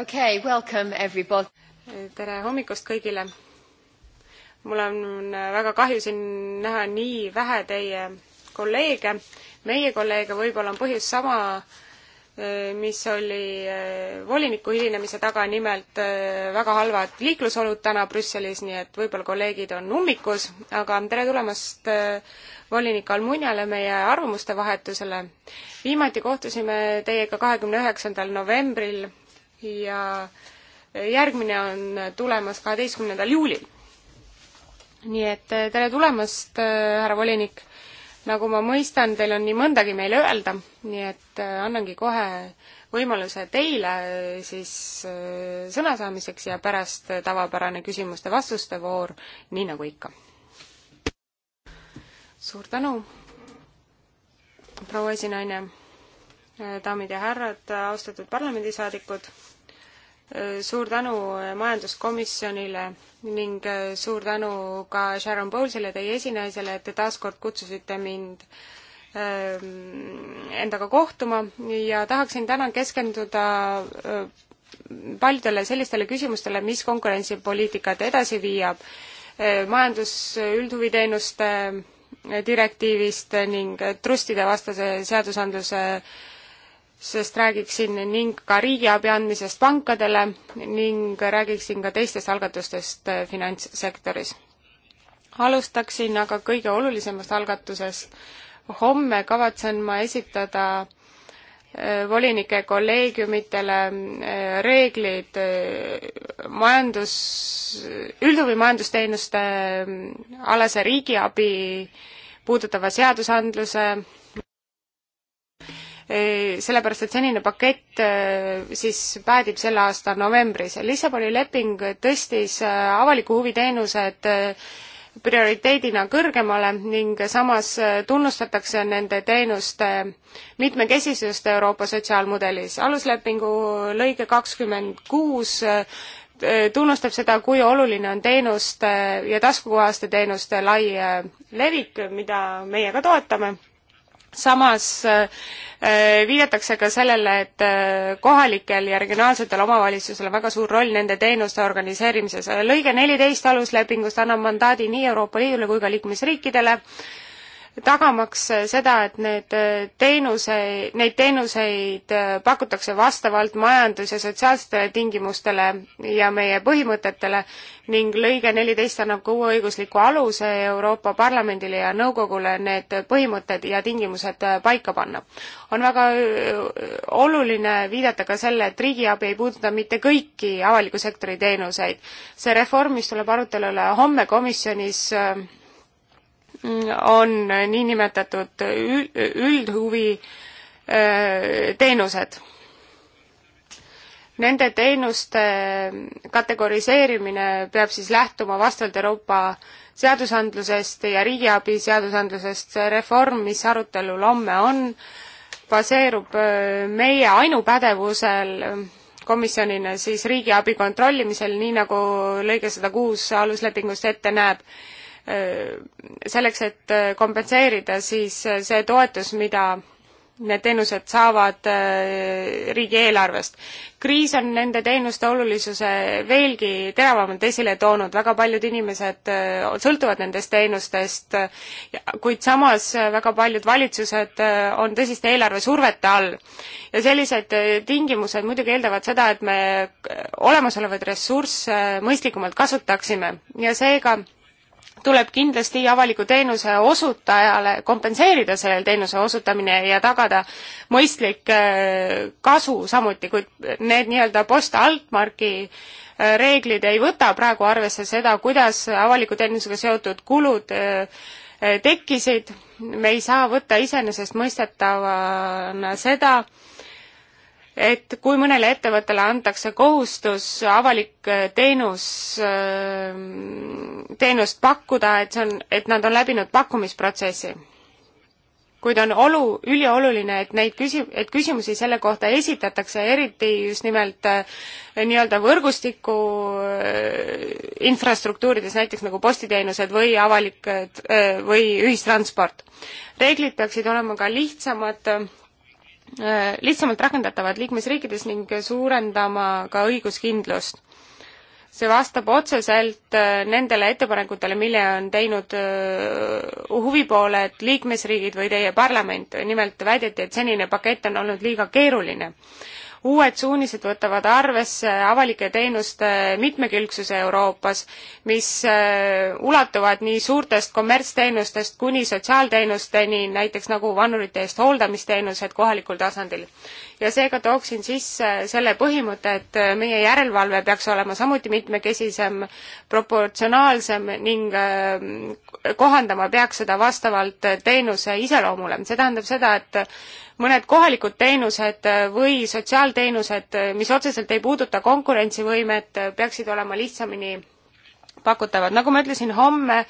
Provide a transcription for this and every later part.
okay, welcome everybody. tere hommikust kõigile. mul on väga kahju siin näha nii vähe teie kolleege, meie kolleege, võib-olla on põhjus sama, eh, mis oli eh, voliniku hilinemise taga, nimelt eh, väga halvad liiklusolud täna Brüsselis, nii et võib-olla kolleegid on ummikus, aga tere tulemast volinik Almuniale meie arvamuste vahetusele. viimati kohtusime teiega kahekümne üheksandal novembril ja järgmine on tulemas kaheteistkümnendal juulil. nii et eh, tere tulemast, eh, härra volinik! nagu ma mõistan, teil on nii mõndagi meile öelda, nii et eh, annangi kohe võimaluse teile siis sõna saamiseks ja pärast tavapärane küsimuste-vastuste voor, nii nagu ikka. suur tänu, proua esinaine, daamid ja härrad, austatud parlamendisaadikud suur tänu eh, majanduskomisjonile ning eh, suur tänu ka Sharon Bowlesile, teie esinaisele, et te taas kord kutsusite mind ehm, endaga kohtuma ja tahaksin täna keskenduda eh, paljudele sellistele küsimustele, mis konkurentsipoliitikat edasi viiab, majandus üldhuviteenuste direktiivist ning trustide vastase seadusandluse äh, sest räägiksin ning ka riigiabi andmisest pankadele ning räägiksin ka teistest algatustest finantssektoris. alustaksin aga kõige olulisemast algatusest. homme kavatsen ma esitada äh, volinike kolleegiumitele äh, reeglid äh, majandus, üld- või majandusteenuste alase riigiabi puudutava seadusandluse sellepärast et senine pakett äh, siis päädib selle aasta novembris. Lissaboni leping tõstis äh, avaliku huvi teenused äh, prioriteedina kõrgemale ning samas tunnustatakse nende teenuste mitmekesisust Euroopa sotsiaalmudelis. aluslepingu lõige kakskümmend kuus tunnustab seda, kui oluline on teenuste ja taskukohaste teenuste lai levik, mida meie ka toetame samas äh, äh, viidatakse ka sellele, et äh, kohalikel ja regionaalsetel omavalitsusel on väga suur roll nende teenuste organiseerimises. lõige neliteist aluslepingust annab mandaadi nii Euroopa Liidule kui ka liikmesriikidele tagamaks seda, et need äh, teenuse, neid teenuseid äh, pakutakse vastavalt majandus- ja sotsiaalsetele tingimustele ja meie põhimõtetele ning lõige neliteist annab ka uue õigusliku aluse Euroopa Parlamendile ja Nõukogule need põhimõtted ja tingimused äh, paika panna. on väga oluline viidata ka selle, et riigiabi ei puuduta mitte kõiki avaliku sektori teenuseid. see reform, mis tuleb arutelule homme komisjonis, on niinimetatud üldhuvi äh, teenused. Nende teenuste kategoriseerimine peab siis lähtuma vastavalt Euroopa seadusandlusest ja riigiabi seadusandlusest. see reform, mis arutelul homme on, baseerub äh, meie ainupädevusel komisjonina siis riigiabi kontrollimisel, nii nagu lõige sada kuus aluslepingust ette näeb Äh, selleks, et äh, kompenseerida siis äh, see toetus, mida need teenused saavad riigieelarvest. kriis on nende teenuste olulisuse veelgi teravamalt esile toonud, väga paljud inimesed sõltuvad nendest teenustest, kuid samas väga paljud valitsused on tõsiste eelarvesurvete all. ja sellised tingimused muidugi eeldavad seda, et me olemasolevaid ressursse mõistlikumalt kasutaksime ja seega tuleb kindlasti avaliku teenuse osutajale kompenseerida selle teenuse osutamine ja tagada mõistlik äh, kasu samuti, kuid need nii-öelda post-altmarki äh, reeglid ei võta praegu arvesse seda, kuidas avaliku teenusega seotud kulud äh, tekkisid, me ei saa võtta iseenesestmõistetavana seda, et kui mõnele ettevõttele antakse kohustus avalik äh, teenus, äh, teenust pakkuda, et see on, et nad on läbinud pakkumisprotsessi. kuid on olu, ülioluline, et neid küsi-, et küsimusi selle kohta esitatakse, eriti just nimelt äh, nii-öelda võrgustiku infrastruktuurides, näiteks nagu postiteenused või avalik või ühistransport. reeglid peaksid olema ka lihtsamad Äh, lihtsamalt rakendatavad liikmesriikides ning suurendama ka õiguskindlust. see vastab otseselt äh, nendele ettepanekutele, mille on teinud äh, huvipooled, liikmesriigid või teie parlament, nimelt väideti, et senine pakett on olnud liiga keeruline uued suunised võtavad arvesse avalike teenuste mitmekülgsuse Euroopas, mis äh, ulatuvad nii suurtest kommertsteenustest kuni sotsiaalteenusteni, näiteks nagu vanurite eest hooldamisteenused kohalikul tasandil. ja seega tooksin sisse selle põhimõtte, et äh, meie järelevalve peaks olema samuti mitmekesisem, proportsionaalsem ning äh, kohandama peaks seda vastavalt teenuse iseloomule. see tähendab seda, et mõned kohalikud teenused äh, või sotsiaalteenused, äh, mis otseselt ei puuduta konkurentsivõimet, äh, peaksid olema lihtsamini pakutavad. nagu ma ütlesin, homme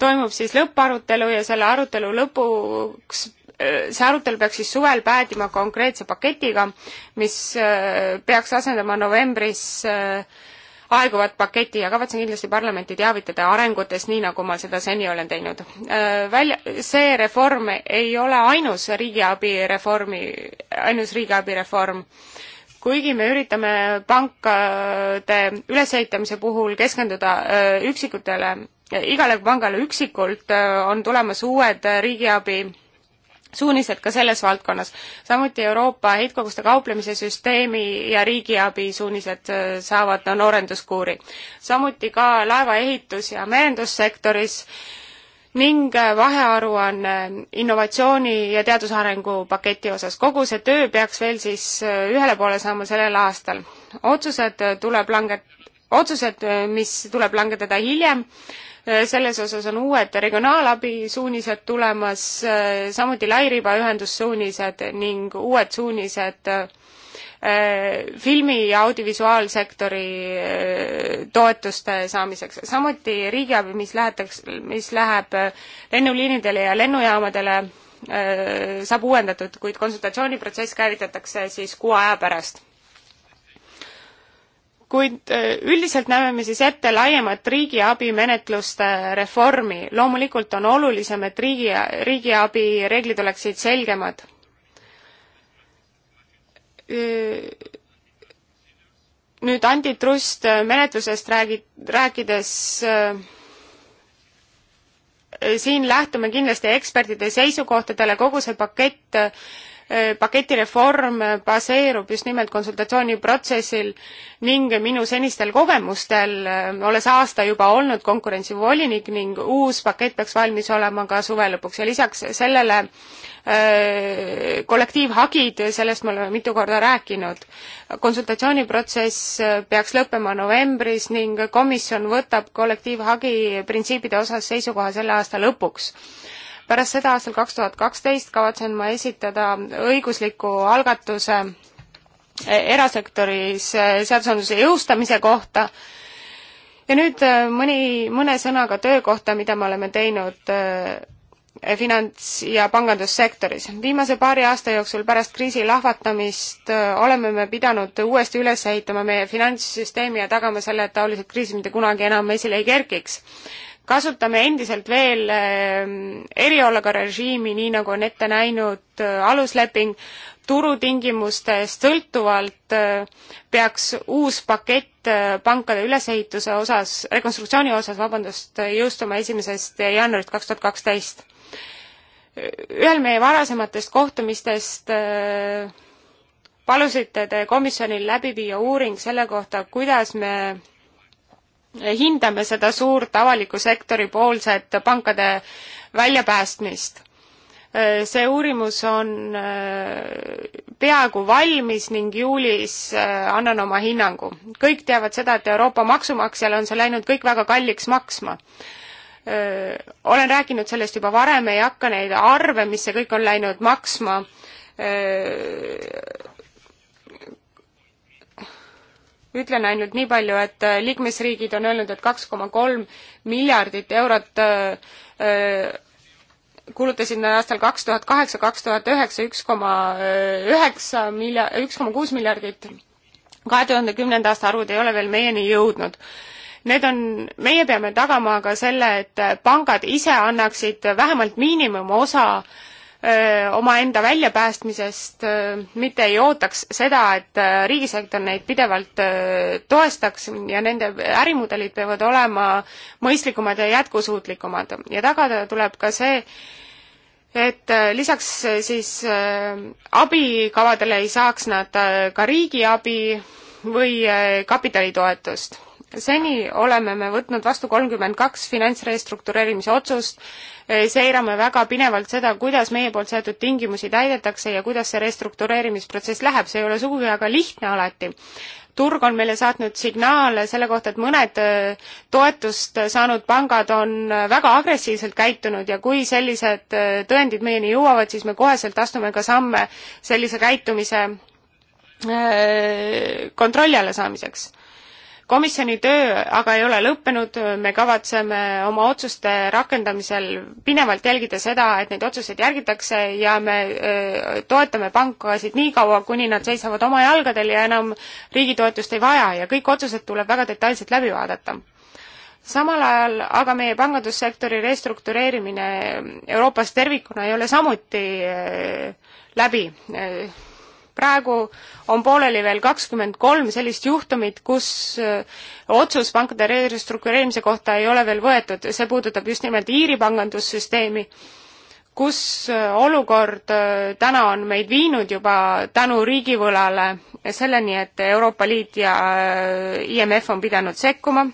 toimub siis lõpparutelu ja selle arutelu lõpuks see arutelu peaks siis suvel päädima konkreetse paketiga, mis peaks asendama novembris äh, aeguvat paketti ja kavatsen kindlasti parlamenti teavitada arengutest, nii nagu ma seda seni olen teinud. Äh, välja, see reform ei ole ainus riigiabi reformi, ainus riigiabi reform. kuigi me üritame pankade ülesehitamise puhul keskenduda äh, üksikutele, igale pangale üksikult, äh, on tulemas uued riigiabi suunised ka selles valdkonnas. samuti Euroopa heitkoguste kauplemise süsteemi ja riigiabi suunised äh, saavad no, noorenduskuuri. samuti ka laevaehitus- ja merendussektoris ning äh, vahearuanne innovatsiooni ja teadusarengu paketi osas. kogu see töö peaks veel siis äh, ühele poole saama sellel aastal. otsused tuleb langet-, otsused, mis tuleb langetada hiljem, Äh, selles osas on uued regionaalabi suunised tulemas, äh, samuti lairibaühendussuunised ning uued suunised äh, filmi- ja audiovisuaalsektori toetuste saamiseks, samuti riigiabi, mis lähetaks, mis läheb lennuliinidele ja lennujaamadele, saab uuendatud, kuid konsultatsiooniprotsess käivitatakse siis kuu aja pärast kuid äh, üldiselt näeme me siis ette laiemat riigiabimenetluste reformi. loomulikult on olulisem, et riigi, riigiabi reeglid oleksid selgemad. Äh, nüüd antitrust äh, menetlusest räägi-, rääkides siin lähtume kindlasti ekspertide seisukohtadele, kogu see pakett Äh, paketireform baseerub just nimelt konsultatsiooniprotsessil ning minu senistel kogemustel, äh, olles aasta juba olnud konkurentsivolinik ning uus pakett peaks valmis olema ka suve lõpuks ja lisaks sellele äh, kollektiivhagid, sellest me oleme mitu korda rääkinud. konsultatsiooniprotsess peaks lõppema novembris ning komisjon võtab kollektiivhagi printsiipide osas seisukoha selle aasta lõpuks pärast seda aastal kaks tuhat kaksteist kavatsen ma esitada õigusliku algatuse e, erasektoris seadusandluse jõustamise kohta ja nüüd e, mõni, mõne sõnaga töö kohta, mida me oleme teinud e, finants- ja pangandussektoris. viimase paari aasta jooksul pärast kriisi lahvatamist oleme me pidanud uuesti üles ehitama meie finantssüsteemi ja tagama selle, et taolised kriisid mitte kunagi enam esile ei kerkiks kasutame endiselt veel ehm, eriolukorra režiimi, nii nagu on ette näinud äh, alusleping, turutingimustest sõltuvalt äh, peaks uus pakett äh, pankade ülesehituse osas, rekonstruktsiooni osas, vabandust, jõustuma esimesest jaanuarist kaks tuhat kaksteist. ühel meie varasematest kohtumistest palusite te komisjonil läbi viia uuring selle kohta, kuidas me hindame seda suurt avaliku sektori poolset pankade väljapäästmist. see uurimus on äh, peaaegu valmis ning juulis äh, annan oma hinnangu. kõik teavad seda, et Euroopa maksumaksjale on see läinud kõik väga kalliks maksma öö, äh, olen rääkinud sellest juba varem, ei hakka neid arve, mis see kõik on läinud maksma öö, ütlen ainult nii palju, et äh, liikmesriigid on öelnud, et kaks koma kolm miljardit eurot äh, äh, kulutasid nad aastal kaks tuhat kaheksa, kaks tuhat üheksa üks koma üheksa milja-, üks koma kuus miljardit. kahe tuhande kümnenda aasta arvud ei ole veel meieni jõudnud need on, meie peame tagama ka selle, et pangad ise annaksid vähemalt miinimumosa omaenda väljapäästmisest, mitte ei ootaks seda, et riigisektor neid pidevalt toestaks ja nende ärimudelid peavad olema mõistlikumad ja jätkusuutlikumad ja tagada tuleb ka see, et lisaks siis abikavadele ei saaks nad ka riigiabi või kapitalitoetust seni oleme me võtnud vastu kolmkümmend kaks finantsrestruktureerimise otsust, eh, seirame väga pinevalt seda, kuidas meie poolt seatud tingimusi täidetakse ja kuidas see restruktureerimisprotsess läheb, see ei ole sugugi aga lihtne alati. turg on meile saatnud signaale selle kohta, et mõned eh, toetust saanud pangad on eh, väga agressiivselt käitunud ja kui sellised tõendid meieni jõuavad, siis me koheselt astume ka samme sellise käitumise kontrolli alla saamiseks komisjoni töö aga ei ole lõppenud, me kavatseme oma otsuste rakendamisel pinevalt jälgida seda, et neid otsuseid järgitakse ja me toetame pankasid nii kaua, kuni nad seisavad oma jalgadel ja enam riigi toetust ei vaja ja kõik otsused tuleb väga detailselt läbi vaadata samal ajal aga meie pangandussektori restruktureerimine Euroopas tervikuna ei ole samuti läbi praegu on pooleli veel kakskümmend kolm sellist juhtumit, kus äh, otsus pankade restruktureerimise kohta ei ole veel võetud, see puudutab just nimelt Iiri pangandussüsteemi, kus äh, olukord äh, täna on meid viinud juba tänu riigivõlale selleni, et Euroopa Liit ja IMF on pidanud sekkuma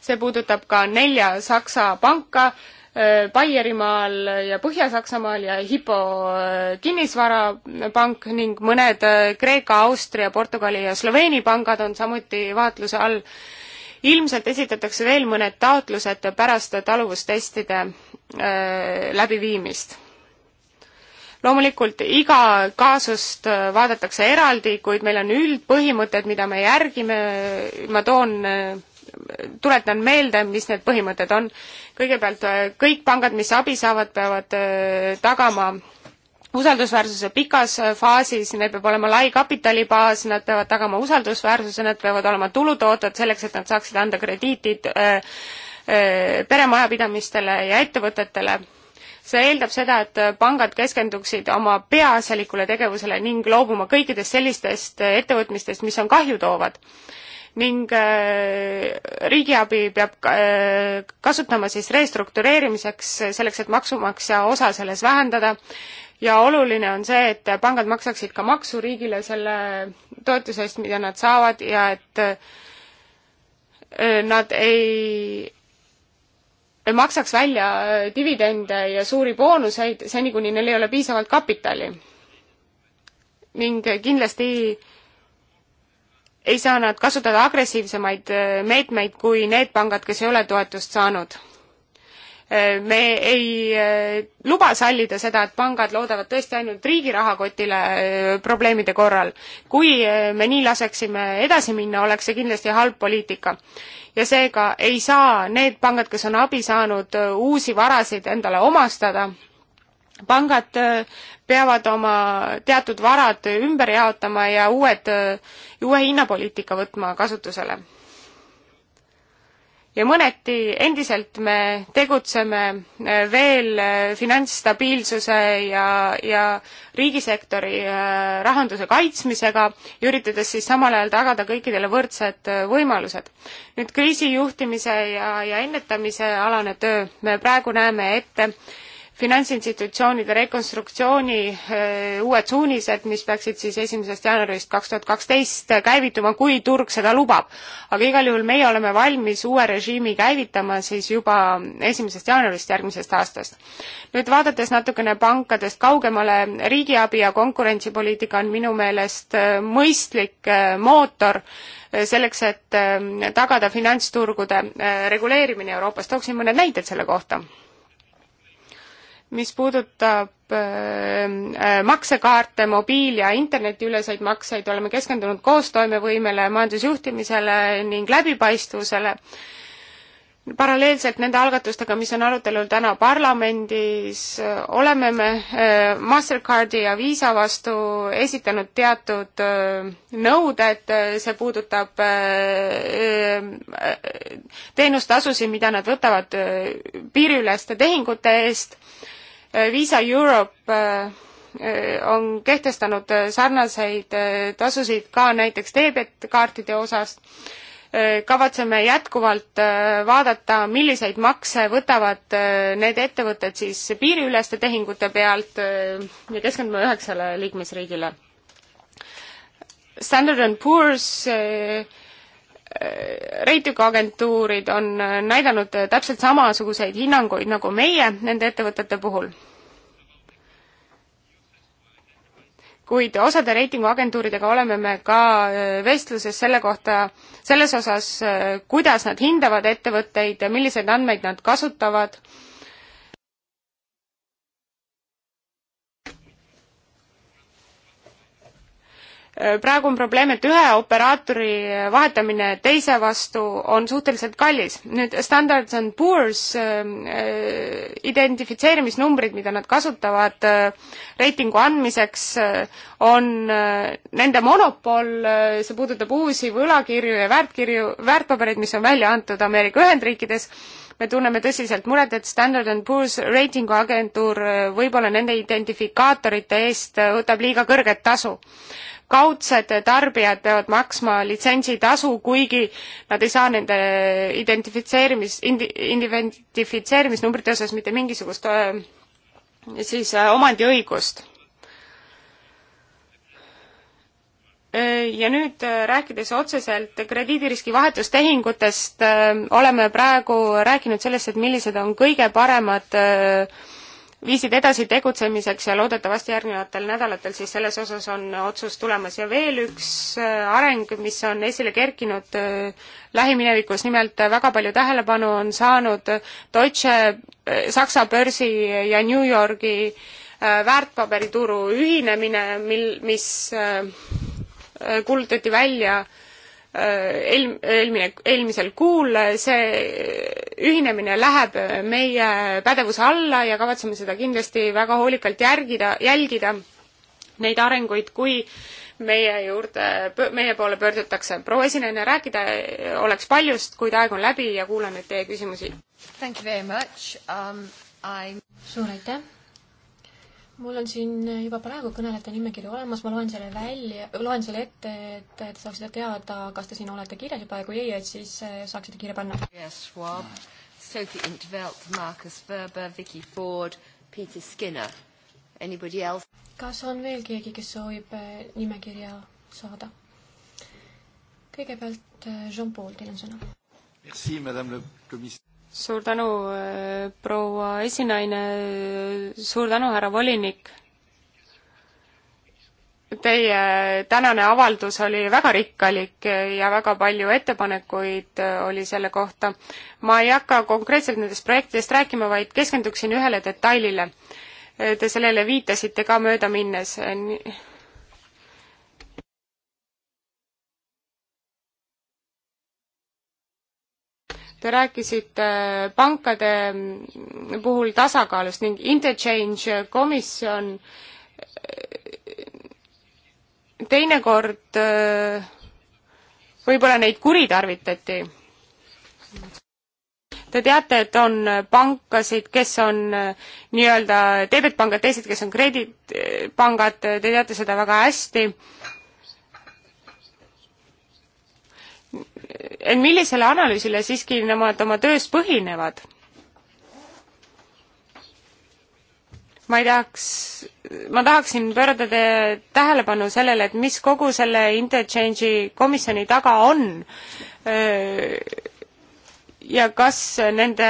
see puudutab ka nelja Saksa panka, Äh, Baierimaal ja Põhja-Saksamaal ja Hippo äh, kinnisvarapank ning mõned äh, Kreeka, Austria, Portugali ja Sloveeni pangad on samuti vaatluse all. ilmselt esitatakse veel mõned taotlused pärast taluvustestide läbiviimist loomulikult iga kaasust vaadatakse eraldi, kuid meil on üldpõhimõtted, mida me järgime, ma toon tuletan meelde, mis need põhimõtted on. kõigepealt äh, kõik pangad, mis abi saavad, peavad äh, tagama usaldusväärsuse pikas äh, faasis, neil peab olema lai kapitalibaas, nad peavad tagama usaldusväärsuse, nad peavad olema tulutooted selleks, et nad saaksid anda krediitid äh, äh, peremajapidamistele ja ettevõtetele. see eeldab seda, et pangad keskenduksid oma peaasjalikule tegevusele ning loobuma kõikidest sellistest ettevõtmistest, mis on kahju toovad ning äh, riigiabi peab äh, kasutama siis restruktureerimiseks, äh, selleks et maksumaksja osa selles vähendada ja oluline on see, et pangad maksaksid ka maksu riigile selle toetuse eest, mida nad saavad ja et nad ei maksaks välja dividende ja suuri boonuseid seni, kuni neil ei ole piisavalt kapitali. ning kindlasti ei saa nad kasutada agressiivsemaid äh, meetmeid kui need pangad, kes ei ole toetust saanud. Äh, me ei äh, luba sallida seda, et pangad loodavad tõesti ainult riigi rahakotile probleemide korral. kui me nii laseksime edasi minna, oleks see kindlasti halb poliitika. ja seega ei saa need pangad, kes on abi saanud, uusi varasid endale omastada pangad äh, peavad oma teatud varad ümber jaotama ja uued, äh, uue hinnapoliitika võtma kasutusele. ja mõneti endiselt me tegutseme äh, veel finantsstabiilsuse ja, ja riigisektori rahanduse kaitsmisega, üritades siis samal ajal tagada kõikidele võrdsed võimalused. nüüd kriisijuhtimise ja, ja ennetamise alane töö, me praegu näeme ette, finantsinstitutsioonide rekonstruktsiooni eh, uued suunised, mis peaksid siis esimesest jaanuarist kaks tuhat kaksteist käivituma, kui turg seda lubab. aga igal juhul meie oleme valmis uue režiimi käivitama siis juba esimesest jaanuarist järgmisest aastast. nüüd vaadates natukene pankadest kaugemale, riigiabi ja konkurentsipoliitika on minu meelest eh, mõistlik eh, mootor selleks, et tagada finantsturgude reguleerimine Euroopas, tooksin mõned näited selle kohta mis puudutab äh, äh, maksekaarte, mobiil- ja internetiüleseid makseid, oleme keskendunud koostoimevõimele, majandusjuhtimisele ning läbipaistvusele. paralleelselt nende algatustega, mis on arutelul täna parlamendis, oleme me äh, Mastercardi ja Visa vastu esitanud teatud nõuded, see puudutab teenustasusid, mida nad võtavad piiriüleste tehingute eest Äh, Visa Europe äh, äh, on kehtestanud sarnaseid tasusid ka näiteks teebetkaartide osas. kavatseme jätkuvalt vaadata, milliseid makse võtavad need ettevõtted siis piiriüleste tehingute pealt ja keskendume üheksale liikmesriigile. Standard and Poor's Äh, reitinguagentuurid on äh, näidanud äh, täpselt samasuguseid hinnanguid nagu meie nende ettevõtete puhul. kuid osade reitinguagentuuridega oleme me ka vestluses selle kohta, selles osas, kuidas nad hindavad ettevõtteid, milliseid andmeid nad kasutavad praegu on probleem, et ühe operaatori vahetamine teise vastu on suhteliselt kallis. nüüd Standards and Poor's äh, identifitseerimisnumbrid, mida nad kasutavad äh, reitingu andmiseks äh,, on äh, nende monopol äh,, see puudutab uusi võlakirju ja väärtkirju, väärtpabereid, mis on välja antud Ameerika Ühendriikides, me tunneme tõsiselt muret, et Standard and Poor's reitinguagentuur äh, võib-olla nende identifikaatorite eest äh, võtab liiga kõrget tasu kaudsed tarbijad peavad maksma litsentsitasu, kuigi nad ei saa nende identifitseerimis, identifitseerimisnumbrite osas mitte mingisugust äh, siis äh, omandiõigust. ja nüüd äh, rääkides otseselt krediidiriski vahetustehingutest, oleme praegu rääkinud sellest, et millised on kõige paremad öö, viisid edasi tegutsemiseks ja loodetavasti järgnevatel nädalatel siis selles osas on otsus tulemas. ja veel üks äh, areng, mis on esile kerkinud äh, lähiminevikus, nimelt äh, väga palju tähelepanu on saanud Deutsche, Saksa börsi ja New Yorgi väärtpaberituru ühinemine, mil, mis kuulutati välja äh, eel-, äh, eelmine, eelmisel kuul, see ühinemine läheb meie pädevuse alla ja kavatseme seda kindlasti väga hoolikalt järgida, jälgida, neid arenguid, kui meie juurde, meie poole pöördutakse. proua esineja, rääkida oleks paljust, kuid aeg on läbi ja kuulan nüüd teie küsimusi. Um, suur aitäh! mul on siin juba praegu kõnelejate nimekiri olemas, ma loen selle välja, loen selle ette, et te saaksite teada, kas te siin olete kirjas juba ja kui ei, et siis äh, saaksite kirja panna. Sophie Intvelt, Marcus Verber, Vicky Ford, Peter Skinner. Anybody else? kas on veel keegi, kes soovib äh, nimekirja saada? kõigepealt äh, Jean-Paul, teil on sõna. Merci, madame le commissaire suur tänu, äh, proua esinaine, suur tänu, härra volinik. Teie tänane avaldus oli väga rikkalik ja väga palju ettepanekuid äh, oli selle kohta. ma ei hakka konkreetselt nendest projektidest rääkima, vaid keskenduksin ühele detailile. Äh, Te sellele viitasite ka möödaminnes Te rääkisite pankade puhul tasakaalust ning interchange komisjon eh, teinekord eh, võib-olla neid kuritarvitati. Te teate, et on pankasid, kes on eh, nii-öelda debetpangad, teised, kes on krediitpangad, te teate seda väga hästi millisele analüüsile siiski nemad oma töös põhinevad? ma ei tahaks, ma tahaksin pöörata teie tähelepanu sellele, et mis kogu selle interchange'i komisjoni taga on ja kas nende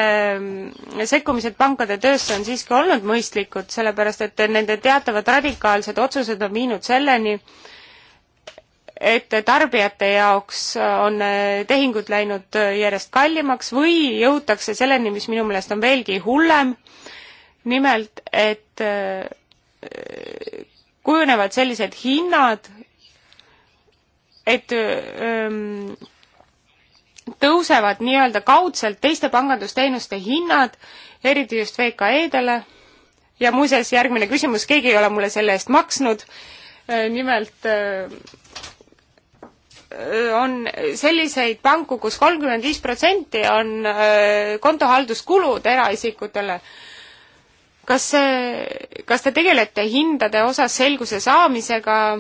sekkumised pankade töösse on siiski olnud mõistlikud, sellepärast et nende teatavad radikaalsed otsused on viinud selleni, et tarbijate jaoks äh, on äh, tehingud läinud äh, järjest kallimaks või jõutakse selleni, mis minu meelest on veelgi hullem, nimelt et kujunevad sellised hinnad, et öö, ähm, tõusevad nii-öelda kaudselt teiste pangandusteenuste hinnad, eriti just VKE-dele ja muuseas, järgmine küsimus, keegi ei ole mulle selle eest maksnud, nimelt on selliseid panku kus, kus kolmkümmend viis protsenti on äh, kontohalduskulud eraisikutele. kas see, kas te tegelete hindade osas selguse saamisega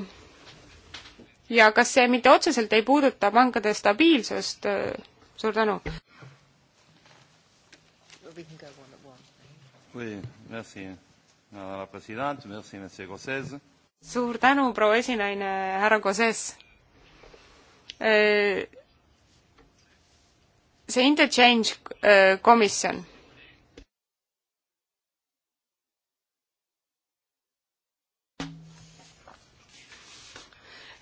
ja kas see mitte otseselt ei puuduta pankade stabiilsust? suur tänu! suur tänu, proua esinaine, härra Gosses! see interchange äh, komisjon.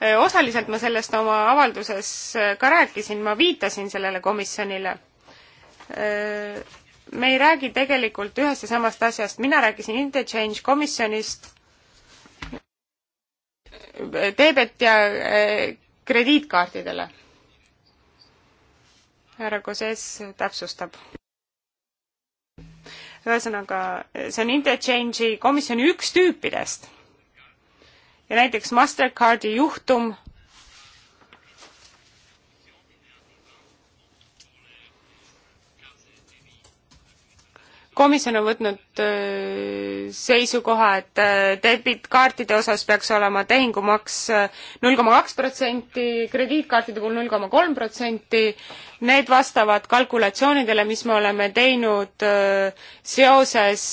Äh, osaliselt ma sellest oma avalduses äh, ka rääkisin, ma viitasin sellele komisjonile me ei räägi tegelikult ühest ja samast asjast, mina rääkisin interchange komisjonist, Teebet ja krediitkaartidele. härra Koses täpsustab. ühesõnaga, see on interchange'i komisjoni üks tüüpidest. ja näiteks Mastercardi juhtum komisjon on võtnud äh, seisukoha, et äh, debitkaartide osas peaks olema tehingumaks äh, null koma kaks protsenti, krediitkaartide puhul null koma kolm protsenti. Need vastavad kalkulatsioonidele, mis me oleme teinud seoses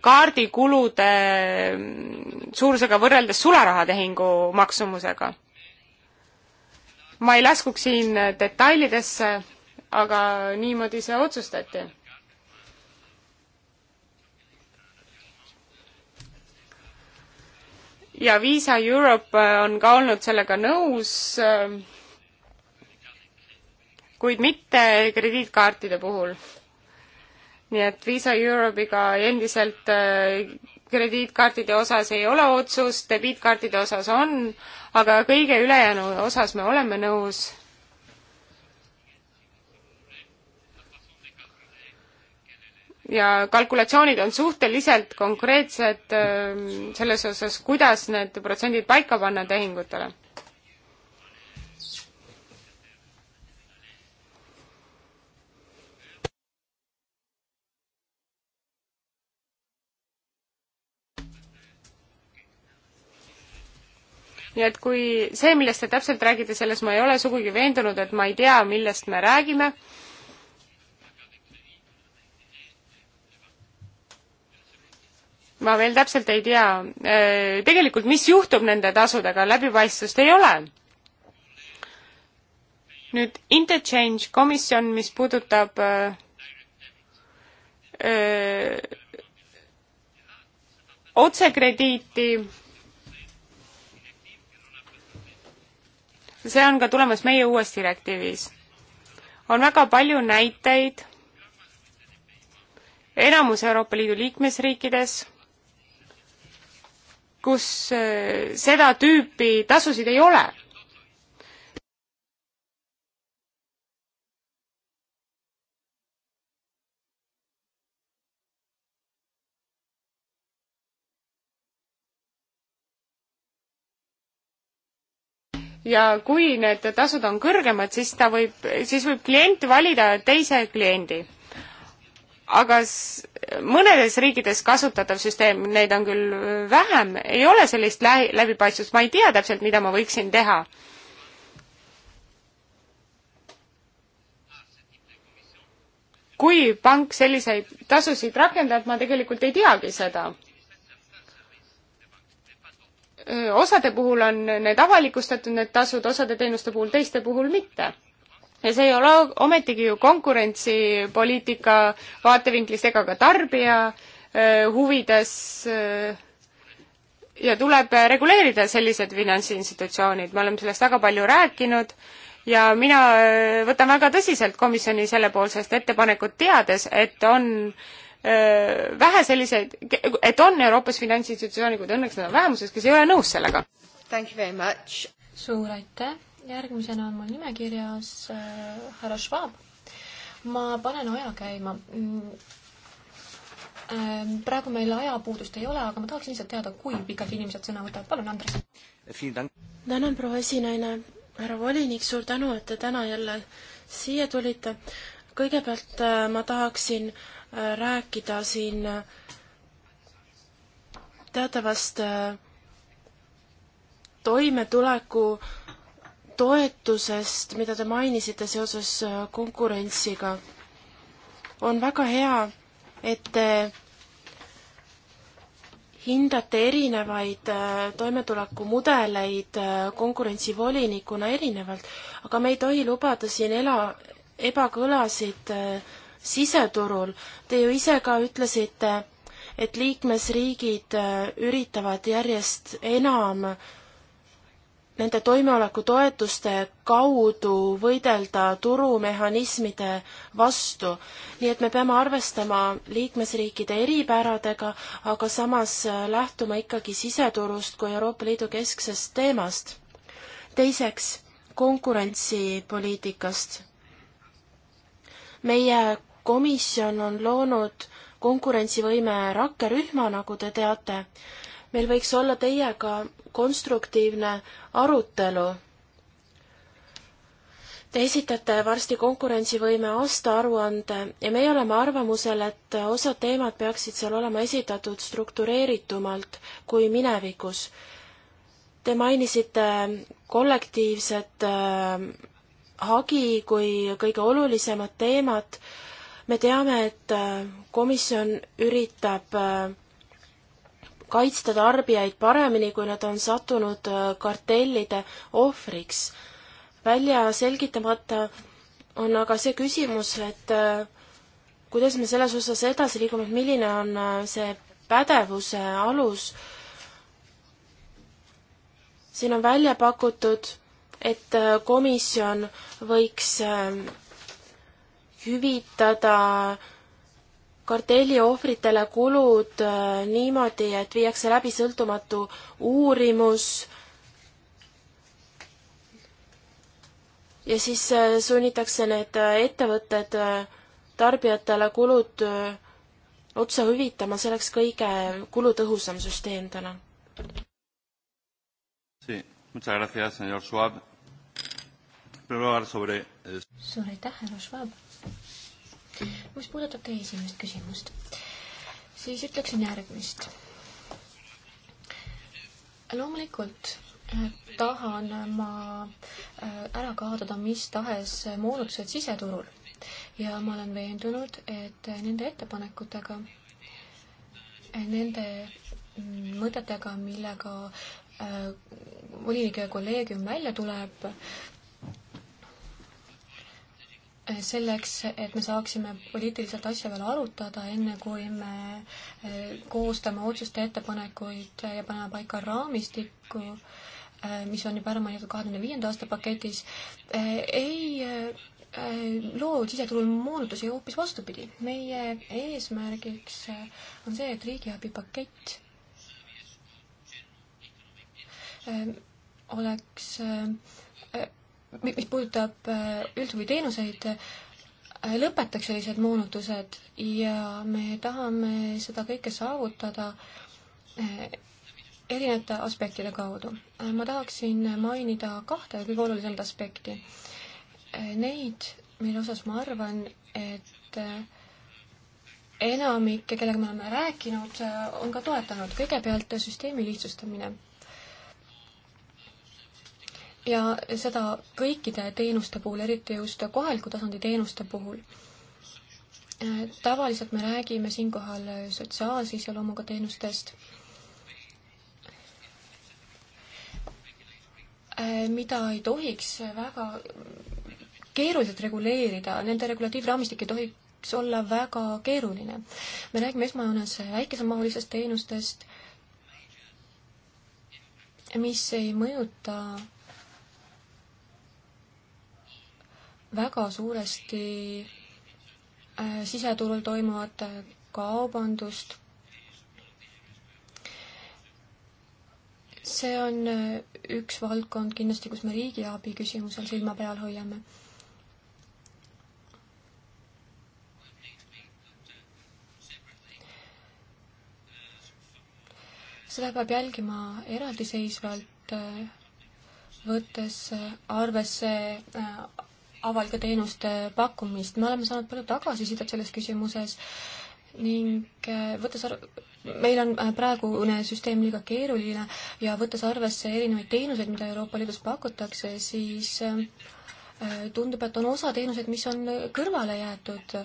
kaardikulude mm, suurusega võrreldes sularahatehingu maksumusega. ma ei laskuks siin detailidesse, aga niimoodi see otsustati ja Visa Europe äh, on ka olnud sellega nõus, äh, kuid mitte krediitkaartide puhul. nii et Visa Europe'iga endiselt äh, krediitkaartide osas ei ole otsust, debiitkaartide osas on, aga kõige ülejäänu osas me oleme nõus ja kalkulatsioonid on suhteliselt konkreetsed ähm, selles osas, kuidas need protsendid paika panna tehingutele. nii et kui see, millest te täpselt räägite, selles ma ei ole sugugi veendunud, et ma ei tea, millest me räägime ma veel täpselt ei tea äh, tegelikult, mis juhtub nende tasudega, läbipaistvust ei ole. nüüd interchange komisjon, mis puudutab äh, äh, otsekrediiti, see on ka tulemas meie uues direktiivis. on väga palju näiteid enamus Euroopa Liidu liikmesriikides kus eh, seda tüüpi tasusid ei ole. ja kui need tasud on kõrgemad, siis ta võib, siis võib klient valida teise kliendi aga mõnedes riikides kasutatav süsteem, neid on küll vähem, ei ole sellist lä läbipaistvust, ma ei tea täpselt, mida ma võiksin teha. kui pank selliseid tasusid rakendab, ma tegelikult ei teagi seda. osade puhul on need avalikustatud, need tasud, osade teenuste puhul, teiste puhul mitte ja see ei ole ometigi ju konkurentsipoliitika vaatevinklist ega ka tarbija äh, huvides äh, ja tuleb reguleerida sellised finantsinstitutsioonid, me oleme sellest väga palju rääkinud ja mina äh, võtan väga tõsiselt komisjoni sellepoolsest ettepanekut, teades, et on vähe selliseid, et on Euroopas finantsinstitutsioone, kuid õnneks nad on vähemuses, kes ei ole nõus sellega. suur aitäh! järgmisena on mul nimekirjas äh, härra Schwab. ma panen aja käima. Mm, äh, praegu meil ajapuudust ei ole, aga ma tahaks lihtsalt teada, kui pikalt inimesed sõna võtavad. palun, Andres. tänan, proua esinaine. härra volinik, suur tänu, et te täna jälle siia tulite. kõigepealt äh, ma tahaksin rääkida siin teatavast toimetuleku toetusest, mida te mainisite seoses äh, konkurentsiga. on väga hea, et te hindate erinevaid äh, toimetulekumudeleid äh, konkurentsivolinikuna erinevalt, aga me ei tohi lubada siin ela, ebakõlasid siseturul. Te ju ise ka ütlesite, et liikmesriigid üritavad järjest enam nende toimeolekutoetuste kaudu võidelda turumehhanismide vastu. nii et me peame arvestama liikmesriikide eripäradega, aga samas äh, lähtuma ikkagi siseturust kui Euroopa Liidu kesksest teemast. teiseks, konkurentsipoliitikast. meie komisjon on loonud konkurentsivõime rakkerühma, nagu te teate. meil võiks olla teiega konstruktiivne arutelu. Te esitate varsti konkurentsivõime aastaaruande ja meie oleme arvamusel, et osad teemad peaksid seal olema esitatud struktureeritumalt kui minevikus. Te mainisite kollektiivset äh, hagi kui kõige olulisemat teemat. me teame, et äh, komisjon üritab äh, kaitsta tarbijaid paremini, kui nad on sattunud äh, kartellide ohvriks. välja selgitamata on aga see küsimus, et äh, kuidas me selles osas edasi liigume, et milline on äh, see pädevuse alus. siin on välja pakutud, et komisjon võiks hüvitada äh, kartelli ohvritele kulud äh, niimoodi, et viiakse läbi sõltumatu uurimus ja siis äh, sunnitakse need äh, ettevõtted tarbijatele kulud otse hüvitama, see oleks kõige kulutõhusam süsteem täna. suur aitäh, härra Schwab! mis puudutab teie esimest küsimust, siis ütleksin järgmist. loomulikult äh, tahan ma äh, ära kaotada mis tahes moonutused siseturul ja ma olen veendunud, et nende ettepanekutega, nende mõtetega, millega äh, volinik ja kolleegium välja tuleb, selleks, et me saaksime poliitiliselt asja veel arutada, enne kui me eh, koostame otsuste ettepanekuid ja paneme paika raamistiku, eh, mis on juba ära mainitud kahe tuhande viienda aasta paketis, eh, ei loo siseturul moonutusi, hoopis vastupidi. meie eesmärgiks on see, et riigiabipakett oleks mis puudutab äh, üldhuviteenuseid, äh, lõpetaks sellised moonutused ja me tahame seda kõike saavutada äh, erinevate aspektide kaudu. ma tahaksin mainida kahte kõige olulisemat aspekti. Neid, mille osas ma arvan, et enamik, kellega me oleme rääkinud, on ka toetanud. kõigepealt süsteemi lihtsustamine ja seda kõikide teenuste puhul, eriti just kohaliku tasandi teenuste puhul. Äh, tavaliselt me räägime siinkohal sotsiaalse iseloomuga teenustest, äh, mida ei tohiks väga keeruliselt reguleerida, nende regulatiivraamistik ei tohiks olla väga keeruline. me räägime esmajoones väikesemahulistest teenustest, mis ei mõjuta väga suuresti äh, siseturul toimuvat kaubandust. see on äh, üks valdkond kindlasti, kus me riigiabi küsimusel silma peal hoiame seda peab jälgima eraldiseisvalt, äh, võttes arvesse avalike teenuste pakkumist. me oleme saanud palju tagasisidet selles küsimuses ning äh, võttes ar-, meil on äh, praegune süsteem liiga keeruline ja võttes arvesse erinevaid teenuseid, mida Euroopa Liidus pakutakse, siis äh, tundub, et on osa teenuseid, mis on kõrvale jäetud,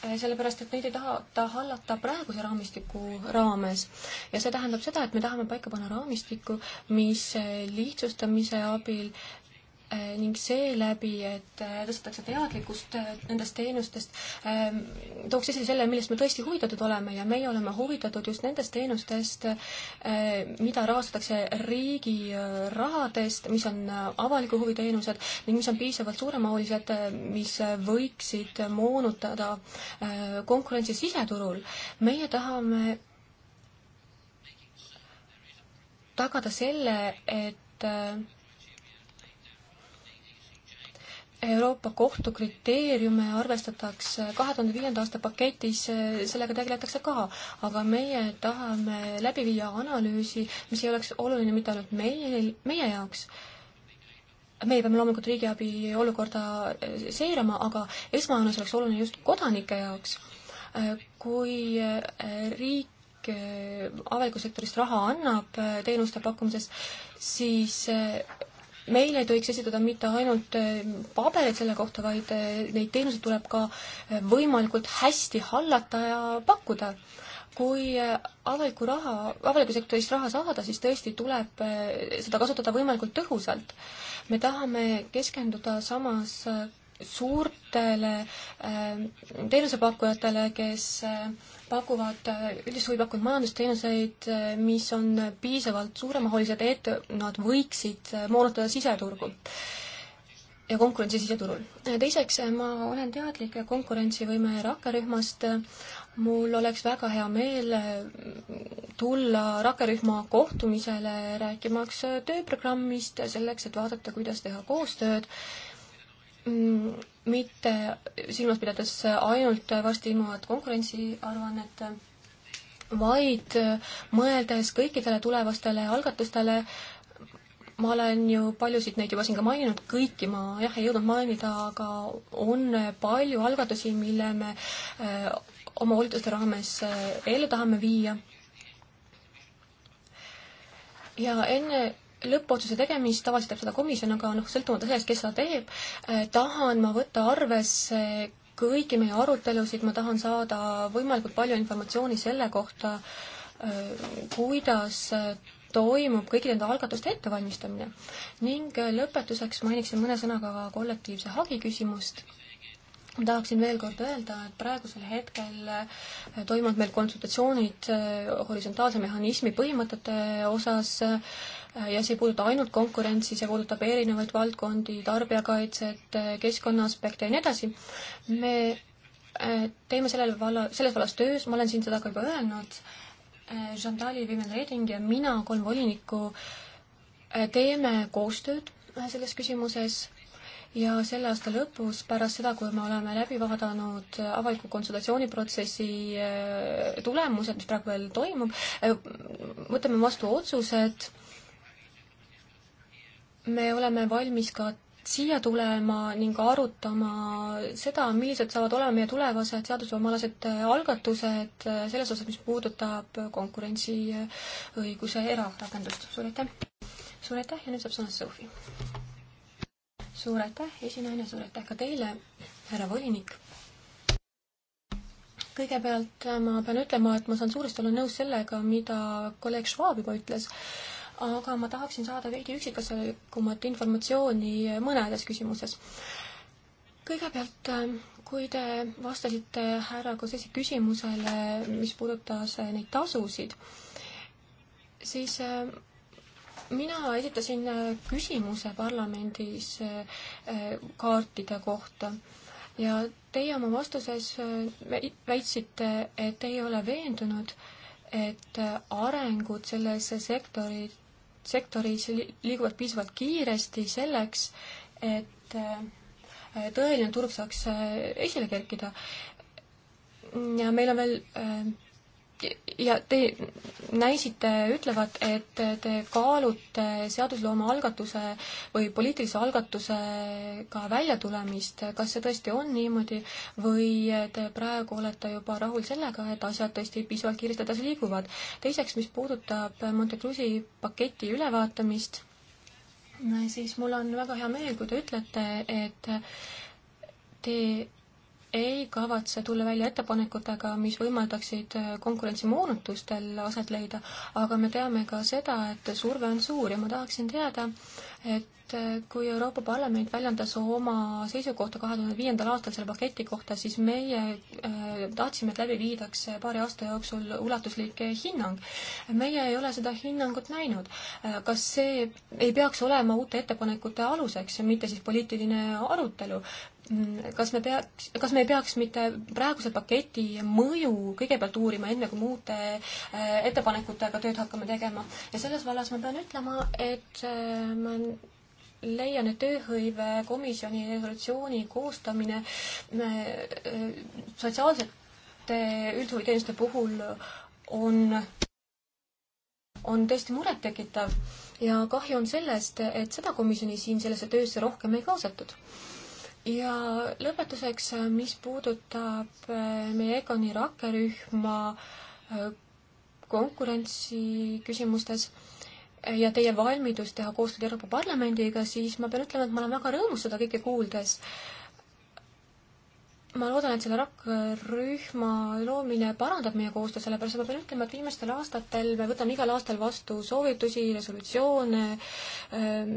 sellepärast et neid ei taha, ta hallata praeguse raamistiku raames. ja see tähendab seda, et me tahame paika panna raamistiku, mis lihtsustamise abil Äh, ning seeläbi, et äh, tõstetakse teadlikkust äh, nendest teenustest, ähm, tooks esile selle, millest me tõesti huvitatud oleme ja meie oleme huvitatud just nendest teenustest, mida rahastatakse riigi rahadest, mis on avaliku huvi teenused ning mis on piisavalt suuremahulised, mis võiksid moonutada konkurentsi siseturul. meie tahame tagada selle, et Euroopa Kohtu kriteeriume arvestatakse kahe tuhande viienda aasta paketis, sellega tegeletakse ka, aga meie tahame läbi viia analüüsi, mis ei oleks oluline mitte ainult meie, meie jaoks, meie peame loomulikult riigiabi olukorda äh, seirama, aga esmajoones oleks oluline just kodanike jaoks. Äh, kui äh, riik avaliku sektorist raha annab teenuste pakkumises, siis meile ei tohiks esitada mitte ainult äh, pabereid selle kohta, vaid äh, neid teenuseid tuleb ka äh, võimalikult hästi hallata ja pakkuda. kui avalikku raha, avaliku sektorist raha saada, siis tõesti tuleb seda kasutada võimalikult tõhusalt. me tahame keskenduda samas suurtele ähm, teenusepakkujatele, kes äh, pakuvad äh, üldist huvi pakkunud majandusteenuseid, äh, mis on piisavalt suuremahulised, et nad võiksid moonutada siseturgu ja konkurentsi siseturul. teiseks, ma olen teadlik konkurentsivõime rakkerühmast. mul oleks väga hea meel tulla rakkerühma kohtumisele rääkimaks tööprogrammist, selleks et vaadata, kuidas teha koostööd Mm, mitte silmas pidades ainult varsti ilmuvat konkurentsiaruannet, vaid mõeldes kõikidele tulevastele algatustele, ma olen ju paljusid neid juba siin ka maininud, kõiki ma jah ei jõudnud mainida, aga on palju algatusi, mille me öö, äh, oma volituste raames äh, ellu tahame viia. ja enne lõppotsuse tegemist, tavaliselt teeb seda komisjon, aga noh, sõltumata sellest, kes seda teeb, eh, tahan ma võtta arvesse kõiki meie arutelusid, ma tahan saada võimalikult palju informatsiooni selle kohta, eh, kuidas toimub kõigi nende algatuste ettevalmistamine. ning eh, lõpetuseks mainiksin mõne sõnaga kollektiivse hagi küsimust ma tahaksin veel kord öelda, et praegusel hetkel toimuvad meil konsultatsioonid horisontaalse mehhanismi põhimõtete osas ja see ei puuduta ainult konkurentsi, see puudutab erinevaid valdkondi, tarbijakaitset, keskkonnaaspekte ja nii edasi. me äh, teeme sellel valla, selles vallas töös, ma olen siin seda ka juba öelnud, Žandali, äh, Vivian Reding ja mina, kolm volinikku, äh, teeme koostööd selles küsimuses ja selle aasta lõpus, pärast seda, kui me oleme läbi vaadanud avaliku konsultatsiooniprotsessi tulemused, mis praegu veel toimub, võtame vastu otsused me oleme valmis ka siia tulema ning arutama seda, millised saavad olema meie tulevased seadusloomealased algatused selles osas, mis puudutab konkurentsiõiguse erarakendust. suur aitäh! suur aitäh ja nüüd saab sõna Sofi. suur aitäh, esinaine, suur aitäh ka teile, härra volinik! kõigepealt ma pean ütlema, et ma saan suuresti olla nõus sellega, mida kolleeg Schwab juba ütles aga ma tahaksin saada veidi üksikasjalikumat informatsiooni mõnedes küsimuses. kõigepealt, äh, kui te vastasite härra Kosesi küsimusele, mis puudutas äh, neid tasusid, siis äh, mina esitasin küsimuse parlamendis kaartide kohta ja teie oma vastuses väitsite, et ei ole veendunud, et arengud selles sektoris sektoris liiguvad piisavalt kiiresti selleks, et äh, tõeline turg saaks äh, esile kerkida. ja meil on veel äh, ja te näisite ütlevat, et te kaalute seadusloome algatuse või poliitilise algatusega väljatulemist. kas see tõesti on niimoodi või te praegu olete juba rahul sellega, et asjad tõesti piisavalt kiiresti edasi liiguvad? teiseks, mis puudutab Monte Cruzi paketi ülevaatamist, siis mul on väga hea meel, kui te ütlete, et te ei kavatse tulla välja ettepanekutega, mis võimaldaksid äh, konkurentsimoonutustel aset leida, aga me teame ka seda, et surve on suur ja ma tahaksin teada, et äh, kui Euroopa Parlament väljendas oma seisukohta kahe tuhande viiendal aastal selle paketi kohta, siis meie äh, tahtsime, et läbi viidaks paari aasta jooksul ulatuslik hinnang. meie ei ole seda hinnangut näinud. Äh, kas see ei peaks olema uute ettepanekute aluseks, mitte siis poliitiline arutelu? Mm, kas me peaks, kas me ei peaks mitte praeguse paketi mõju kõigepealt uurima, enne kui muude äh, ettepanekutega tööd hakkame tegema? ja selles vallas ma pean ütlema, et äh, ma leian, et tööhõive komisjoni resolutsiooni koostamine äh, sotsiaalsete üldhuviteenuste puhul on, on tõesti murettekitav ja kahju on sellest, et seda komisjoni siin sellesse töösse rohkem ei kaasatud ja lõpetuseks, äh, mis puudutab äh, meie EKONi rakkerühma äh, konkurentsi küsimustes ja teie valmidust teha koostööd Euroopa Parlamendiga, siis ma pean ütlema, et ma olen väga rõõmus seda kõike kuuldes ma loodan, et selle rakkerühma loomine parandab meie koostöö, sellepärast et ma pean ütlema, et viimastel aastatel me võtame igal aastal vastu soovitusi, resolutsioone ähm,,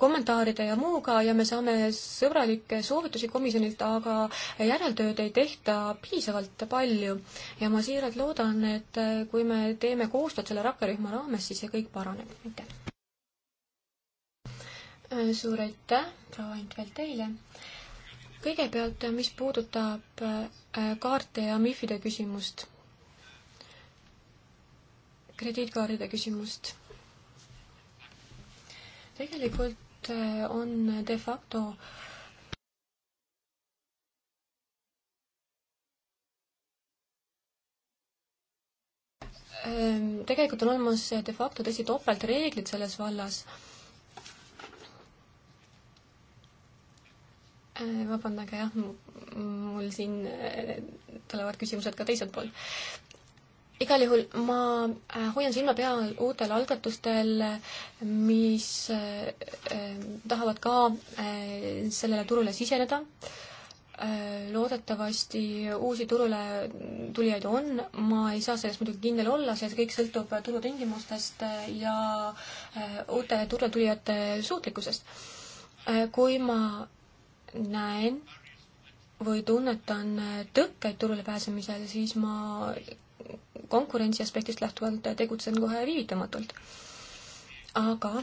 kommentaaride ja muuga ja me saame sõbralikke soovitusi komisjonilt, aga järeltööd ei tehta piisavalt palju. ja ma siiralt loodan, et äh, kui me teeme koostööd selle rakkerühma raames, siis see kõik paraneb. aitäh! Äh, suur aitäh, proua Antvelt teile! kõigepealt, mis puudutab äh, kaarte ja MIFide küsimust, krediitkaardide küsimust. tegelikult äh, on de facto ähm, tegelikult on olemas de facto tõesti topeltreeglid selles vallas Äh, vabandage jah, mul siin äh, tulevad küsimused ka teiselt poolt. igal juhul ma äh, hoian silma peal uutel algatustel, mis tahavad ka sellele turule siseneda. loodetavasti uusi turule tulijaid on, ma ei saa selles muidugi kindel olla, see kõik sõltub turutingimustest ja uute turule tulijate suutlikkusest. kui ma näen või tunnetan tõkkeid turule pääsemisel, siis ma konkurentsi aspektist lähtuvalt tegutsen kohe viivitamatult. aga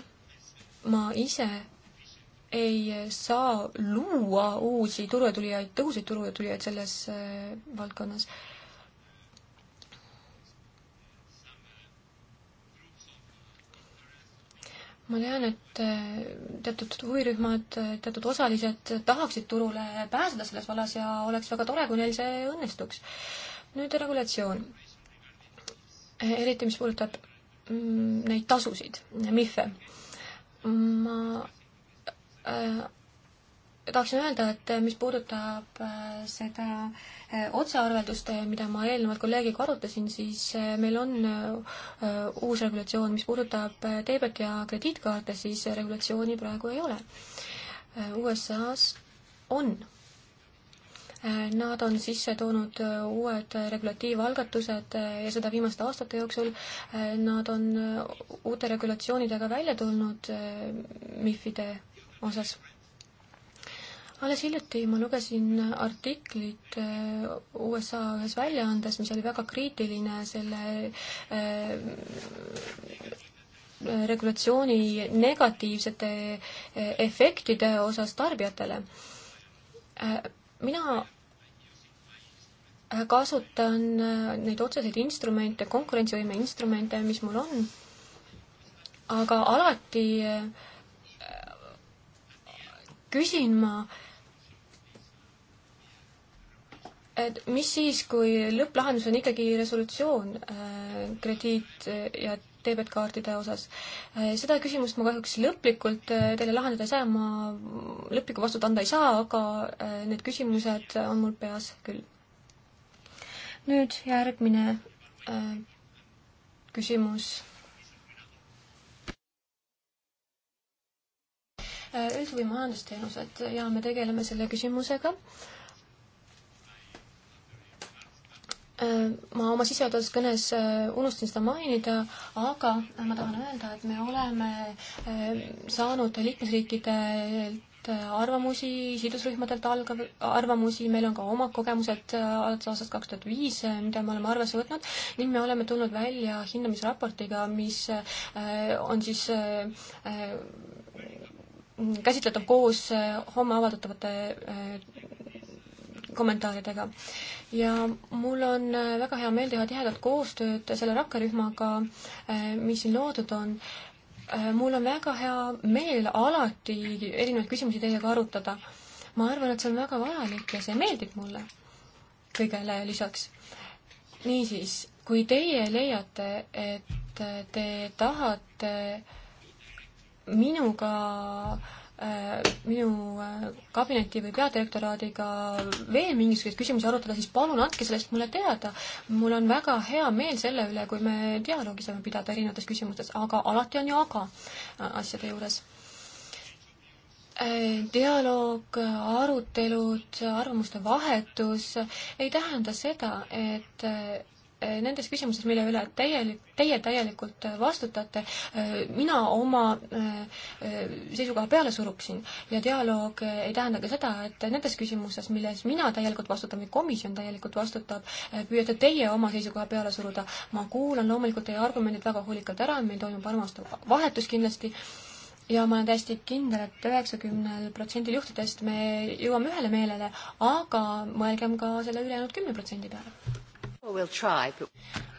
ma ise ei saa luua uusi turvetulijaid, tõhusaid turvetulijaid selles äh, valdkonnas ma tean, et äh, teatud huvirühmad, äh, teatud osalised tahaksid turule pääseda selles vallas ja oleks väga tore, kui neil see õnnestuks. nüüd regulatsioon. eriti, mis puudutab mm, neid tasusid, MIF-e. ma äh, tahaksin öelda, et mis puudutab äh, seda äh, otsearveldust, äh, mida ma eelnevalt kolleegiga arutasin, siis meil on uus regulatsioon, mis puudutab teebet ja krediitkaarte, siis regulatsiooni praegu ei ole. USA-s on. Nad on sisse toonud uued regulatiivalgatused ja seda viimaste aastate jooksul. Nad on uute regulatsioonidega välja tulnud MIFide osas alles hiljuti ma lugesin artiklit äh, USA ühes väljaandes, mis oli väga kriitiline selle äh, äh, regulatsiooni negatiivsete efektide osas tarbijatele. mina kasutan neid otseseid instrumente, konkurentsivõime instrumente, mis mul on, aga alati küsin ma äh, et mis siis, kui lõpplahendus on ikkagi resolutsioon äh, krediit äh, ja debetkaartide osas? Äh, seda küsimust ma kahjuks lõplikult teile lahendada ei saa, ma lõplikku vastut anda ei saa, aga need küsimused on mul peas küll. nüüd järgmine küsimus. üldhuvi majandusteenused ja me tegeleme selle küsimusega äh, Äh, ma oma sissejuhatavas kõnes äh, unustasin seda mainida, aga ma tahan öelda, et me oleme äh, saanud liikmesriikidelt arvamusi, sidusrühmadelt algav arvamusi, meil on ka omad kogemused alates aastast kaks tuhat viis, mida me oleme arvesse võtnud ning me oleme tulnud välja hindamisraportiga, mis on siis käsitletav koos homme avaldatavate kommentaaridega. ja mul on äh, väga hea meel teha tihedat koostööd selle rakkerühmaga, äh, mis siin loodud on. Äh, mul on väga hea meel alati erinevaid küsimusi teiega arutada. ma arvan, et see on väga vajalik ja see meeldib mulle kõigele lisaks. niisiis, kui teie leiate, et te tahate minuga äh, Äh, minu äh, kabineti või peadirektoraadiga veel mingisuguseid küsimusi arutada, siis palun andke sellest mulle teada. mul on väga hea meel selle üle, kui me dialoogi saame pidada erinevates küsimustes, aga alati on ju aga äh, asjade juures. dialoog, arutelud, arvamuste vahetus ei tähenda seda, et Eh, nendes küsimustes, mille üle täielik, teie täielikult eh, vastutate, eh, mina oma seisukoha peale suruksin ja dialoog ei tähenda ka seda, et nendes küsimustes, milles mina täielikult vastutan või komisjon täielikult vastutab, püüate teie oma seisukoha peale suruda. ma kuulan loomulikult teie argumendid väga hoolikalt ära, meil toimub armastav vahetus kindlasti ja ma olen täiesti kindel et, et üheksakümnel protsendil juhtudest me jõuame ühele meelele, aga mõelgem ka selle ülejäänud kümne protsendi peale. We'll try, but...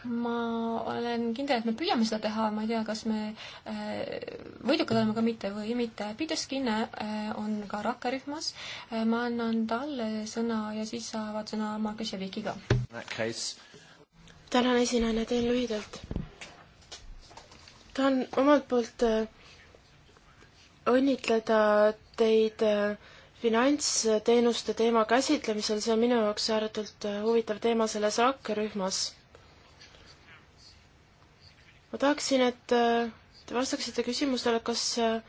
ma olen kindel, et me püüame seda teha, ma ei tea, kas me äh, võidukad oleme ka mitte või mitte. Peter Skinne äh, on ka rakkerühmas äh,. ma annan talle sõna ja siis saavad sõna Margus ja Viki ka. tänan, esinejana teen lühidalt. tahan omalt poolt äh, õnnitleda teid äh, finantsteenuste teema käsitlemisel, see on minu jaoks ääretult äh, huvitav teema selles rakkerühmas. ma tahaksin, et äh, te vastaksite küsimustele, kas äh,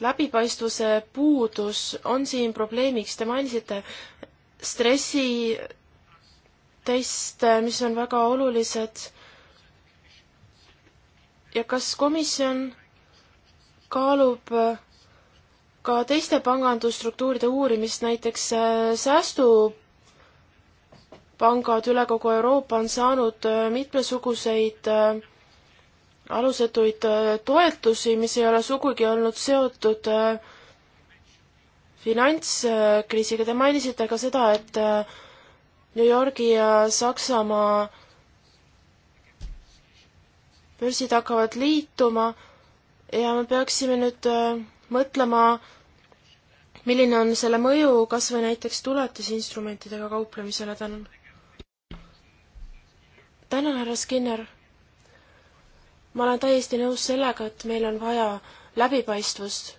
läbipaistvuse puudus on siin probleemiks, te mainisite stressiteste, mis on väga olulised. ja kas komisjon kaalub ka teiste pangandusstruktuuride uurimist, näiteks äh, säästupangad üle kogu Euroopa on saanud äh, mitmesuguseid äh, alusetuid toetusi, mis ei ole sugugi olnud seotud finantskriisiga. Te mainisite ka seda, et New Yorgi ja Saksamaa börsid hakkavad liituma ja me peaksime nüüd mõtlema, milline on selle mõju kas või näiteks tuletisinstrumentidega kauplemisele, tänan. tänan, härra Skinner. ma olen täiesti nõus sellega, et meil on vaja läbipaistvust.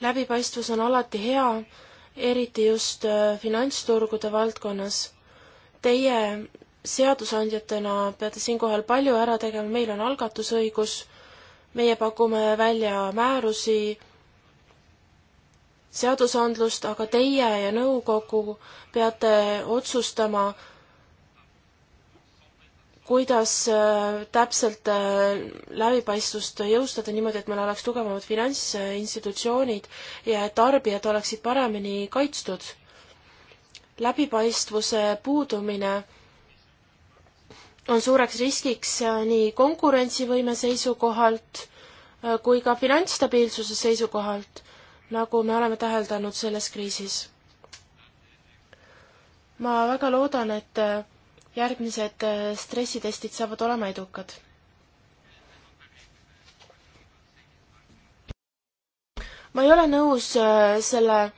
läbipaistvus on alati hea, eriti just äh, finantsturgude valdkonnas. Teie seadusandjatena peate siinkohal palju ära tegema, meil on algatusõigus meie pakume välja määrusi, seadusandlust, aga teie ja nõukogu peate otsustama, kuidas äh, täpselt äh, läbipaistvust jõustada niimoodi, et meil oleks tugevamad finantsinstitutsioonid ja et tarbijad oleksid paremini kaitstud. läbipaistvuse puudumine on suureks riskiks äh, nii konkurentsivõime seisukohalt äh, kui ka finantsstabiilsuse seisukohalt, nagu me oleme täheldanud selles kriisis. ma väga loodan, et äh, järgmised stressitestid saavad olema edukad. ma ei ole nõus selle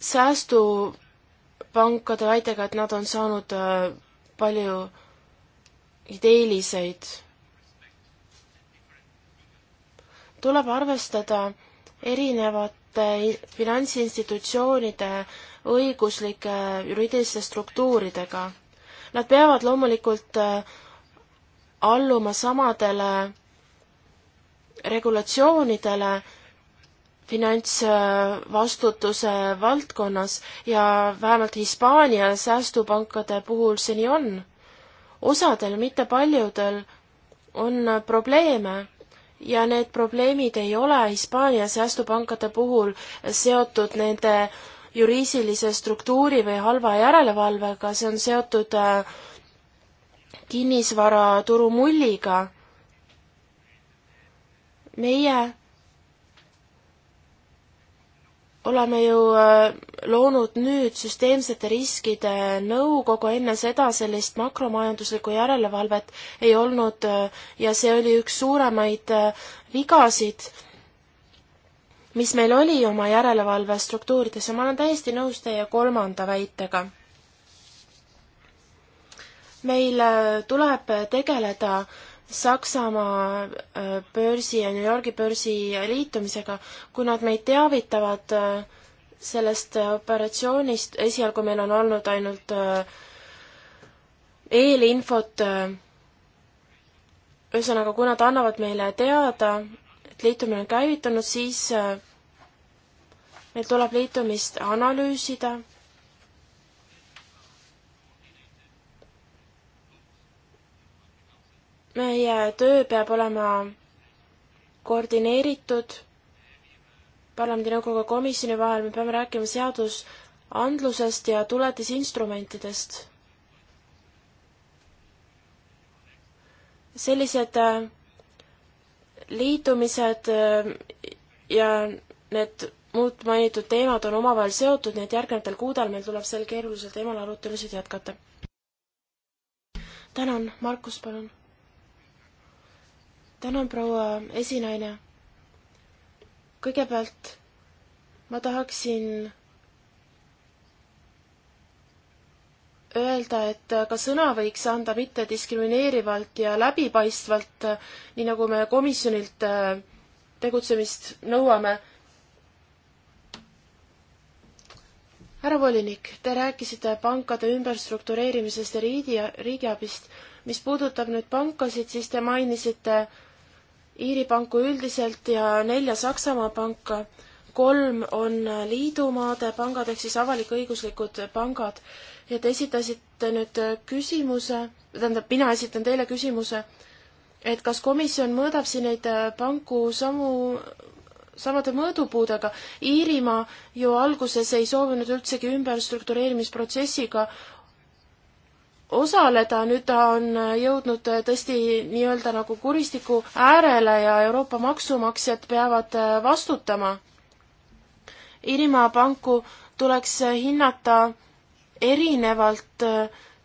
säästupankade väitega, et nad on saanud palju ideeliseid. tuleb arvestada erinevate finantsinstitutsioonide õiguslike juriidiliste struktuuridega. Nad peavad loomulikult äh, alluma samadele regulatsioonidele finantsvastutuse valdkonnas ja vähemalt Hispaania säästupankade puhul see nii on. osadel, mitte paljudel, on probleeme ja need probleemid ei ole Hispaania säästupankade puhul seotud nende juriidilise struktuuri või halva järelevalvega, see on seotud äh, kinnisvaraturu mulliga. meie oleme ju äh, loonud nüüd süsteemsete riskide nõukogu, enne seda sellist makromajanduslikku järelevalvet ei olnud äh, ja see oli üks suuremaid äh, vigasid, mis meil oli oma järelevalvestruktuurides ja ma olen täiesti nõus teie kolmanda väitega. meil tuleb tegeleda äh, Saksamaa äh, börsi ja New Yorgi börsi liitumisega, kui nad meid teavitavad äh, sellest äh, operatsioonist, esialgu meil on olnud ainult eelinfot, ühesõnaga, kui nad annavad meile teada, et liitumine on käivitunud, siis meil tuleb liitumist analüüsida meie töö peab olema koordineeritud parlamendinõukogu komisjoni vahel, me peame rääkima seadusandlusest ja tuletisinstrumentidest. sellised äh, liitumised äh, ja need muud mainitud teemad on omavahel seotud, nii et järgnevatel kuudel meil tuleb sel keerulisel teemal arutelusid jätkata. tänan, Markus, palun tänan, proua esinaine. kõigepealt ma tahaksin öelda, et ka sõna võiks anda mittediskrimineerivalt ja läbipaistvalt, nii nagu me komisjonilt äh, tegutsemist nõuame. härra volinik, te rääkisite pankade ümberstruktureerimisest ja riigi, riigiabist. mis puudutab nüüd pankasid, siis te mainisite äh, Iiri panku üldiselt ja nelja Saksamaa panka. kolm on liidumaade pangad ehk siis avalik-õiguslikud pangad. ja te esitasite nüüd küsimuse, tähendab, mina esitan teile küsimuse, et kas komisjon mõõdab siin neid panku samu, samade mõõdupuudega. Iirimaa ju alguses ei soovinud üldsegi ümberstruktureerimisprotsessiga osaleda, nüüd ta on jõudnud tõesti nii-öelda nagu kuristiku äärele ja Euroopa maksumaksjad peavad vastutama. Irimaa panku tuleks hinnata erinevalt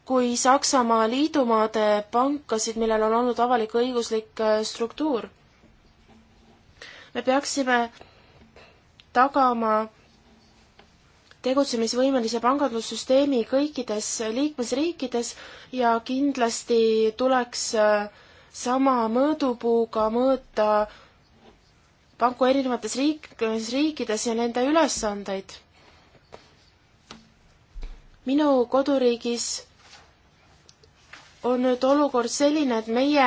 kui Saksamaa liidumaade pankasid, millel on olnud avalik-õiguslik struktuur. me peaksime tagama tegutsemisvõimelise pangandussüsteemi kõikides liikmesriikides ja kindlasti tuleks äh, sama mõõdupuuga mõõta panku erinevates riik-, riikides ja nende ülesandeid. minu koduriigis on nüüd olukord selline, et meie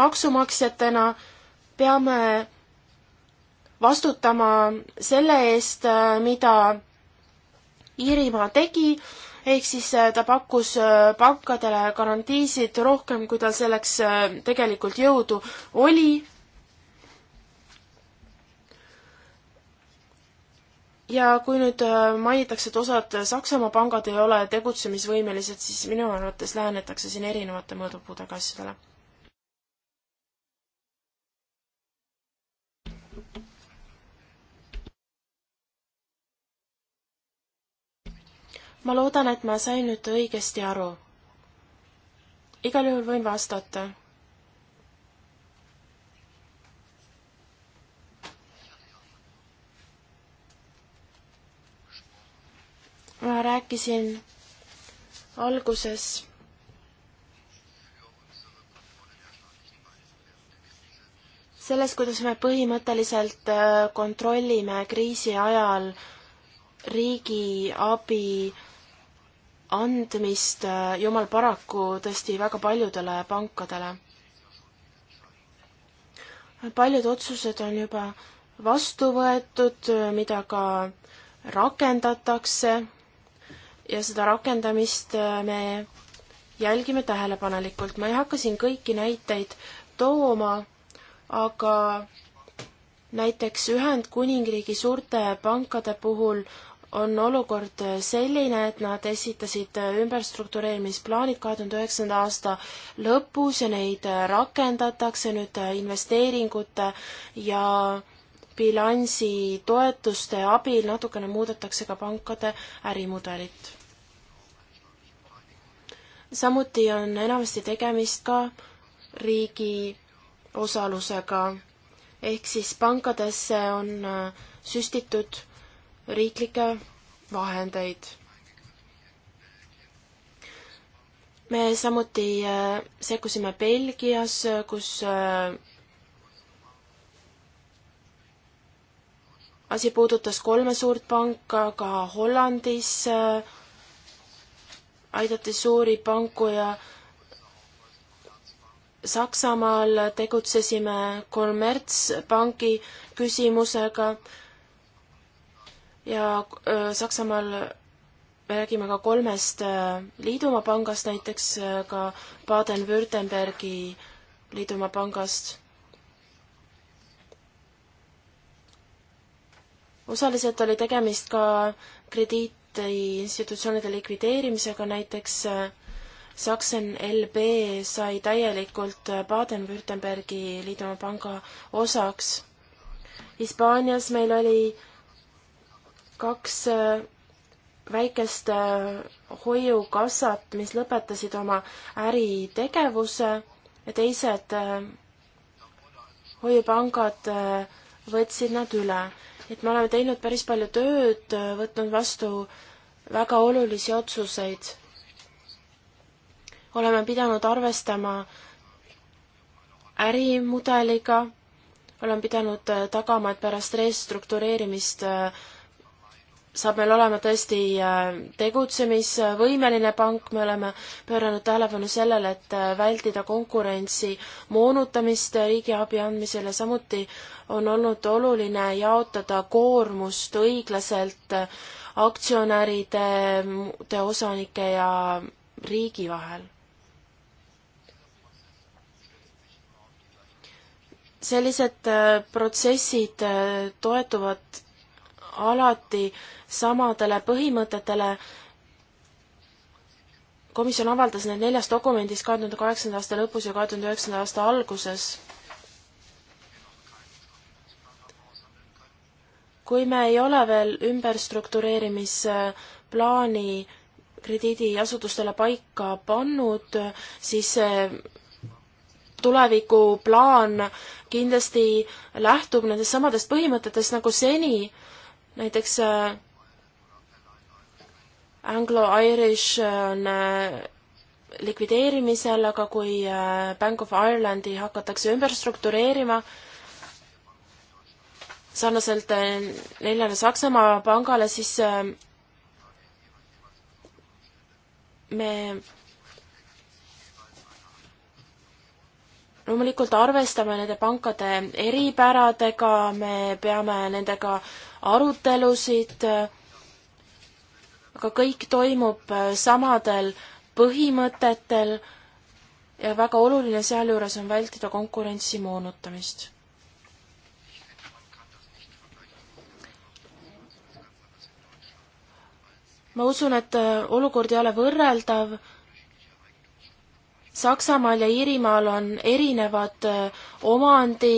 maksumaksjatena peame vastutama selle eest, äh, mida Iirimaa tegi, ehk siis äh, ta pakkus äh, pankadele garantiisid rohkem, kui tal selleks äh, tegelikult jõudu oli. ja kui nüüd mainitakse, et osad Saksamaa pangad ei ole tegutsemisvõimelised, siis minu arvates lähenetakse siin erinevate mõõdupuudega asjadele ma loodan, et ma sain nüüd õigesti aru. igal juhul võin vastata. ma rääkisin alguses selles, kuidas me põhimõtteliselt äh, kontrollime kriisi ajal riigi abi andmist äh, jumal paraku tõesti väga paljudele pankadele. paljud otsused on juba vastu võetud, äh, mida ka rakendatakse ja seda rakendamist äh, me jälgime tähelepanelikult. ma ei hakka siin kõiki näiteid tooma, aga näiteks Ühendkuningriigi suurte pankade puhul on olukord selline, et nad esitasid ümberstruktureerimisplaanid kahe tuhande üheksanda aasta lõpus ja neid rakendatakse nüüd investeeringute ja bilansi toetuste abil natukene muudetakse ka pankade ärimudelit. samuti on enamasti tegemist ka riigi osalusega ehk siis pankadesse on süstitud riiklikke vahendeid. me samuti äh, sekkusime Belgias, äh, kus äh, asi puudutas kolme suurt panka, ka Hollandis aidati suuri panku ja Saksamaal tegutsesime kommertspangi küsimusega ja äh, Saksamaal me räägime ka kolmest äh, liidumaa pangast, näiteks äh, ka Baden-Württembergi liidumaa pangast. osaliselt oli tegemist ka krediitiinstitutsioonide likvideerimisega, näiteks Saksen LB sai täielikult Baden-Württembergi liidumaa panga osaks. Hispaanias meil oli kaks äh, väikest äh, hoiukassat, mis lõpetasid oma äritegevuse ja teised äh, hoiupangad võtsid nad üle. et me oleme teinud päris palju tööd, võtnud vastu väga olulisi otsuseid. oleme pidanud arvestama ärimudeliga, oleme pidanud tagama, et pärast restruktureerimist saab meil olema tõesti äh, tegutsemisvõimeline pank, me oleme pööranud tähelepanu sellele, et äh, vältida konkurentsi moonutamist riigiabi andmisel ja samuti on olnud oluline jaotada koormust õiglaselt äh, aktsionäride, muude osanike ja riigi vahel. sellised protsessid toetuvad alati samadele põhimõtetele. komisjon avaldas need neljas dokumendis kahe tuhande kaheksanda aasta lõpus ja kahe tuhande üheksanda aasta alguses. kui me ei ole veel ümberstruktureerimisplaani krediidiasutustele paika pannud, siis tulevikuplaan kindlasti lähtub nendest samadest põhimõtetest nagu seni näiteks äh, Anglo-Irish äh, on äh, likvideerimisel, aga kui Bank of Irelandi hakatakse ümber struktureerima, sarnaselt neljale Saksamaa pangale, siis me loomulikult arvestame nende pankade eripäradega, me peame nendega arutelusid, aga kõik toimub äh, samadel põhimõtetel ja väga oluline sealjuures on vältida konkurentsi moonutamist. ma usun, et äh, olukord ei ole võrreldav Saksamaal ja Iirimaal on erinevad äh, omandi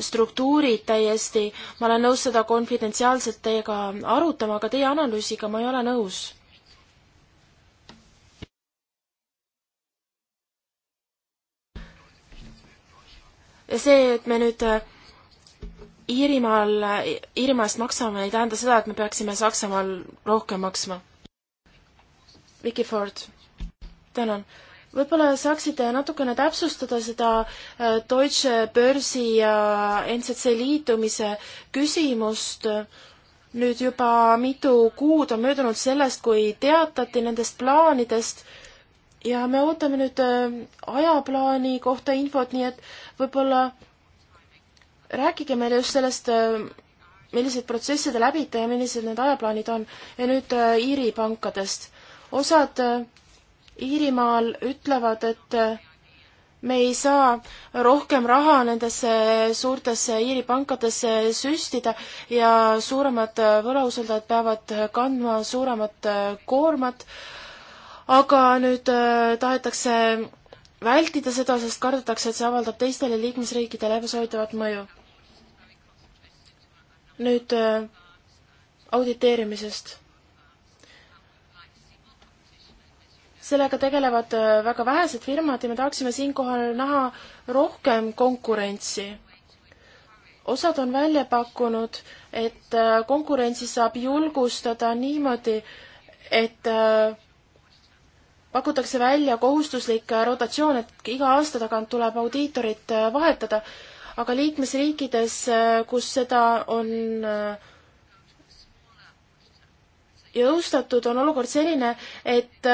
struktuurid täiesti, ma olen nõus seda konfidentsiaalselt teiega arutama, aga teie analüüsiga ma ei ole nõus ja see, et me nüüd äh, Iirimaal, Iirimaa eest maksame, ei tähenda seda, et me peaksime Saksamaal rohkem maksma. Vicky Ford, tänan võib-olla saaksite natukene täpsustada seda äh, Deutsche Börsi ja NCC liitumise küsimust. nüüd juba mitu kuud on möödunud sellest, kui teatati nendest plaanidest ja me ootame nüüd äh, ajaplaani kohta infot, nii et võib-olla rääkige meile just sellest, äh, millised protsesse te läbite ja millised need ajaplaanid on. ja nüüd Iiri pankadest. osad Iirimaal ütlevad, et äh, me ei saa rohkem raha nendesse suurtesse Iiri pankadesse süstida ja suuremad äh, võlausaldajad peavad äh, kandma suuremat koormat. aga nüüd tahetakse vältida seda, sest kardetakse, et see avaldab teistele liikmesriikidele ebasoovitavat mõju. nüüd auditeerimisest sellega tegelevad äh, väga vähesed firmad ja me tahaksime siinkohal näha rohkem konkurentsi. osad on välja pakkunud, et äh, konkurentsi saab julgustada niimoodi, et äh, pakutakse välja kohustuslik rotatsioon, et iga aasta tagant tuleb audiitorit vahetada, aga liikmesriikides, kus seda on jõustatud, on olukord selline, et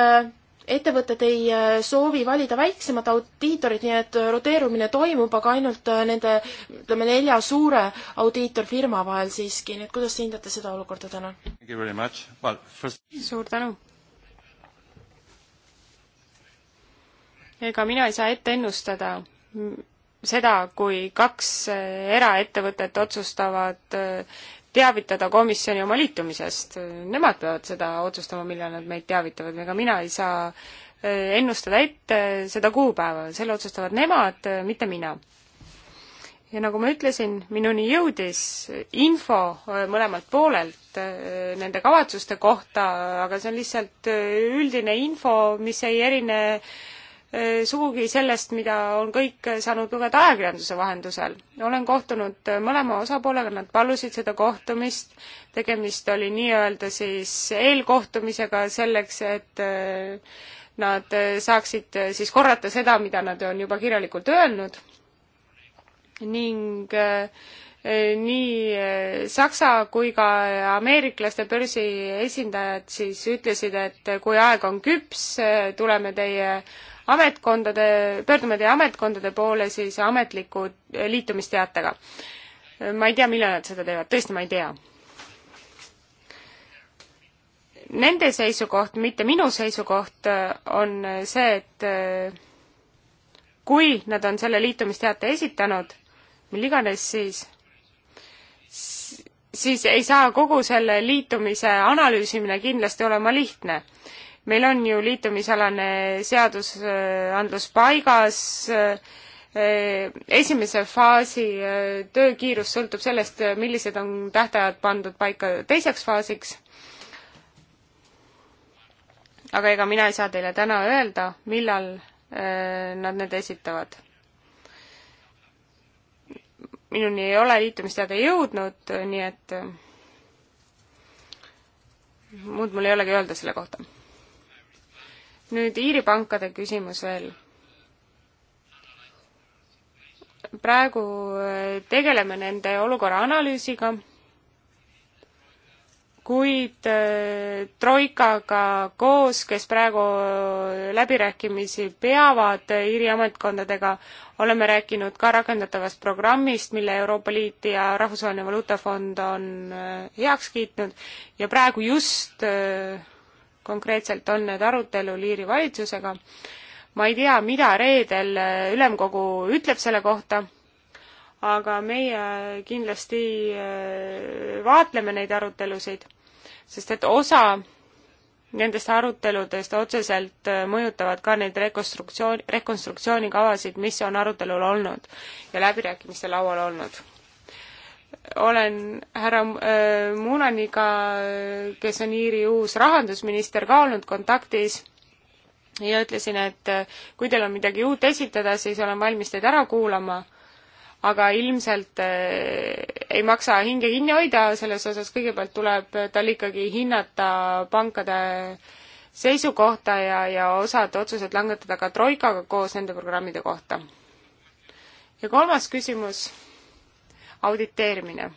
ettevõtted ei äh, soovi valida väiksemat audiitorit, nii et äh, roteerumine toimub, aga ainult äh, nende, ütleme, nelja suure audiitorfirma vahel siiski, nii et kuidas te hindate seda olukorda täna? Well, first... suur tänu! ega mina ei saa ette ennustada seda, kui kaks eraettevõtet otsustavad teavitada komisjoni oma liitumisest, nemad peavad seda otsustama, millal nad meid teavitavad, ega mina ei saa äh, ennustada ette seda kuupäeva, selle otsustavad nemad, äh, mitte mina. ja nagu ma ütlesin, minuni jõudis info äh, mõlemalt poolelt nende kavatsuste kohta, aga see on lihtsalt üldine info, mis ei erine äh, Äh, sugugi sellest, mida on kõik saanud lugeda ajakirjanduse vahendusel. olen kohtunud äh, mõlema osapoolega, nad palusid seda kohtumist, tegemist oli nii-öelda siis eelkohtumisega selleks, et äh, nad saaksid siis korrata seda, mida nad on juba kirjalikult öelnud ning nii Saksa kui ka ameeriklaste börsi esindajad siis ütlesid, et kui aeg on küps, tuleme teie ametkondade, pöördume teie ametkondade poole siis ametliku liitumisteatega. ma ei tea, millal nad seda teevad, tõesti ma ei tea. Nende seisukoht, mitte minu seisukoht, on see, et äh, kui nad on selle liitumisteate esitanud, mil iganes siis, siis ei saa kogu selle liitumise analüüsimine kindlasti olema lihtne meil on ju liitumisalane seadusandlus paigas, e, esimese faasi e, töökiirus sõltub sellest, millised on tähtajad pandud paika teiseks faasiks. aga ega mina ei saa teile täna öelda, millal e, nad need esitavad. minuni ei ole liitumisteade jõudnud, nii et muud mul ei olegi öelda selle kohta nüüd Iiri pankade küsimus veel. praegu äh, tegeleme nende olukorra analüüsiga, kuid äh, Troikaga koos, kes praegu äh, läbirääkimisi peavad Iiri ametkondadega, oleme rääkinud ka rakendatavast programmist, mille Euroopa Liit ja Rahvusvaheline Valuutafond on heaks kiitnud ja praegu just konkreetselt on need arutelul Iiri valitsusega. ma ei tea, mida reedel äh, ülemkogu ütleb selle kohta, aga meie kindlasti äh, vaatleme neid arutelusid, sest et osa nendest aruteludest otseselt äh, mõjutavad ka neid rekonstruktsioon, rekonstruktsioonikavasid, mis on arutelul olnud ja läbirääkimiste laual olnud olen härra äh, Munaniga, kes on Iiri uus rahandusminister, ka olnud kontaktis ja ütlesin, et äh, kui teil on midagi uut esitada, siis olen valmis teid ära kuulama. aga ilmselt äh, ei maksa hinge kinni hoida, selles osas kõigepealt tuleb tal ikkagi hinnata pankade seisukohta ja, ja osad otsused langetada ka Troikaga koos nende programmide kohta. ja kolmas küsimus auditeerimine.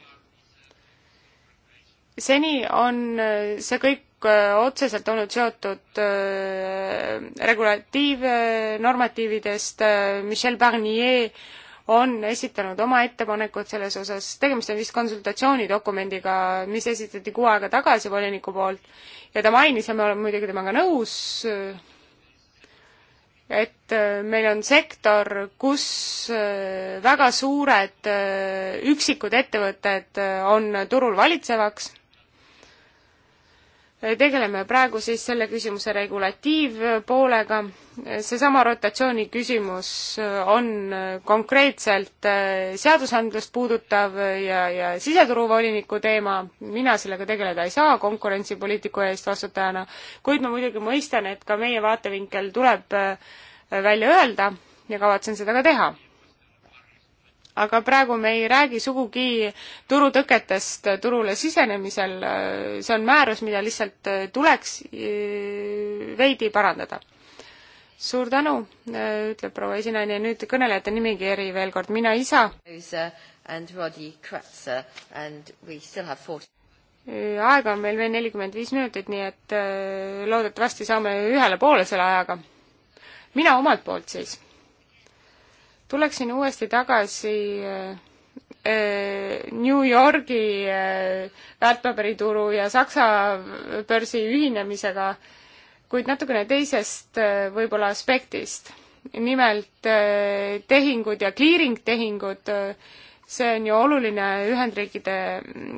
seni on äh, see kõik äh, otseselt olnud seotud äh, regulatiivnormatiividest, Michel Barnier on esitanud oma ettepanekud selles osas, tegemist on vist konsultatsioonidokumendiga, mis esitati kuu aega tagasi voliniku poolt ja ta mainis ja me oleme muidugi temaga nõus, et äh, meil on sektor, kus äh, väga suured äh, üksikud ettevõtted on turul valitsevaks tegeleme praegu siis selle küsimuse regulatiivpoolega, seesama rotatsiooni küsimus on konkreetselt äh, seadusandlust puudutav ja, ja siseturuvoliniku teema, mina sellega tegeleda ei saa konkurentsipoliitiku eest vastutajana, kuid ma muidugi mõistan, et ka meie vaatevinkel tuleb äh, välja öelda ja kavatsen seda ka teha aga praegu me ei räägi sugugi turutõketest turule sisenemisel, see on määrus, mida lihtsalt äh, tuleks äh, veidi parandada. suur tänu, äh, ütleb proua esinaine, nüüd kõnelejate nimekiri veel kord, mina isa. aega on meil veel nelikümmend viis minutit, nii et loodetavasti saame ühele poole selle ajaga. mina omalt poolt siis tuleksin uuesti tagasi äh, äh, New Yorgi äh, väärtpaberituru ja Saksa börsi ühinemisega, kuid natukene teisest võib-olla aspektist. nimelt tehingud ja clearing tehingud, see on ju oluline Ühendriikide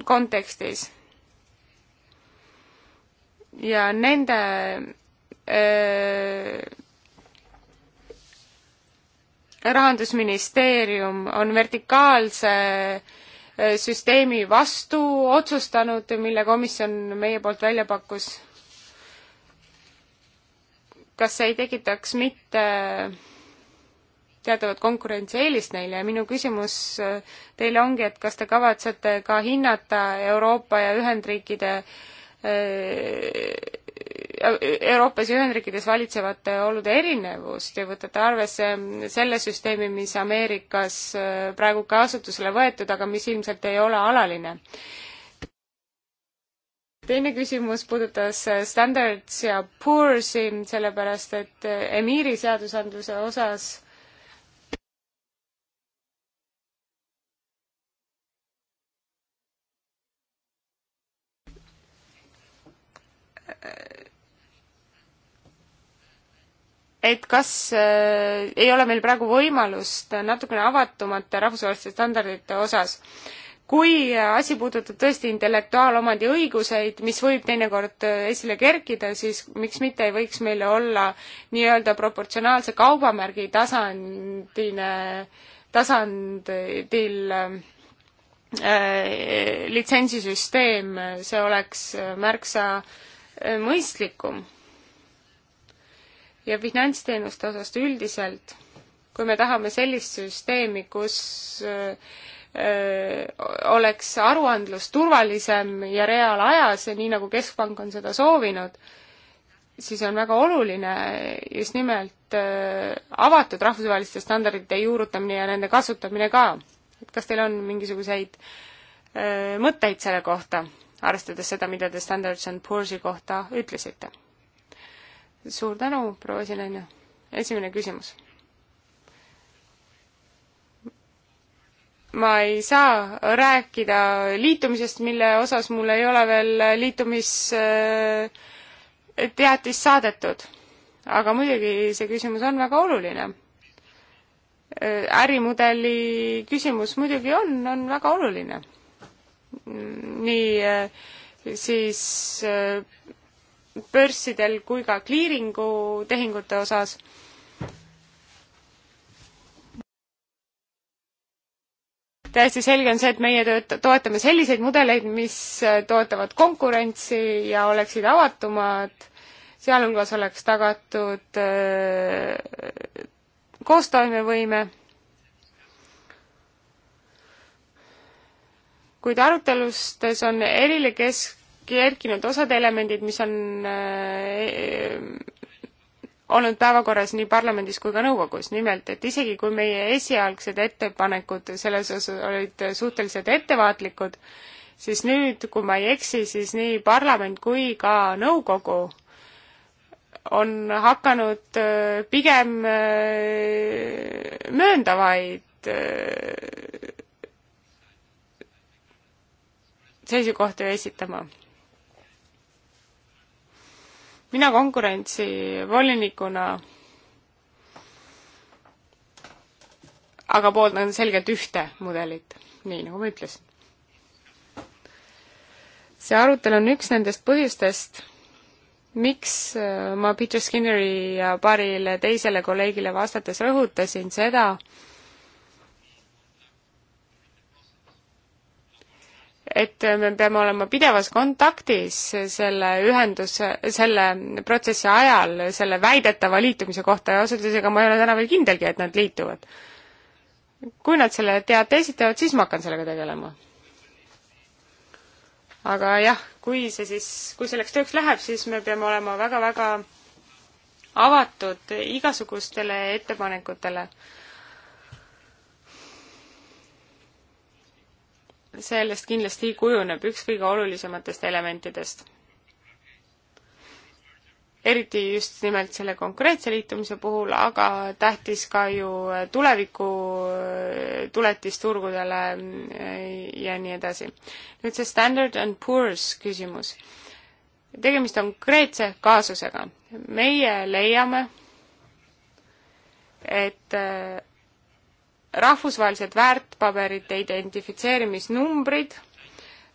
kontekstis. ja nende öö, rahandusministeerium on vertikaalse eh, süsteemi vastu otsustanud, mille komisjon meie poolt välja pakkus. kas see ei tekitaks mitte teatavat konkurentsieelist neile ja minu küsimus eh, teile ongi, et kas te kavatsete ka hinnata Euroopa ja Ühendriikide eh, Euroopas ja Ühendriikides valitsevate olude erinevust ja võtate arvesse selle süsteemi, mis Ameerikas äh, praegu kasutusele võetud, aga mis ilmselt ei ole alaline. teine küsimus puudutas äh, standards ja poor'si, sellepärast et äh, emiiri seadusandluse osas et kas äh, ei ole meil praegu võimalust natukene avatumate rahvusvaheliste standardite osas. kui asi puudutab tõesti intellektuaalomandi õiguseid, mis võib teinekord äh, esile kerkida, siis miks mitte ei võiks meil olla nii-öelda proportsionaalse kaubamärgi tasandine, tasandil äh, äh litsentsisüsteem, see oleks äh, märksa mõistlikum ja finantsteenuste osast üldiselt, kui me tahame sellist süsteemi, kus öö, äh, äh, oleks aruandlus turvalisem ja reaalajas, nii nagu Keskpank on seda soovinud, siis on väga oluline just nimelt äh, avatud rahvusvaheliste standardite juurutamine ja nende kasutamine ka. et kas teil on mingisuguseid mõtteid selle kohta, arvestades seda, mida te Standards and Poor'si kohta ütlesite? suur tänu, proua esinaine. esimene küsimus. ma ei saa rääkida liitumisest, mille osas mul ei ole veel liitumisteatist saadetud. aga muidugi see küsimus on väga oluline. ärimudeli küsimus muidugi on, on väga oluline. nii eh, siis eh, börssidel kui ka kliiringu tehingute osas. täiesti selge on see, et meie tööt-, toetame selliseid mudeleid, mis toetavad konkurentsi ja oleksid avatumad, sealhulgas oleks tagatud öö, äh, koostoimevõime kuid arutelustes on eriline kesk-, kerkinud osad elemendid, mis on äh, olnud päevakorras nii parlamendis kui ka nõukogus, nimelt et isegi kui meie esialgsed ettepanekud selles osas olid suhteliselt ettevaatlikud, siis nüüd, kui ma ei eksi, siis nii parlament kui ka nõukogu on hakanud äh, pigem äh, mööndavaid seisukohti esitama mina konkurentsivolinikuna aga pooldan selgelt ühte mudelit, nii nagu ma ütlesin. see arutelu on üks nendest põhjustest, miks äh, ma Peter Skinneri ja paarile teisele kolleegile vastates rõhutasin seda, et me peame olema pidevas kontaktis selle ühenduse, selle protsessi ajal selle väidetava liitumise kohta ja ausalt öeldes ega ma ei ole täna veel kindelgi, et nad liituvad. kui nad selle teate esitavad, siis ma hakkan sellega tegelema. aga jah, kui see siis, kui selleks tööks läheb, siis me peame olema väga-väga avatud igasugustele ettepanekutele sellest kindlasti kujuneb üks kõige olulisematest elementidest. eriti just nimelt selle konkreetse liitumise puhul, aga tähtis ka ju tuleviku äh, tuletisturgudele äh, ja nii edasi. nüüd see Standard and Poor's küsimus. tegemist on konkreetse kaasusega. meie leiame, et äh, rahvusvahelised väärtpaberite identifitseerimisnumbrid,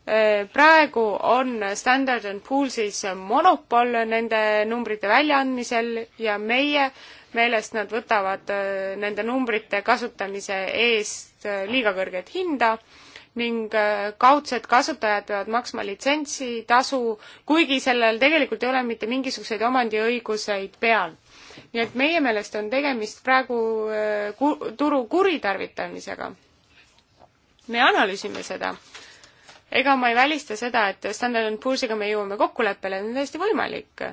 äh, praegu on Standard and Poolsis monopol nende numbrite väljaandmisel ja meie meelest nad võtavad äh, nende numbrite kasutamise eest äh, liiga kõrget hinda ning kaudsed kasutajad peavad maksma litsentsitasu, kuigi sellel tegelikult ei ole mitte mingisuguseid omandiõiguseid peal nii et meie meelest on tegemist praegu äh, ku-, turu kuritarvitamisega. me analüüsime seda. ega ma ei välista seda, et Standard Poorsiga me jõuame kokkuleppele, see on täiesti võimalik.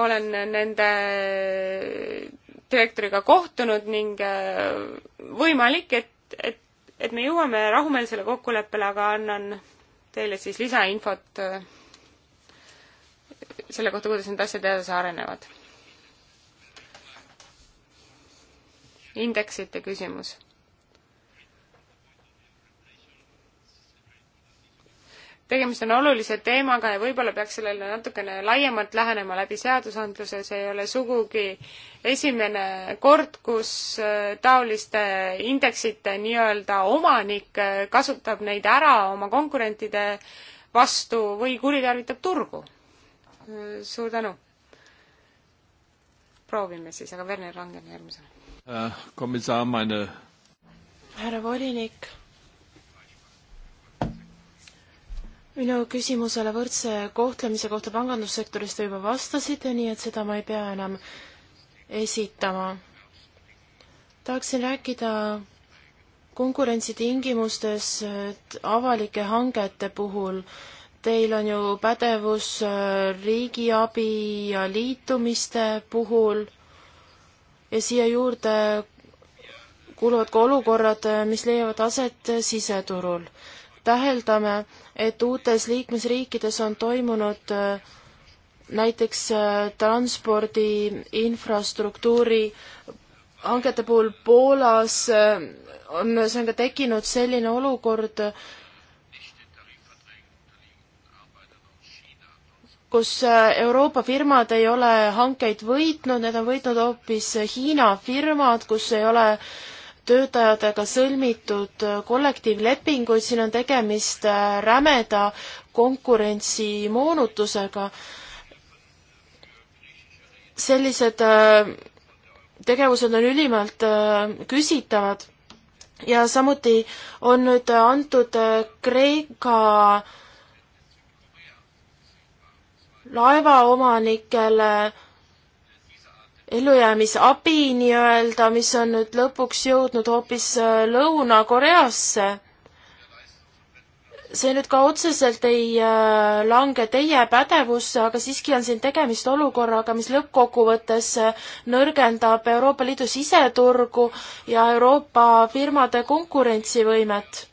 olen nende direktoriga kohtunud ning äh, võimalik, et, et, et me jõuame rahumeelsele kokkuleppele, aga annan teile siis lisainfot äh, selle kohta, kuidas need asjad edasi arenevad. indeksite küsimus. tegemist on olulise teemaga ja võib-olla peaks sellele natukene laiemalt lähenema läbi seadusandluse, see ei ole sugugi esimene kord, kus äh, taoliste indeksite nii-öelda omanik äh, kasutab neid ära oma konkurentide vastu või kuritarvitab turgu. Äh, suur tänu! proovime siis, aga Werner Langen järgmisena. Äh, Kommissar, meine härra volinik, minu küsimusele võrdse kohtlemise kohta pangandussektoris te juba vastasite, nii et seda ma ei pea enam esitama. tahaksin rääkida konkurentsitingimustes avalike hangete puhul. Teil on ju pädevus äh, riigiabi ja liitumiste puhul ja siia juurde kuuluvad ka olukorrad, mis leiavad aset siseturul. täheldame, et uutes liikmesriikides on toimunud äh, näiteks äh, transpordi infrastruktuuri hangete puhul Poolas äh, on ühesõnaga tekkinud selline olukord, kus äh, Euroopa firmad ei ole hankeid võitnud, need on võitnud hoopis äh, Hiina firmad, kus ei ole töötajatega sõlmitud äh, kollektiivlepinguid, siin on tegemist rämeda konkurentsi moonutusega. sellised tegevused on ülimalt küsitavad ja samuti on nüüd antud Kreeka äh, laevaomanikele ellujäämisabi nii-öelda, mis on nüüd lõpuks jõudnud hoopis äh, Lõuna-Koreasse. see nüüd ka otseselt ei äh, lange teie pädevusse, aga siiski on siin tegemist olukorraga, mis lõppkokkuvõttes äh, nõrgendab Euroopa Liidu siseturgu ja Euroopa firmade konkurentsivõimet.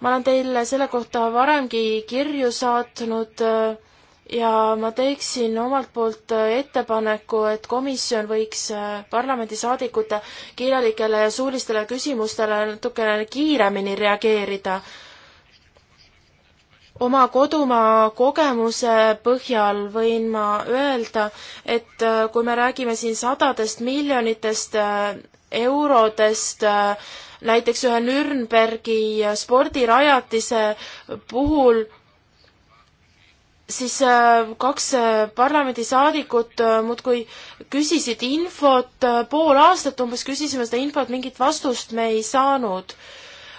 ma olen teile selle kohta varemgi kirju saatnud ja ma teeksin omalt poolt äh, ettepaneku, et komisjon võiks äh, parlamendisaadikute kirjalikele ja suulistele küsimustele natukene kiiremini reageerida. oma kodumaa kogemuse põhjal võin ma öelda, et äh, kui me räägime siin sadadest miljonitest eurodest, näiteks ühe Nürnbergi spordirajatise puhul siis äh, kaks äh, parlamendisaadikut äh, muudkui küsisid infot, pool aastat umbes küsisime seda infot, mingit vastust me ei saanud.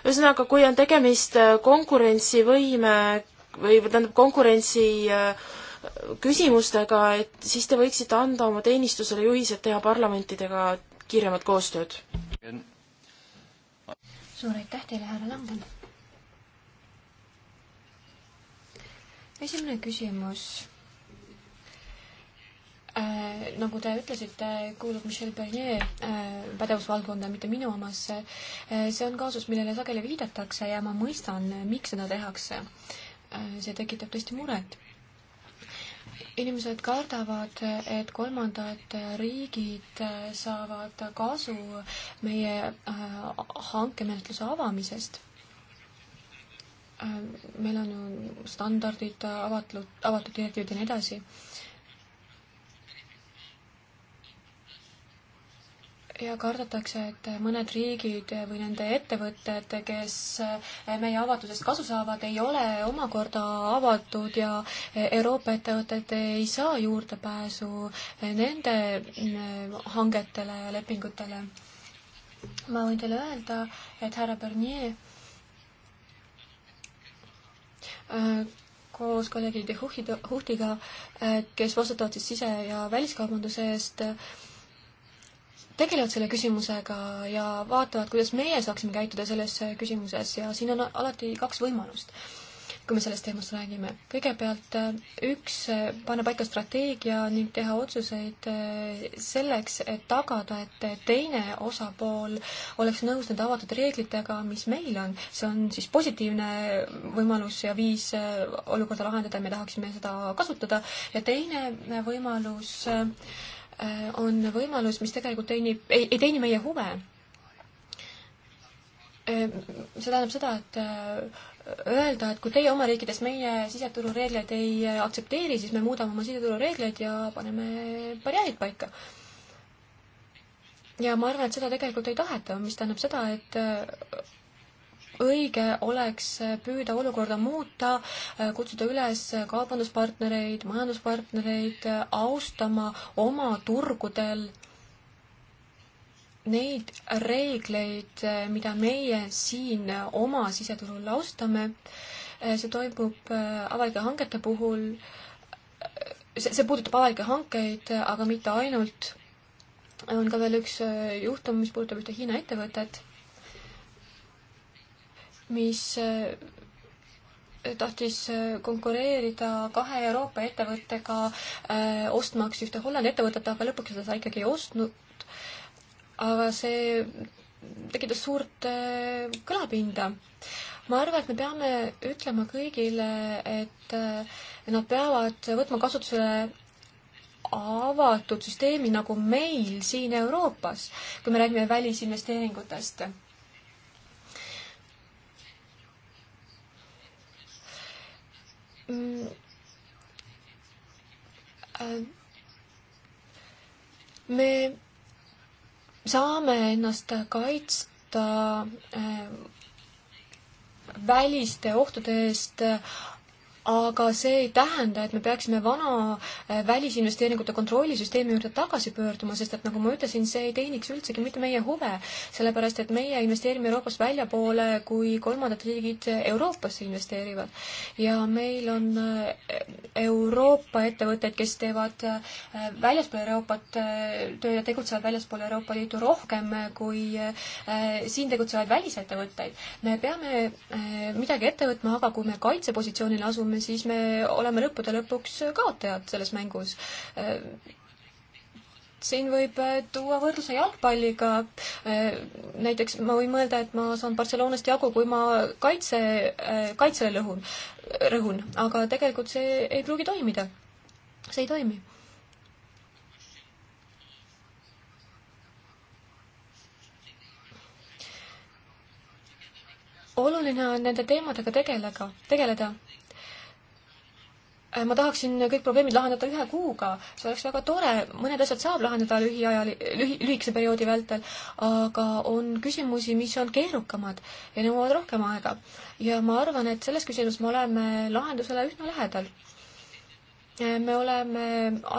ühesõnaga, kui on tegemist konkurentsivõime või tähendab, konkurentsi küsimustega, et siis te võiksite anda oma teenistusele juhised teha parlamentidega kiiremat koostööd. suur aitäh teile, härra Langen! esimene küsimus äh,. nagu te ütlesite, kuulub Michel Barnier äh, pädevusvaldkonda, mitte minu omasse äh,. see on kaasus, millele sageli viidatakse ja ma mõistan, miks seda tehakse. Äh, see tekitab tõesti muret inimesed kardavad, et kolmandad riigid äh, saavad kasu meie äh, hankemenetluse avamisest Äh, meil on ju standardid, avatud, avatud direktiivid ja nii edasi. ja kardetakse, et mõned riigid või nende ettevõtted, kes meie avatusest kasu saavad, ei ole omakorda avatud ja Euroopa ettevõtted ei saa juurdepääsu nende hangetele ja lepingutele. ma võin teile öelda, et härra Bernier Äh, koos kolleegide Huhtiga, äh, kes vastutavad siis sise- ja väliskaubanduse eest, äh, tegelevad selle küsimusega ja vaatavad, kuidas meie saaksime käituda selles küsimuses ja siin on alati kaks võimalust kui me sellest teemast räägime. kõigepealt äh, üks, äh, panna paika strateegia ning teha otsuseid äh, selleks, et tagada, et teine osapool oleks nõus nende avatud reeglitega, mis meil on. see on siis positiivne võimalus ja viis olukorda lahendada, me tahaksime seda kasutada. ja teine võimalus on võimalus, mis tegelikult teenib, ei teeni meie huve see tähendab seda, et öelda, et kui teie oma riikides meie siseturureegleid ei aktsepteeri, siis me muudame oma siseturureegleid ja paneme barjäärid paika. ja ma arvan, et seda tegelikult ei taheta, mis tähendab seda, et äh, õige oleks püüda olukorda muuta, äh, kutsuda üles kaubanduspartnereid, majanduspartnereid äh, austama oma turgudel äh, neid reegleid, eh, mida meie siin oma siseturul austame. Eh, see toimub eh, avalike hangete puhul, see, see puudutab avalikke hankeid, aga mitte ainult. on ka veel üks juhtum, mis puudutab ühte Hiina ettevõtet, mis tahtis konkureerida kahe Euroopa ettevõttega äh, ostmaks ühte Hollandi ettevõtet, aga lõpuks seda sai ikkagi ostnud, aga see tekitas suurt äh, kõlapinda. ma arvan, et me peame ütlema kõigile, et äh, nad peavad võtma kasutusele avatud süsteemi nagu meil siin Euroopas, kui me räägime välisinvesteeringutest mm, äh, me saame ennast kaitsta äh, väliste ohtude eest, aga see ei tähenda, et me peaksime vana äh, välisinvesteeringute kontrollisüsteemi juurde tagasi pöörduma, sest et nagu ma ütlesin, see ei teeniks üldsegi mitte meie huve, sellepärast et meie investeerime Euroopast väljapoole, kui kolmandad riigid äh, Euroopasse investeerivad. ja meil on äh, Euroopa ettevõtteid, kes teevad väljaspool Euroopat töö ja tegutsevad väljaspool Euroopa Liitu rohkem kui siin tegutsevaid välisettevõtteid. me peame midagi ette võtma, aga kui me kaitsepositsioonile asume, samm, siis me oleme lõppude lõpuks kaotajad selles mängus siin võib tuua võrdluse jalgpalliga. näiteks ma võin mõelda, et ma saan Barcelonast jagu, kui ma kaitse, kaitsele lõhun, rõhun, aga tegelikult see ei pruugi toimida. see ei toimi. oluline on nende teemadega tegelega, tegeleda, tegeleda Äh, ma tahaksin kõik probleemid lahendada ühe kuuga, see oleks väga tore, mõned asjad saab lahendada lühiajal, lühi, lühikese perioodi vältel, aga on küsimusi, mis on keerukamad ja nõuavad rohkem aega. ja ma arvan, et selles küsimuses me oleme lahendusele üsna lähedal. Äh, me oleme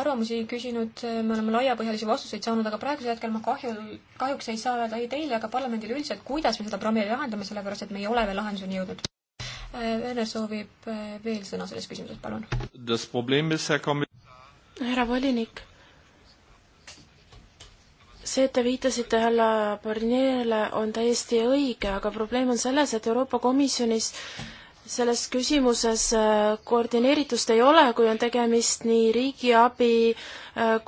arvamusi küsinud, äh, me oleme laiapõhjalisi vastuseid saanud, aga praegusel hetkel ma kahju, kahjuks ei saa öelda ei teile ega parlamendile üldiselt, kuidas me seda probleemi lahendame, sellepärast et me ei ole veel lahenduseni jõudnud. Vene eh, soovib eh, veel sõna selles küsimuses, palun. härra volinik, see, et te viitasite härra Barnierile, on täiesti õige, aga probleem on selles, et Euroopa Komisjonis selles küsimuses eh, koordineeritust ei ole, kui on tegemist nii riigiabi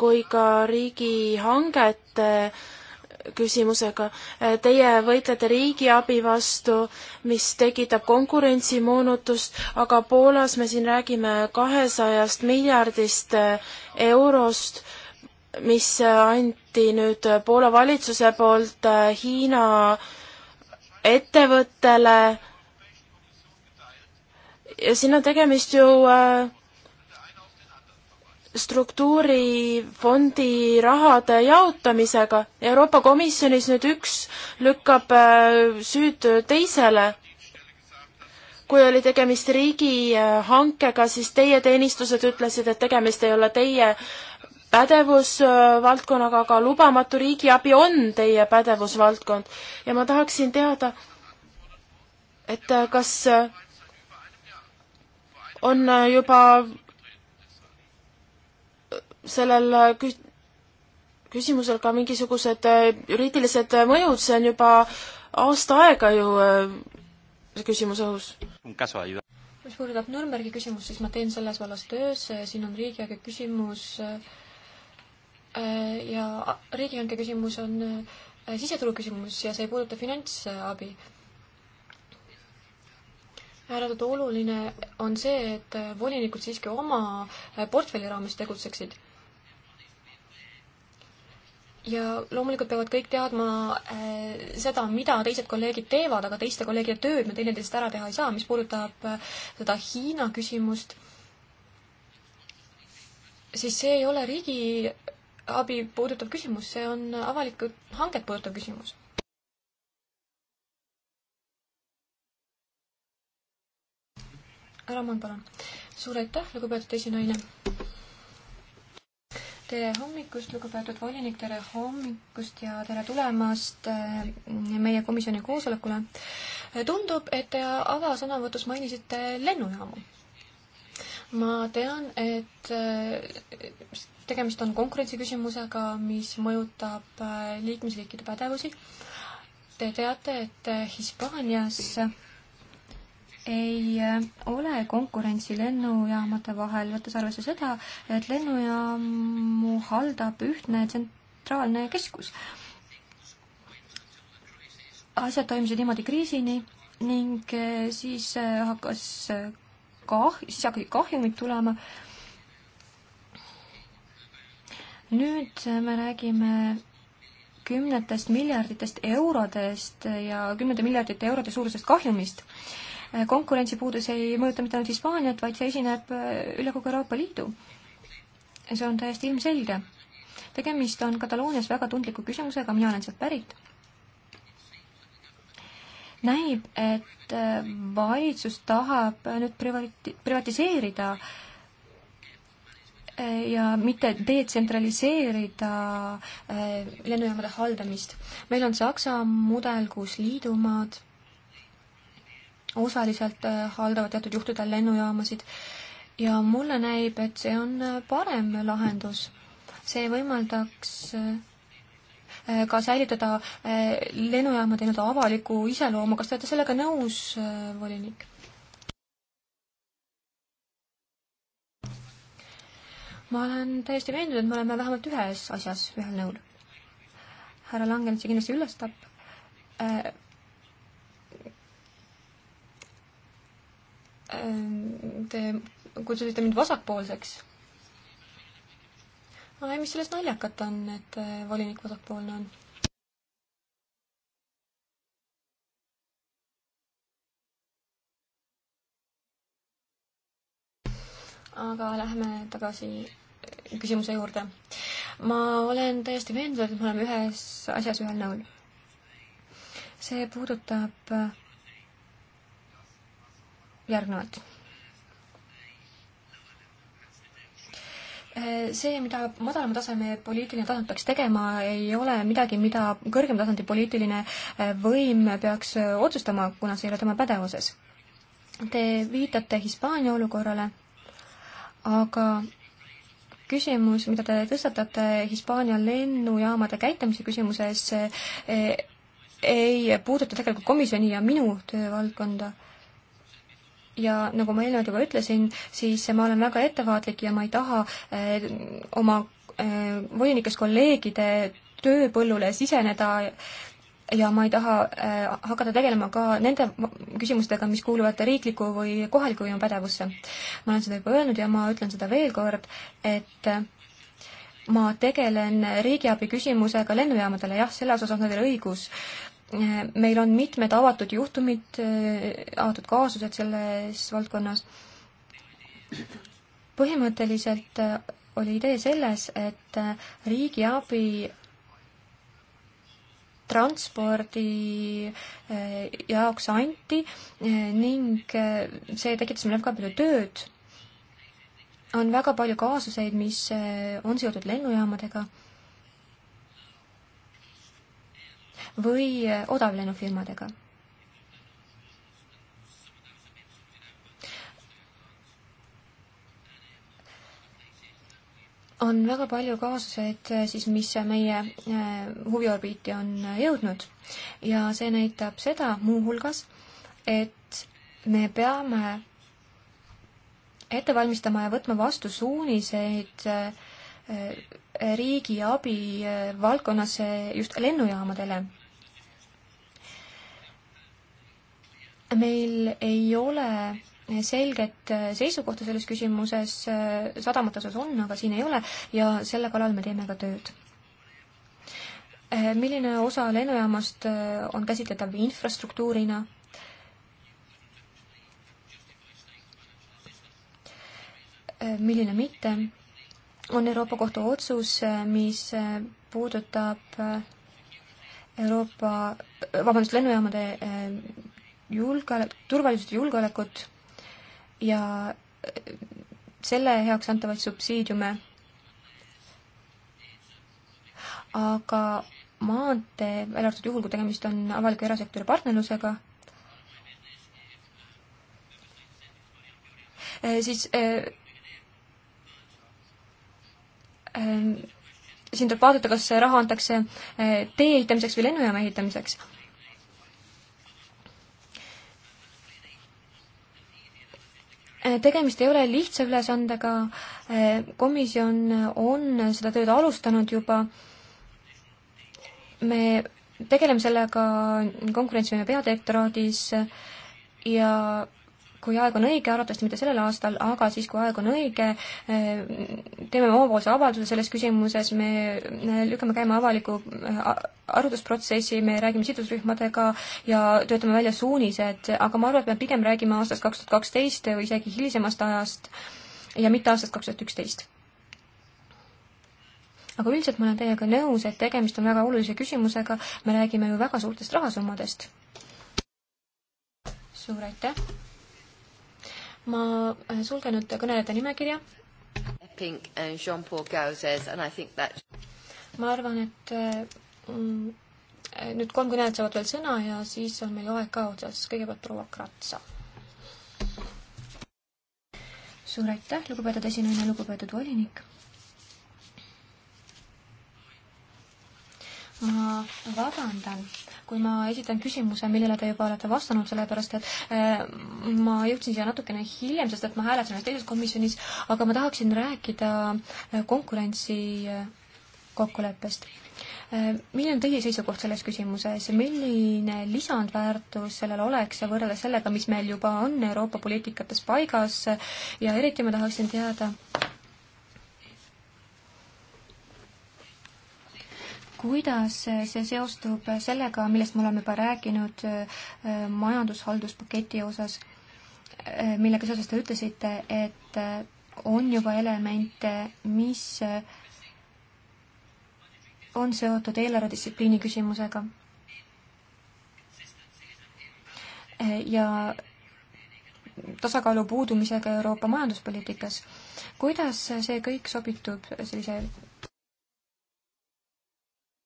kui ka riigihangete äh, küsimusega. Äh, teie võitlete riigiabi vastu, mis tekitab konkurentsimoonutust, aga Poolas me siin räägime kahesajast miljardist äh, eurost, mis äh, anti nüüd Poola valitsuse poolt Hiina ettevõttele. ja siin on tegemist ju äh, struktuurifondi rahade jaotamisega. Euroopa Komisjonis nüüd üks lükkab äh, süüd teisele. kui oli tegemist riigihankega, äh, siis teie teenistused ütlesid, et tegemist ei ole teie pädevusvaldkonnaga, aga lubamatu riigiabi on teie pädevusvaldkond ja ma tahaksin teada, et äh, kas on juba sellel äh, küs-, küsimusel ka mingisugused äh, juriidilised äh, mõjud, see on juba aasta aega ju see küsimus õhus. mis puudutab Nürnbergi küsimust, siis ma teen selles vallas töös, siin on riigihanke küsimus ja riigihanke küsimus on siseturu küsimus ja see ei puuduta finantsabi. ääretult oluline on see, et volinikud siiski oma portfelli raames tegutseksid ja loomulikult peavad kõik teadma äh, seda, mida teised kolleegid teevad, aga teiste kolleegide tööd me teineteisest ära teha ei saa, mis puudutab äh, seda Hiina küsimust, siis see ei ole riigiabi puudutav küsimus, see on avalikku hanget puudutav küsimus. Ramon, palun. suur aitäh, lugupeetud esinaine tere hommikust, lugupeetud volinik, tere hommikust ja tere tulemast eh, meie komisjoni koosolekule. tundub, et te avasõnavõtus mainisite lennujaamu. ma tean, et eh, tegemist on konkurentsiküsimusega, mis mõjutab eh, liikmesriikide pädevusi. Te teate, et Hispaanias ei äh, ole konkurentsi lennujaamade vahel, võttes arvesse seda, et lennujaamu haldab ühtne tsentraalne keskus. asjad toimisid niimoodi kriisini ning äh, siis äh, hakkas kah-, siis hakkasid kahjumid tulema. nüüd me räägime kümnetest miljarditest eurodest ja kümnete miljardite eurode suurusest kahjumist konkurentsipuudus ei mõjuta mitte ainult Hispaaniat, vaid see esineb äh, üle kogu Euroopa Liidu. see on täiesti ilmselge. tegemist on Kataloonias väga tundliku küsimusega, mina olen sealt pärit. näib, et äh, valitsus tahab äh, nüüd privati-, privatiseerida ja mitte detsentraliseerida lennujaamade haldamist. meil on Saksa mudel, kus liidumaad osaliselt äh, haldavad teatud juhtudel lennujaamasid ja mulle näib, et see on äh, parem lahendus. see võimaldaks äh, ka säilitada lennujaamade nii-öelda avalikku iseloomu, kas te olete sellega nõus, volinik? ma olen täiesti veendunud, et me oleme vähemalt ühes asjas ühel nõul. härra Langen, see kindlasti üllastab Te kutsusite mind vasakpoolseks. ei, mis selles naljakat on, et äh, volinik vasakpoolne on? aga lähme tagasi äh, küsimuse juurde. ma olen täiesti veendunud, et me oleme ühes asjas ühel nõul. see puudutab äh, järgnevalt. Äh, see, mida madalama taseme poliitiline tasand peaks tegema, ei ole midagi, mida kõrgem tasandi poliitiline äh, võim peaks äh, otsustama, kuna see ei ole tema pädevuses. Te viitate Hispaania olukorrale, aga küsimus, mida te tõstatate Hispaania lennujaamade käitamise küsimuses, ei puuduta tegelikult komisjoni ja minu töövaldkonda ja nagu ma eelnevalt juba ütlesin, siis ma olen väga ettevaatlik ja ma ei taha eh, oma eh, volinikest kolleegide tööpõllule siseneda ja ma ei taha eh, hakata tegelema ka nende küsimustega, mis kuuluvad riikliku või kohaliku võimu pädevusse. ma olen seda juba öelnud ja ma ütlen seda veel kord, et ma tegelen riigiabi küsimusega lennujaamadele, jah, selles osas on teil õigus meil on mitmed avatud juhtumid, äh, avatud kaasused selles valdkonnas. põhimõtteliselt äh, oli idee selles, et äh, riigiabi transpordi jaoks anti ning see tekitas meile väga palju tööd. on väga palju kaasuseid, mis on seotud lennujaamadega või odavlennufirmadega. on väga palju kaasuseid eh, siis, mis meie eh, huviorbiiti on eh, jõudnud ja see näitab seda muuhulgas, et me peame ette valmistama ja võtma vastu suuniseid riigi abi valdkonnas just lennujaamadele. meil ei ole selget seisukohta selles küsimuses, sadamate osas on, aga siin ei ole, ja selle kallal me teeme ka tööd. milline osa lennujaamast on käsitletav infrastruktuurina? milline mitte? on Euroopa Kohtu otsus, mis puudutab Euroopa, vabandust, lennujaamade julgeolek, turvalisust ja julgeolekut ja äh, selle heaks antavaid subsiidiume. aga maantee, välja arvatud juhul, kui tegemist on avaliku erasektori partnerlusega, äh, siis äh, äh, siin tuleb vaadata, kas raha antakse äh, tee ehitamiseks või lennujaama ehitamiseks Äh, tegemist ei ole lihtsa ülesandega, äh, komisjon on seda tööd alustanud juba, me tegeleme sellega konkurentsivõime peadirektoraadis ja kui aeg on õige, arvatavasti mitte sellel aastal, aga siis, kui aeg on õige, eh, teeme omapoolse avalduse selles küsimuses, me lükkame käima avaliku eh, arutlusprotsessi, me räägime sidusrühmadega ja töötame välja suunised, aga ma arvan, et me pigem räägime aastast kaks tuhat kaksteist või isegi hilisemast ajast ja mitte aastast kaks tuhat üksteist aga üldiselt ma olen teiega nõus, et tegemist on väga olulise küsimusega, me räägime ju väga suurtest rahasummadest. suur aitäh! ma äh, sulgen nüüd kõnelejate nimekirja. Epping and uh, Jean-Paul Gauzes and I think that ma arvan, et äh, mm, äh, nüüd kolm kõnelejat saavad veel sõna ja siis on meil aeg ka otsas. kõigepealt proua Kratsa. suur aitäh, lugupeetud esinaine, lugupeetud volinik ma vabandan, kui ma esitan küsimuse, millele te juba olete vastanud, sellepärast et eh, ma jõudsin siia natukene hiljem, sest et ma hääletasin ühes teises komisjonis, aga ma tahaksin rääkida eh, konkurentsi eh, kokkuleppest. milline on teie seisukoht selles küsimuses, milline lisandväärtus sellel oleks võrreldes sellega, mis meil juba on Euroopa poliitikates paigas ja eriti ma tahaksin teada, kuidas see seostub sellega, millest me oleme juba rääkinud äh, majandushalduspaketi osas, äh, millega seoses te ütlesite, et äh, on juba elemente, mis on seotud eelarvedistsipliini küsimusega. ja tasakaalu puudumisega Euroopa majanduspoliitikas. kuidas see kõik sobitub sellise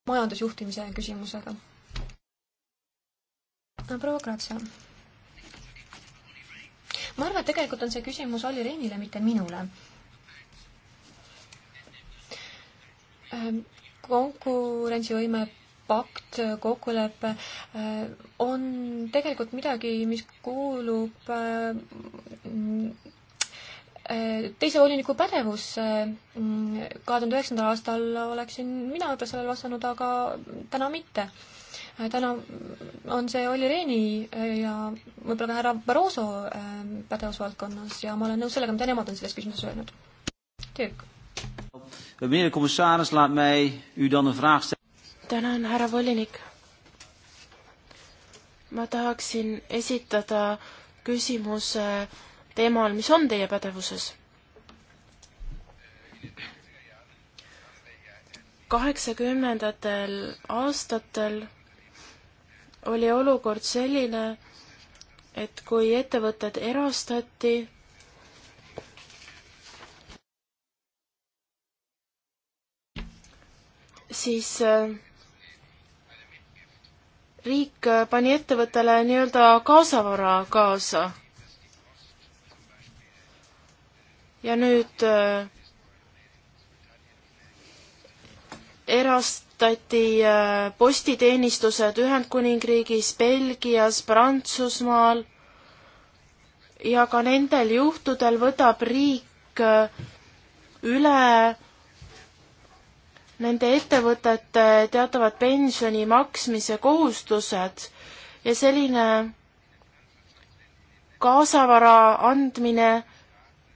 majandusjuhtimise küsimusega. proua Kratsa. ma arvan, et tegelikult on see küsimus Olli Rehnile, mitte minule ähm konkurentsivõime pakt, kokkulepe ehm, on tegelikult midagi, mis kuulub ehm, teise voliniku pädevusse. Äh, kahe tuhande üheksandal aastal oleksin mina võib-olla sellele vastanud, aga täna mitte. Äh, täna on see Olli Rehni äh, ja võib-olla ka härra Barroso pädevusvaldkonnas ja ma olen nõus sellega, mida nemad on selles küsimuses öelnud. Dirk. Meneer de commissaris, laat mij u dan een vraag stellen. tänan, härra volinik. ma tahaksin esitada küsimuse äh, teemal, mis on teie pädevuses. kaheksakümnendatel aastatel oli olukord selline, et kui ettevõtted erastati, siis äh, riik pani ettevõttele nii-öelda kaasavara kaasa. ja nüüd äh, erastati äh, postiteenistused Ühendkuningriigis, Belgias, Prantsusmaal ja ka nendel juhtudel võtab riik äh, üle nende ettevõtete teatavad pensioni maksmise kohustused ja selline kaasavara andmine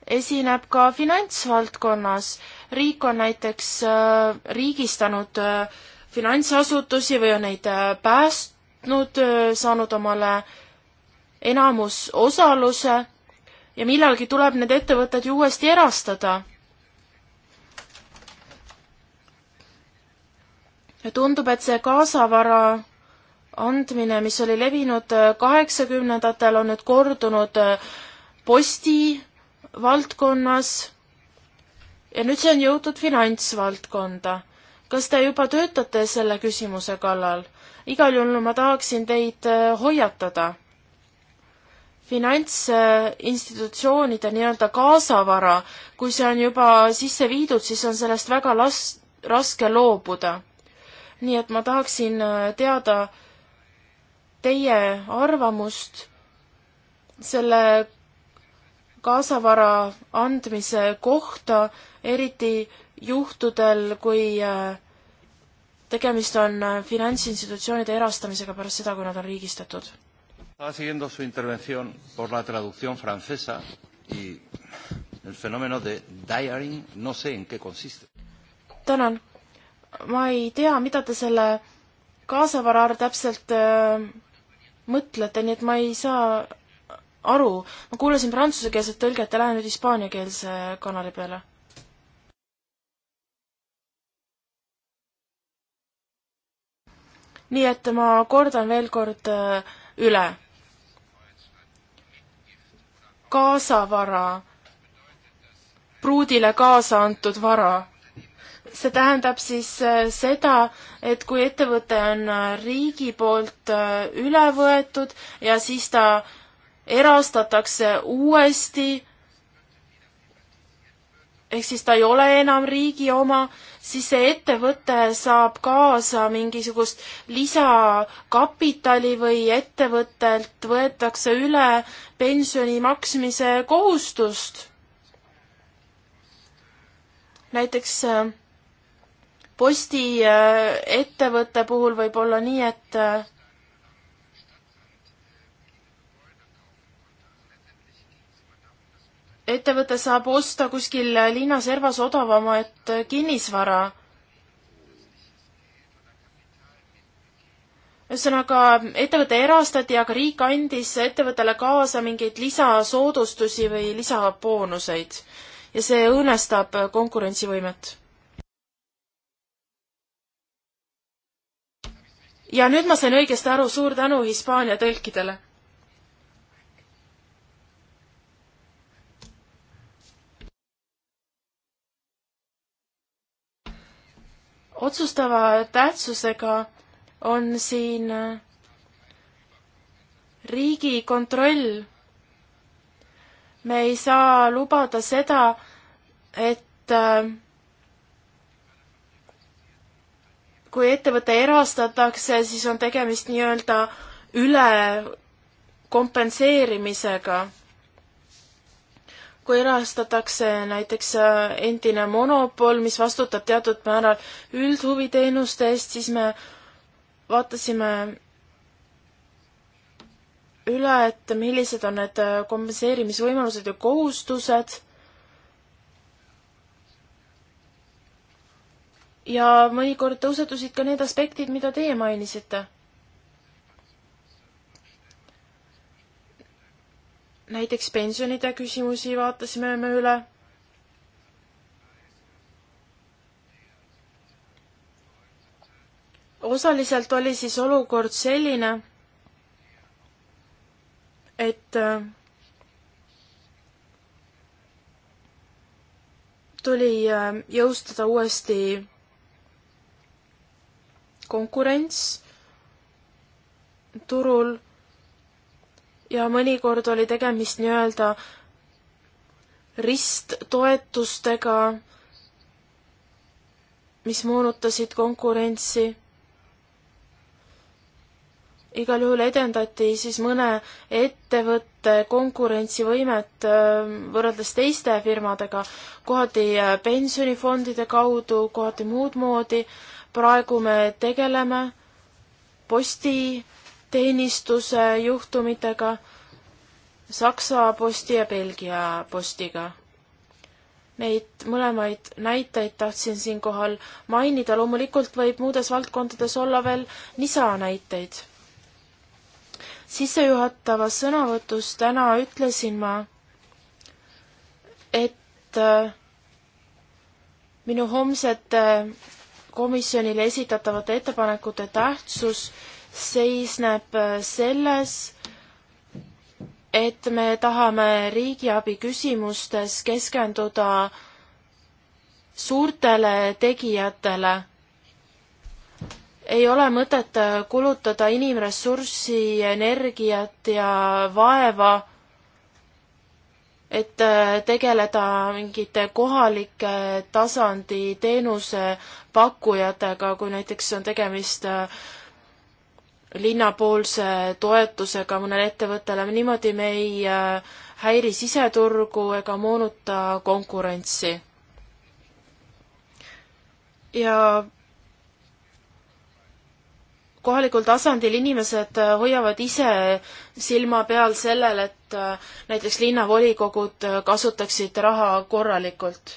esineb ka finantsvaldkonnas. riik on näiteks äh, riigistanud äh, finantsasutusi või on neid äh, päästnud, saanud omale enamusosaluse ja millalgi tuleb need ettevõtted ju uuesti erastada ja tundub, et see kaasavara andmine, mis oli levinud kaheksakümnendatel, on nüüd kordunud posti valdkonnas ja nüüd see on jõudnud finantsvaldkonda. kas te juba töötate selle küsimuse kallal? igal juhul ma tahaksin teid äh, hoiatada. finantsinstitutsioonide nii-öelda kaasavara, kui see on juba sisse viidud, siis on sellest väga las-, raske loobuda. nii et ma tahaksin äh, teada teie arvamust selle kaasavara andmise kohta, eriti juhtudel, kui äh, tegemist on äh, finantsinstitutsioonide erastamisega pärast seda, kui nad on riigistatud. Siguiendo su intervención por la traducción francesa y el fenómeno de diaring, no sé en qué consiste. tänan. ma ei tea, mida te selle kaasavara all täpselt äh, mõtlete, nii et ma ei saa aru. ma kuulasin prantsusekeelset tõlget ja lähen nüüd hispaaniakeelse kanali peale. nii et ma kordan veel kord äh, üle. kaasavara, pruudile kaasa antud vara see tähendab siis äh, seda, et kui ettevõte on äh, riigi poolt üle võetud ja siis ta erastatakse uuesti, ehk siis ta ei ole enam riigi oma, siis see ettevõte saab kaasa mingisugust lisakapitali või ettevõttelt võetakse üle pensioni maksmise kohustust. näiteks äh, postiettevõtte äh, puhul võib olla nii, et äh, ettevõte saab osta kuskil linnaservas odavamat kinnisvara. ühesõnaga, ettevõte erastati, aga riik andis ettevõttele kaasa mingeid lisasoodustusi või lisaboonuseid ja see õõnestab konkurentsivõimet. ja nüüd ma sain õigesti aru, suur tänu Hispaania tõlkidele otsustava tähtsusega on siin äh, riigikontroll. me ei saa lubada seda, et äh, kui ettevõte erastatakse, siis on tegemist nii-öelda üle kompenseerimisega kui erastatakse näiteks äh, endine monopol, mis vastutab teatud määral üldhuviteenuste eest, siis me vaatasime üle, et millised on need äh, kompenseerimisvõimalused ja kohustused. ja mõnikord tõusetusid ka need aspektid, mida teie mainisite. näiteks pensionide küsimusi vaatasime me üle. osaliselt oli siis olukord selline, et äh, tuli äh, jõustada uuesti konkurents turul ja mõnikord oli tegemist nii-öelda risttoetustega, mis moonutasid konkurentsi. igal juhul edendati siis mõne ettevõtte konkurentsivõimet äh, võrreldes teiste firmadega, kohati äh, pensionifondide kaudu, kohati muud moodi. praegu me tegeleme posti teenistuse juhtumitega, Saksa posti ja Belgia postiga. Neid mõlemaid näiteid tahtsin siinkohal mainida, loomulikult võib muudes valdkondades olla veel lisanäiteid. sissejuhatavas sõnavõtus täna ütlesin ma, et äh, minu homsete komisjonile esitatavate ettepanekute tähtsus seisneb äh, selles, et me tahame riigiabi küsimustes keskenduda suurtele tegijatele. ei ole mõtet äh, kulutada inimressurssi, energiat ja vaeva, et äh, tegeleda mingite kohalike tasandi teenusepakkujatega, kui näiteks on tegemist äh, linnapoolse toetusega mõnele ettevõttele, niimoodi me ei äh, häiri siseturgu ega moonuta konkurentsi. ja kohalikul tasandil inimesed äh, hoiavad ise silma peal sellel, et äh, näiteks linnavolikogud kasutaksid raha korralikult.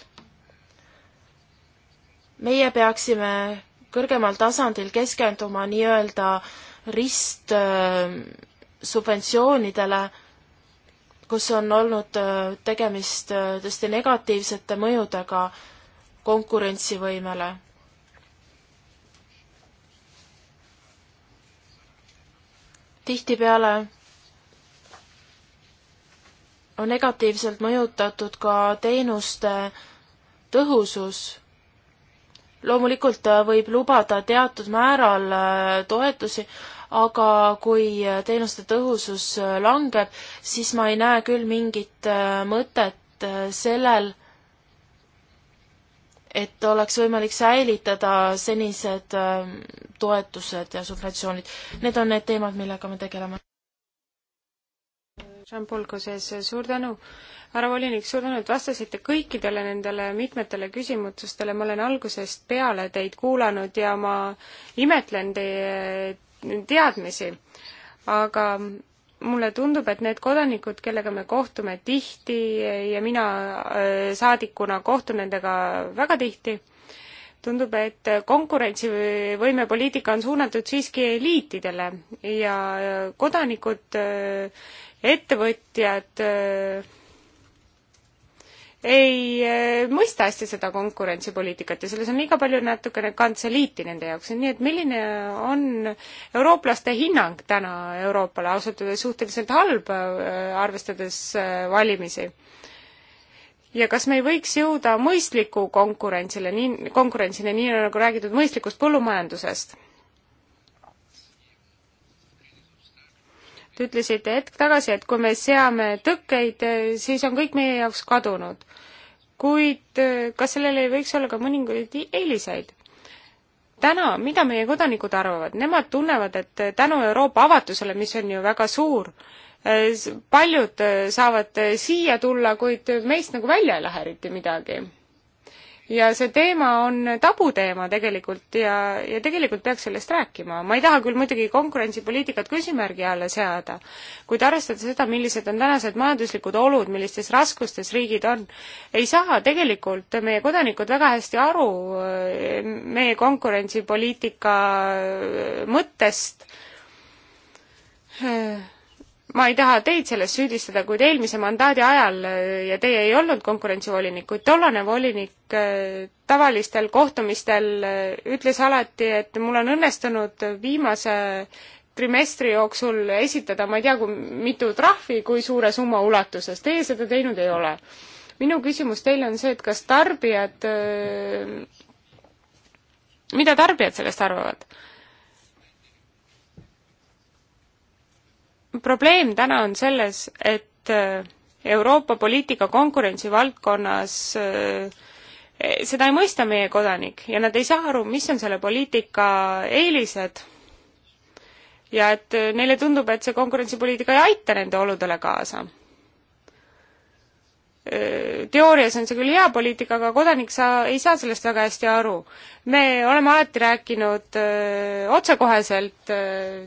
meie peaksime kõrgemal tasandil keskenduma nii-öelda äh, ristsubventsioonidele, äh, kus on olnud äh, tegemist äh, tõesti negatiivsete mõjudega konkurentsivõimele. tihtipeale on negatiivselt mõjutatud ka teenuste tõhusus loomulikult võib lubada teatud määral toetusi, aga kui teenuste tõhusus äh, langeb, siis ma ei näe küll mingit äh, mõtet äh, sellel, et oleks võimalik säilitada senised ähm, toetused ja subventsioonid. Need on need teemad, millega me tegeleme. Jean-Paul Cosses, suur tänu! härra volinik, suur tänu, et vastasite kõikidele nendele mitmetele küsimustele, ma olen algusest peale teid kuulanud ja ma imetlen teie teadmisi, aga mulle tundub, et need kodanikud, kellega me kohtume tihti ja mina äh, saadikuna kohtun nendega väga tihti, tundub, et konkurentsivõime poliitika on suunatud siiski eliitidele ja kodanikud, äh, ettevõtjad, äh, ei eh, mõista hästi seda konkurentsipoliitikat ja selles on liiga palju natukene kantseliiti nende jaoks, nii et milline on eurooplaste hinnang täna Euroopale, ausalt öeldes suhteliselt halb, eh, arvestades eh, valimisi? ja kas me ei võiks jõuda mõistliku konkurentsile, nii, konkurentsini, nii nagu räägitud mõistlikust põllumajandusest? Te ütlesite hetk tagasi, et kui me seame tõkkeid, siis on kõik meie jaoks kadunud. kuid eh, kas sellel ei võiks olla ka mõningaid eeliseid? täna, mida meie kodanikud arvavad, nemad tunnevad, et tänu Euroopa avatusele, mis on ju väga suur, eh, paljud eh, saavad siia tulla, kuid meist nagu välja ei lähe eriti midagi ja see teema on tabuteema tegelikult ja, ja tegelikult peaks sellest rääkima. ma ei taha küll muidugi konkurentsipoliitikat küsimärgi alla seada, kuid arvestades seda, millised on tänased majanduslikud olud, millistes raskustes riigid on, ei saa tegelikult meie kodanikud väga hästi aru äh, meie konkurentsipoliitika äh, mõttest äh, ma ei taha teid selles süüdistada, kuid eelmise mandaadi ajal äh, ja teie ei olnud konkurentsivolinik, kuid tollane volinik äh, tavalistel kohtumistel äh, ütles alati, et mul on õnnestunud viimase trimestri jooksul esitada ma ei tea kui mitu trahvi, kui suure summa ulatuses, teie seda teinud ei ole. minu küsimus teile on see, et kas tarbijad, mida tarbijad sellest arvavad? probleem täna on selles, et äh, Euroopa poliitika konkurentsivaldkonnas äh, e, seda ei mõista meie kodanik ja nad ei saa aru, mis on selle poliitika eelised. ja et äh, neile tundub, et see konkurentsipoliitika ei aita nende oludele kaasa teoorias on see küll hea poliitika, aga kodanik sa ei saa sellest väga hästi aru. me oleme alati rääkinud öö, otsekoheselt,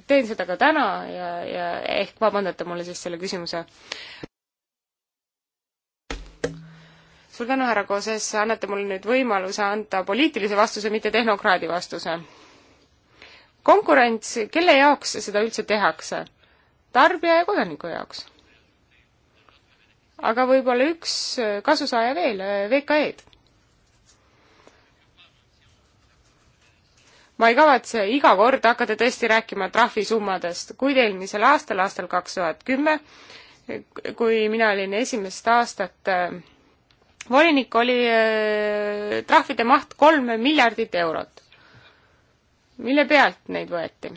teen seda ka täna ja, ja ehk vabandate mulle siis selle küsimuse. suur tänu, härra Kooses, annate mulle nüüd võimaluse anda poliitilise vastuse, mitte tehnokraadi vastuse. konkurents, kelle jaoks seda üldse tehakse? tarbija ja kodaniku jaoks aga võib-olla üks kasusaaja veel, VKE-d. ma ei kavatse iga kord hakata tõesti rääkima trahvisummadest, kuid eelmisel aastal, aastal kaks tuhat kümme, kui mina olin esimest aastat äh, volinik, oli äh, trahvide maht kolm miljardit eurot, mille pealt neid võeti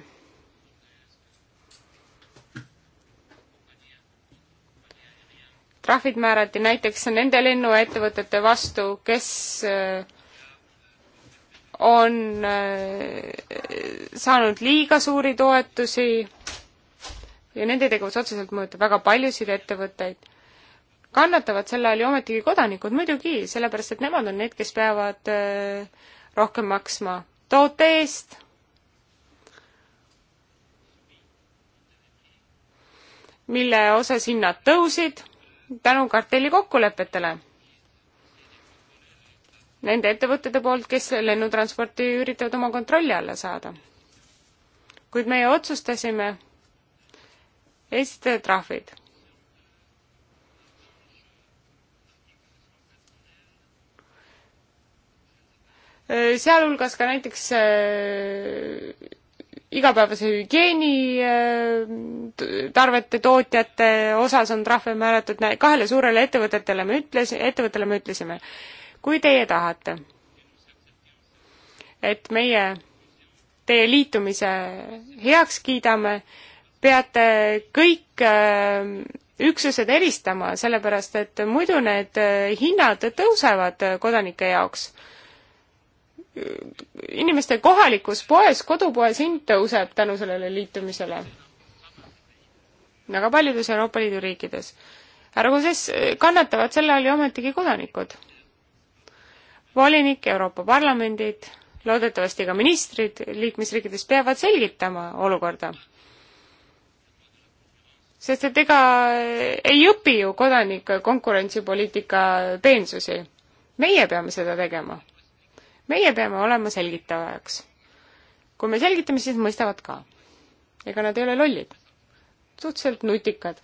trahvid määrati näiteks nende lennuettevõtete vastu, kes äh, on äh, saanud liiga suuri toetusi ja nende tegevus otseselt mõjutab väga paljusid ettevõtteid. kannatavad sel ajal ju ometigi kodanikud, muidugi, sellepärast et nemad on need, kes peavad äh, rohkem maksma toote eest mille osas hinnad tõusid tänu kartelli kokkulepetele. Nende ettevõtete poolt, kes lennutransporti üritavad oma kontrolli alla saada. kuid meie otsustasime esitada trahvid. sealhulgas ka näiteks äh, igapäevase hügieeni äh, tarvete tootjate osas on trahve määratud, kahele suurele ettevõtetele me ütles, ettevõttele me ütlesime, kui teie tahate, et meie teie liitumise heaks kiidame, peate kõik äh, üksused eristama, sellepärast et muidu need äh, hinnad tõusevad kodanike jaoks inimeste kohalikus poes, kodupoes hind tõuseb tänu sellele liitumisele. väga paljudes Euroopa Liidu riikides. härra Kuses, kannatavad selle all ju ometigi kodanikud. volinik, Euroopa Parlamendid, loodetavasti ka ministrid liikmesriikides peavad selgitama olukorda. sest et ega ei õpi ju kodanik konkurentsipoliitika peensusi. meie peame seda tegema meie peame olema selgitajaks. kui me selgitame, siis mõistavad ka. ega nad ei ole lollid, suhteliselt nutikad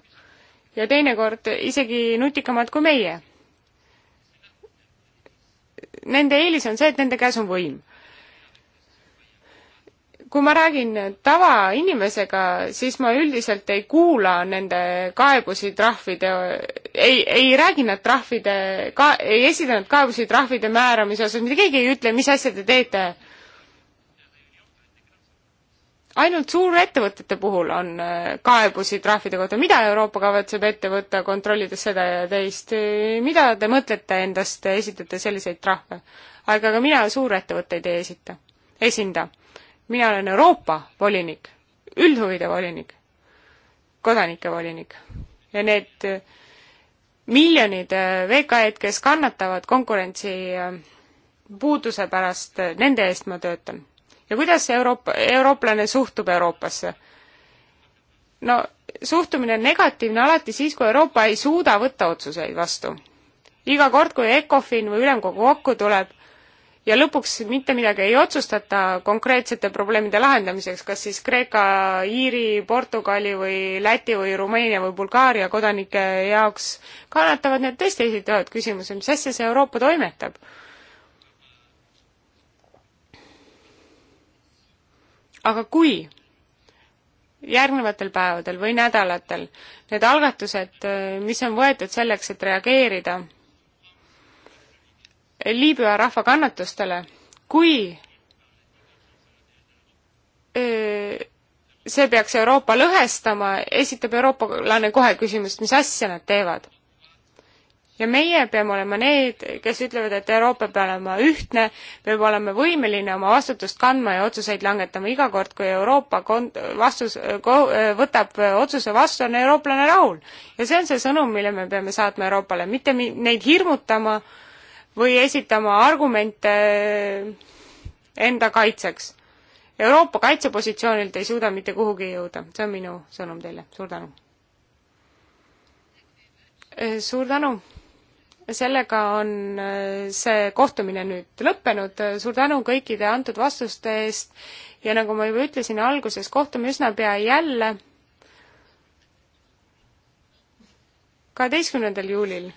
ja teinekord isegi nutikamad kui meie. Nende eelis on see, et nende käes on võim kui ma räägin tavainimesega, siis ma üldiselt ei kuula nende kaebusi trahvide ei, ei räägi nad trahvide, ka ei esida nad kaebusi trahvide määramise osas, mitte keegi ei ütle, mis asja te teete. ainult suurettevõtete puhul on äh, kaebusi trahvide kohta, mida Euroopa kavatseb ette võtta, kontrollides seda ja teist, mida te mõtlete endast, esitate selliseid trahve? aga ka mina suurettevõtteid ei esita, esinda. mina olen Euroopa volinik, üldhuvide volinik, kodanike volinik ja need miljonid äh, VKE-d, kes kannatavad konkurentsi äh, puuduse pärast, äh, nende eest ma töötan. ja kuidas Euroopa, eurooplane suhtub Euroopasse? no suhtumine on negatiivne alati siis, kui Euroopa ei suuda võtta otsuseid vastu. iga kord, kui ECOFIN või ülemkogu kokku tuleb, ja lõpuks mitte midagi ei otsustata konkreetsete probleemide lahendamiseks, kas siis Kreeka, Iiri, Portugali või Läti või Rumeenia või Bulgaaria kodanike jaoks kannatavad need tõesti esitavad küsimuse, mis asja see Euroopa toimetab? aga kui järgnevatel päevadel või nädalatel need algatused, mis on võetud selleks, et reageerida Liibüa rahva kannatustele, kui see peaks Euroopa lõhestama, esitab eurooplane kohe küsimust, mis asja nad teevad. ja meie peame olema need, kes ütlevad, et Euroopa peab olema ühtne, peab olema võimeline oma vastutust kandma ja otsuseid langetama. iga kord, kui Euroopa kont-, vastus, võtab otsuse vastu, on eurooplane rahul. ja see on see sõnum, mille me peame saatma Euroopale, mitte mi-, neid hirmutama äh, või esitama argumente enda kaitseks. Euroopa kaitsepositsioonilt ei suuda mitte kuhugi jõuda, see on minu sõnum teile, suur tänu. Äh, suur tänu, sellega on äh, see kohtumine nüüd lõppenud, äh, suur tänu kõikide antud vastuste eest ja nagu ma juba ütlesin alguses, kohtume üsna pea jälle, kaheteistkümnendal juulil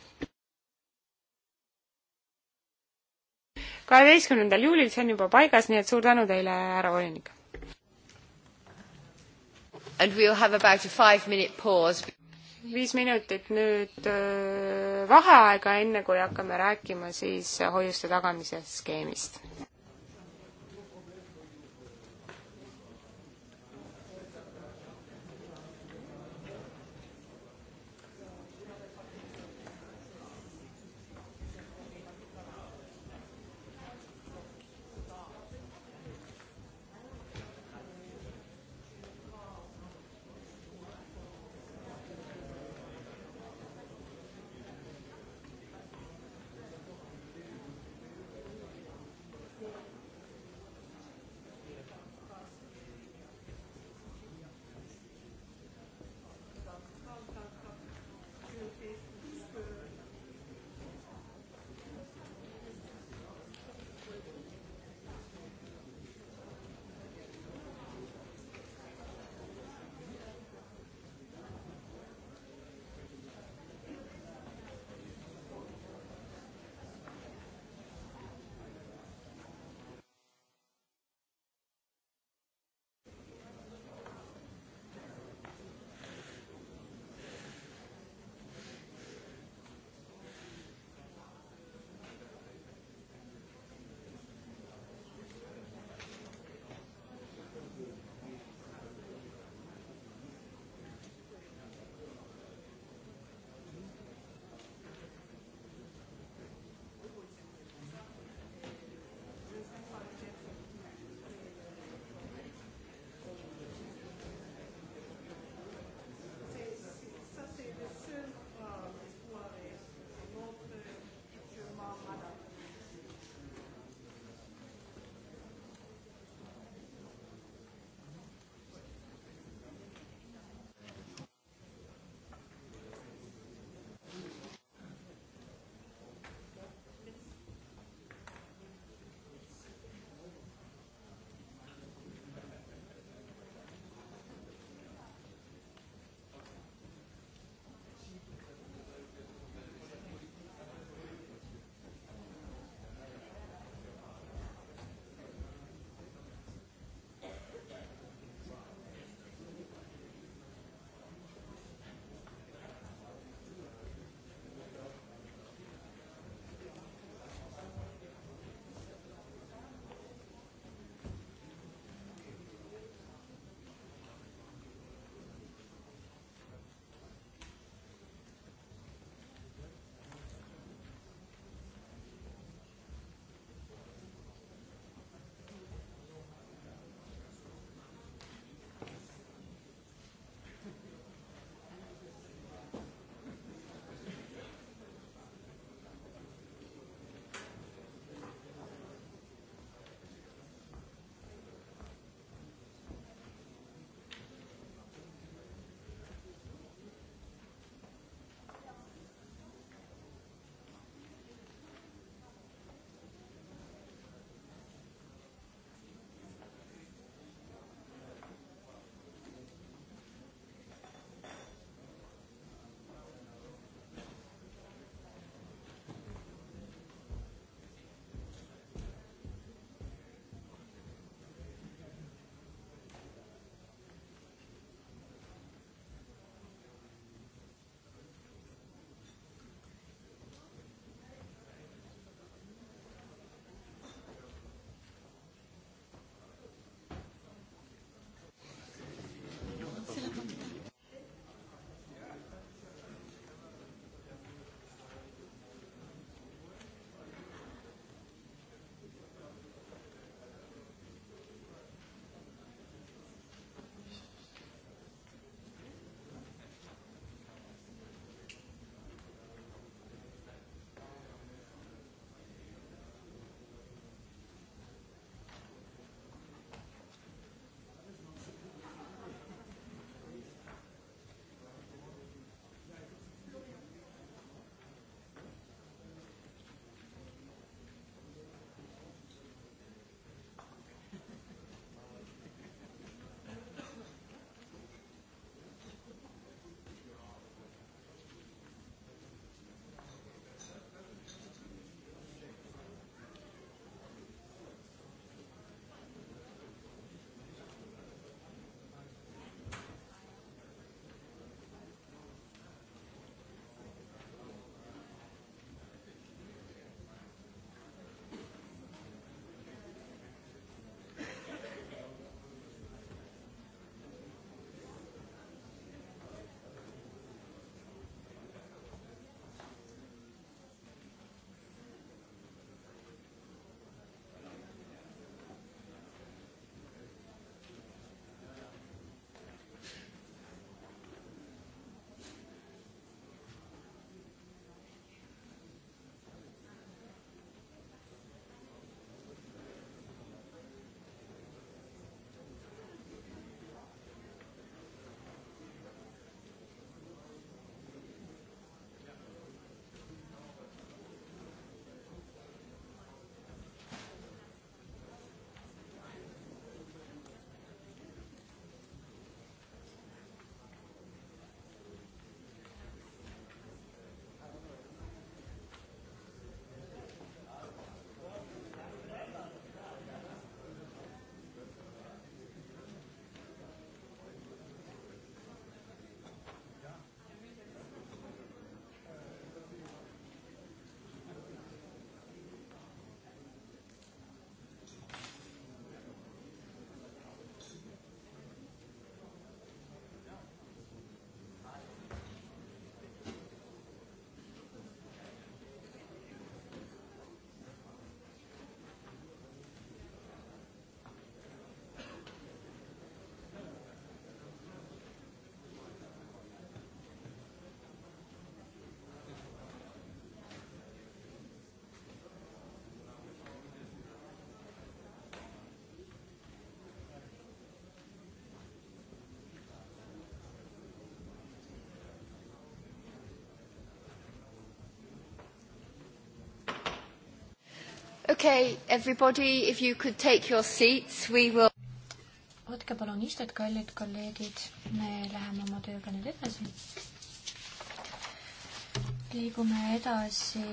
kaheteistkümnendal juulil, see on juba paigas, nii et suur tänu teile, härra volinik. And we will have about a five minute pause. viis minutit nüüd äh, vaheaega, enne kui hakkame rääkima siis hoiuste tagamise skeemist. Okay, everybody, if you could take your seats, we will... Võtke palun istet, kallid kolleegid. Me läheme oma tööga nüüd edasi. Liigume edasi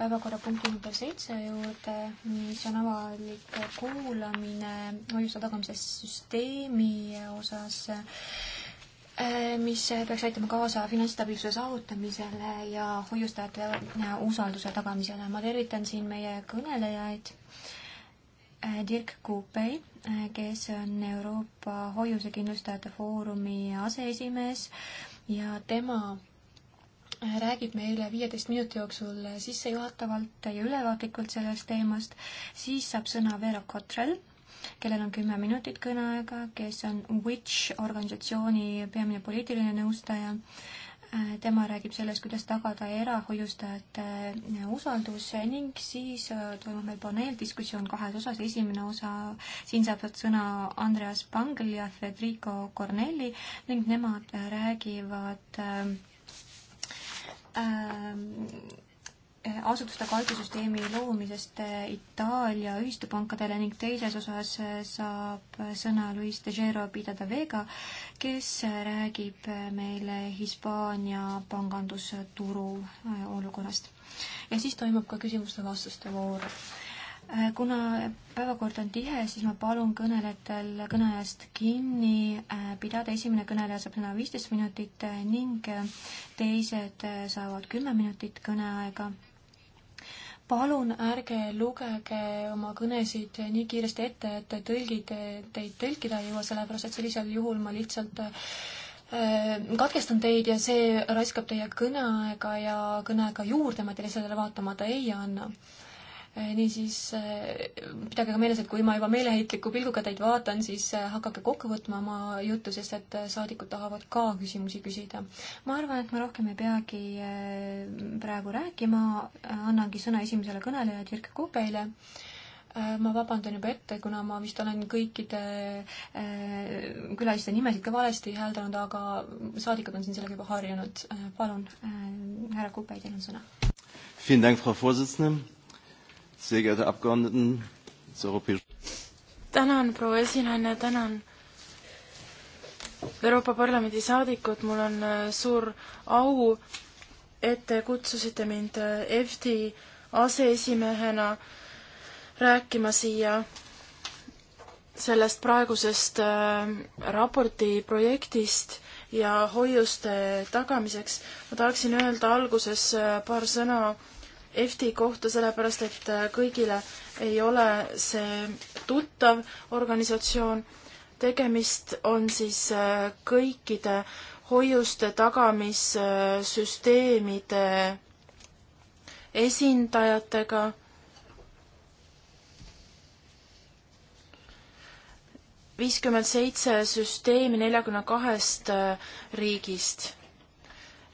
päevakorrapunkti number seitse juurde, mis on avalik kuulamine hoiuste tagamise süsteemi osas Äh, mis peaks aitama kaasa finantsstabiilsuse saavutamisele ja hoiustajate äh, usalduse tagamisele. ma tervitan siin meie kõnelejaid. Äh, Dirk Kuupei, kes on Euroopa Hoiusekindlustajate Foorumi aseesimees ja tema räägib meile viieteist minuti jooksul sissejuhatavalt ja ülevaatlikult sellest teemast, siis saab sõna Veera Kotrel, kellel on kümme minutit kõneaega, kes on Which organisatsiooni peamine poliitiline nõustaja. Äh, tema räägib sellest, kuidas tagada erahoiustajate äh, usaldus ning siis äh, toimub meil paneeldiskussioon kahes osas. esimene osa, siin saavad sõna Andreas Pangl ja Federico Cornelli ning nemad räägivad äh, äh, asutuste kaitsesüsteemi loomisest eh, Itaalia ühistupankadele ning teises osas eh, saab sõna Luis de Gero Pidada Vega, kes eh, räägib meile Hispaania pangandusturu olukorrast. ja siis toimub ka küsimuste-vastuste voor. kuna päevakord on tihe, siis ma palun kõnelejatel kõneajast kinni pidada, esimene kõneleja saab sõna viisteist minutit ning teised saavad kümme minutit kõneaega palun ärge lugege oma kõnesid nii kiiresti ette, et tõlgid teid tõlkida ei jõua, sellepärast et sellisel juhul ma lihtsalt äh, katkestan teid ja see raiskab teie kõneaega ja kõneaega juurde ma teile sellele vaatamata ei anna. Eh, niisiis eh, pidage ka meeles, et kui ma juba meeleheitliku pilguga teid vaatan, siis eh, hakake kokku võtma oma juttu, sest et saadikud tahavad ka küsimusi küsida. ma arvan, et ma rohkem ei peagi praegu rääkima, annangi sõna esimesele kõnelejale, Dirk Kubeile ma vabandan juba ette, kuna ma vist olen kõikide külaliste nimesid ka valesti hääldanud, aga saadikud on siin sellega juba harjunud. palun, härra Kupe, teil on sõna sehr geehrte Abgeordneten des Europäischen tänan, proua esinaine, tänan Euroopa Parlamendi saadikud, mul on äh, suur au, et te kutsusite mind EFTi äh, aseesimehena rääkima siia sellest praegusest äh, raporti projektist ja hoiuste tagamiseks. ma tahaksin öelda alguses paar sõna EFTi kohta, sellepärast et äh, kõigile ei ole see tuttav organisatsioon. tegemist on siis äh, kõikide hoiuste tagamissüsteemide äh, esindajatega. viiskümmend seitse süsteemi neljakümne kahest riigist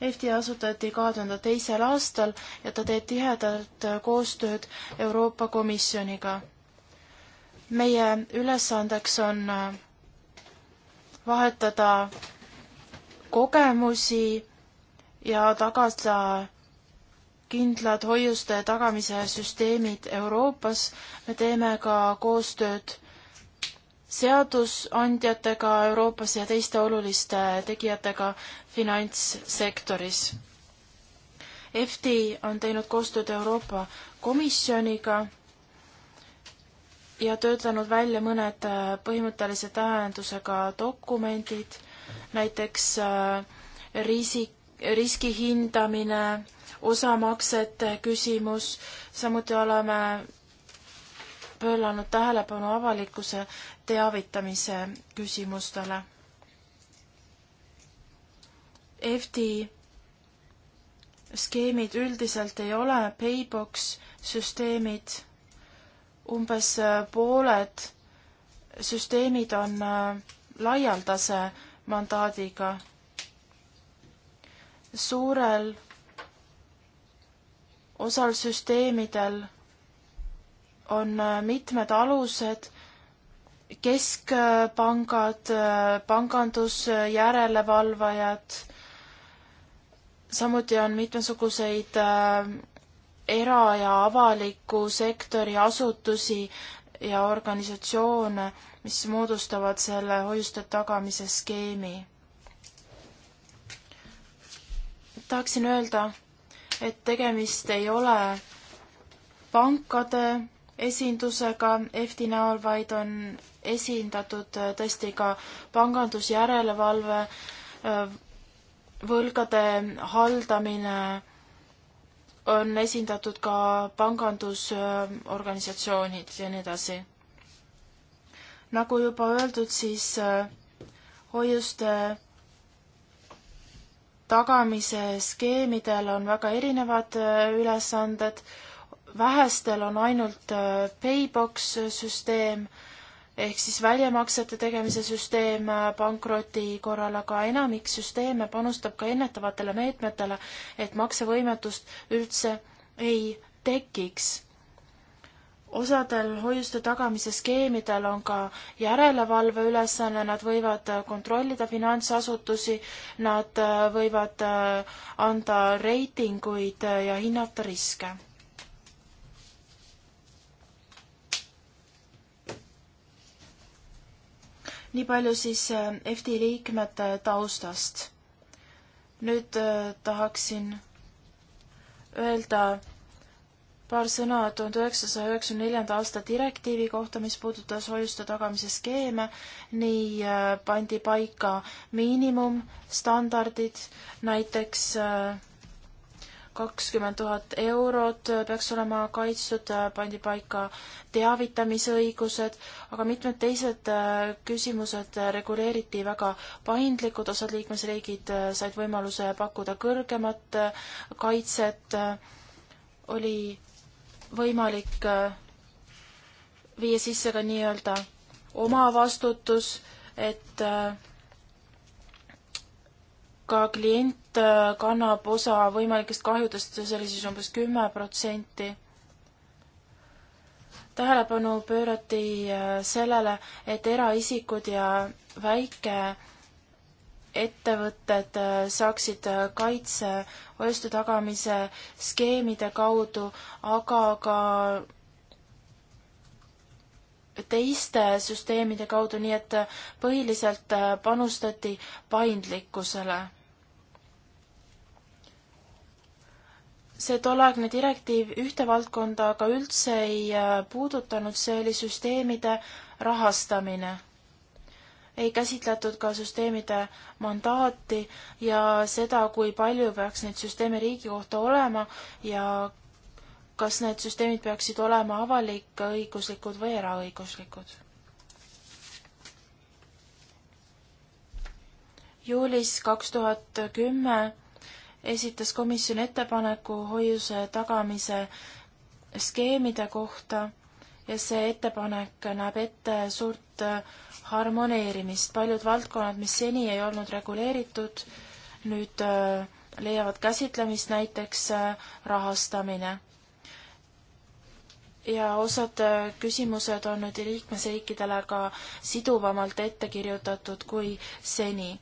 EFTI asutati kahe tuhande teisel aastal ja ta teeb tihedalt koostööd Euroopa Komisjoniga. meie ülesandeks on äh, vahetada kogemusi ja tagada kindlad hoiuste tagamise süsteemid Euroopas. me teeme ka koostööd seadusandjatega Euroopas ja teiste oluliste tegijatega finantssektoris. EFTI on teinud koostööd Euroopa Komisjoniga ja töötanud välja mõned äh, põhimõttelise tähendusega dokumendid, näiteks äh, riisi, riski hindamine, osamaksete küsimus, samuti oleme pööranud tähelepanu avalikkuse teavitamise küsimustele. EFTi skeemid üldiselt ei ole paybox süsteemid, umbes pooled süsteemid on äh, laialdase mandaadiga. suurel osal süsteemidel on äh, mitmed alused, keskpangad, äh, pangandusjärelevalvajad, äh, samuti on mitmesuguseid era- ja avaliku sektori asutusi ja organisatsioone, mis moodustavad selle hoiuste tagamise skeemi. tahaksin öelda, et tegemist ei ole pankade esindusega EFTi näol, vaid on esindatud äh, tõesti ka pangandusjärelevalve, äh, võlgade haldamine, on esindatud ka pangandusorganisatsioonid ja nii edasi. nagu juba öeldud, siis äh, hoiuste tagamise skeemidel on väga erinevad ülesanded vähestel on ainult äh, Paybox süsteem ehk siis väljamaksete tegemise süsteem äh, pankroti korral, aga enamik süsteeme panustab ka ennetavatele meetmetele, et maksevõimetust üldse ei tekiks. osadel hoiuste tagamise skeemidel on ka järelevalve ülesanne, nad võivad äh, kontrollida finantsasutusi, nad võivad anda reitinguid ja hinnata riske nii palju siis EFTi äh, liikmete taustast. nüüd äh, tahaksin öelda paar sõna tuhande üheksasaja üheksakümne neljanda aasta direktiivi kohta, mis puudutas hoiuste tagamise skeeme, nii äh, pandi paika miinimumstandardid, näiteks äh, kakskümmend tuhat eurot äh, peaks olema kaitstud, äh, pandi paika teavitamisõigused, aga mitmed teised äh, küsimused reguleeriti väga paindlikud, osad liikmesriigid said võimaluse pakkuda kõrgemat kaitset, oli võimalik viia sisse ka nii-öelda omavastutus, et äh, ka klient äh, kannab osa võimalikest kahjudest, see oli siis umbes kümme protsenti. tähelepanu pöörati äh, sellele, et eraisikud ja väikeettevõtted äh, saaksid kaitse hoiuste tagamise skeemide kaudu, aga ka teiste süsteemide kaudu, nii et põhiliselt panustati paindlikkusele see tolleaegne direktiiv ühte valdkonda aga üldse ei äh, puudutanud, see oli süsteemide rahastamine. ei käsitletud ka süsteemide mandaati ja seda, kui palju peaks neid süsteeme riigi kohta olema ja kas need süsteemid peaksid olema avalik-õiguslikud või eraõiguslikud. juulis kaks tuhat kümme esitas komisjon ettepaneku hoiuse tagamise skeemide kohta ja see ettepanek näeb ette suurt harmoneerimist. paljud valdkonnad, mis seni ei olnud reguleeritud, nüüd äh, leiavad käsitlemist, näiteks äh, rahastamine. ja osad äh, küsimused on nüüd liikmesriikidele ka siduvamalt ette kirjutatud kui seni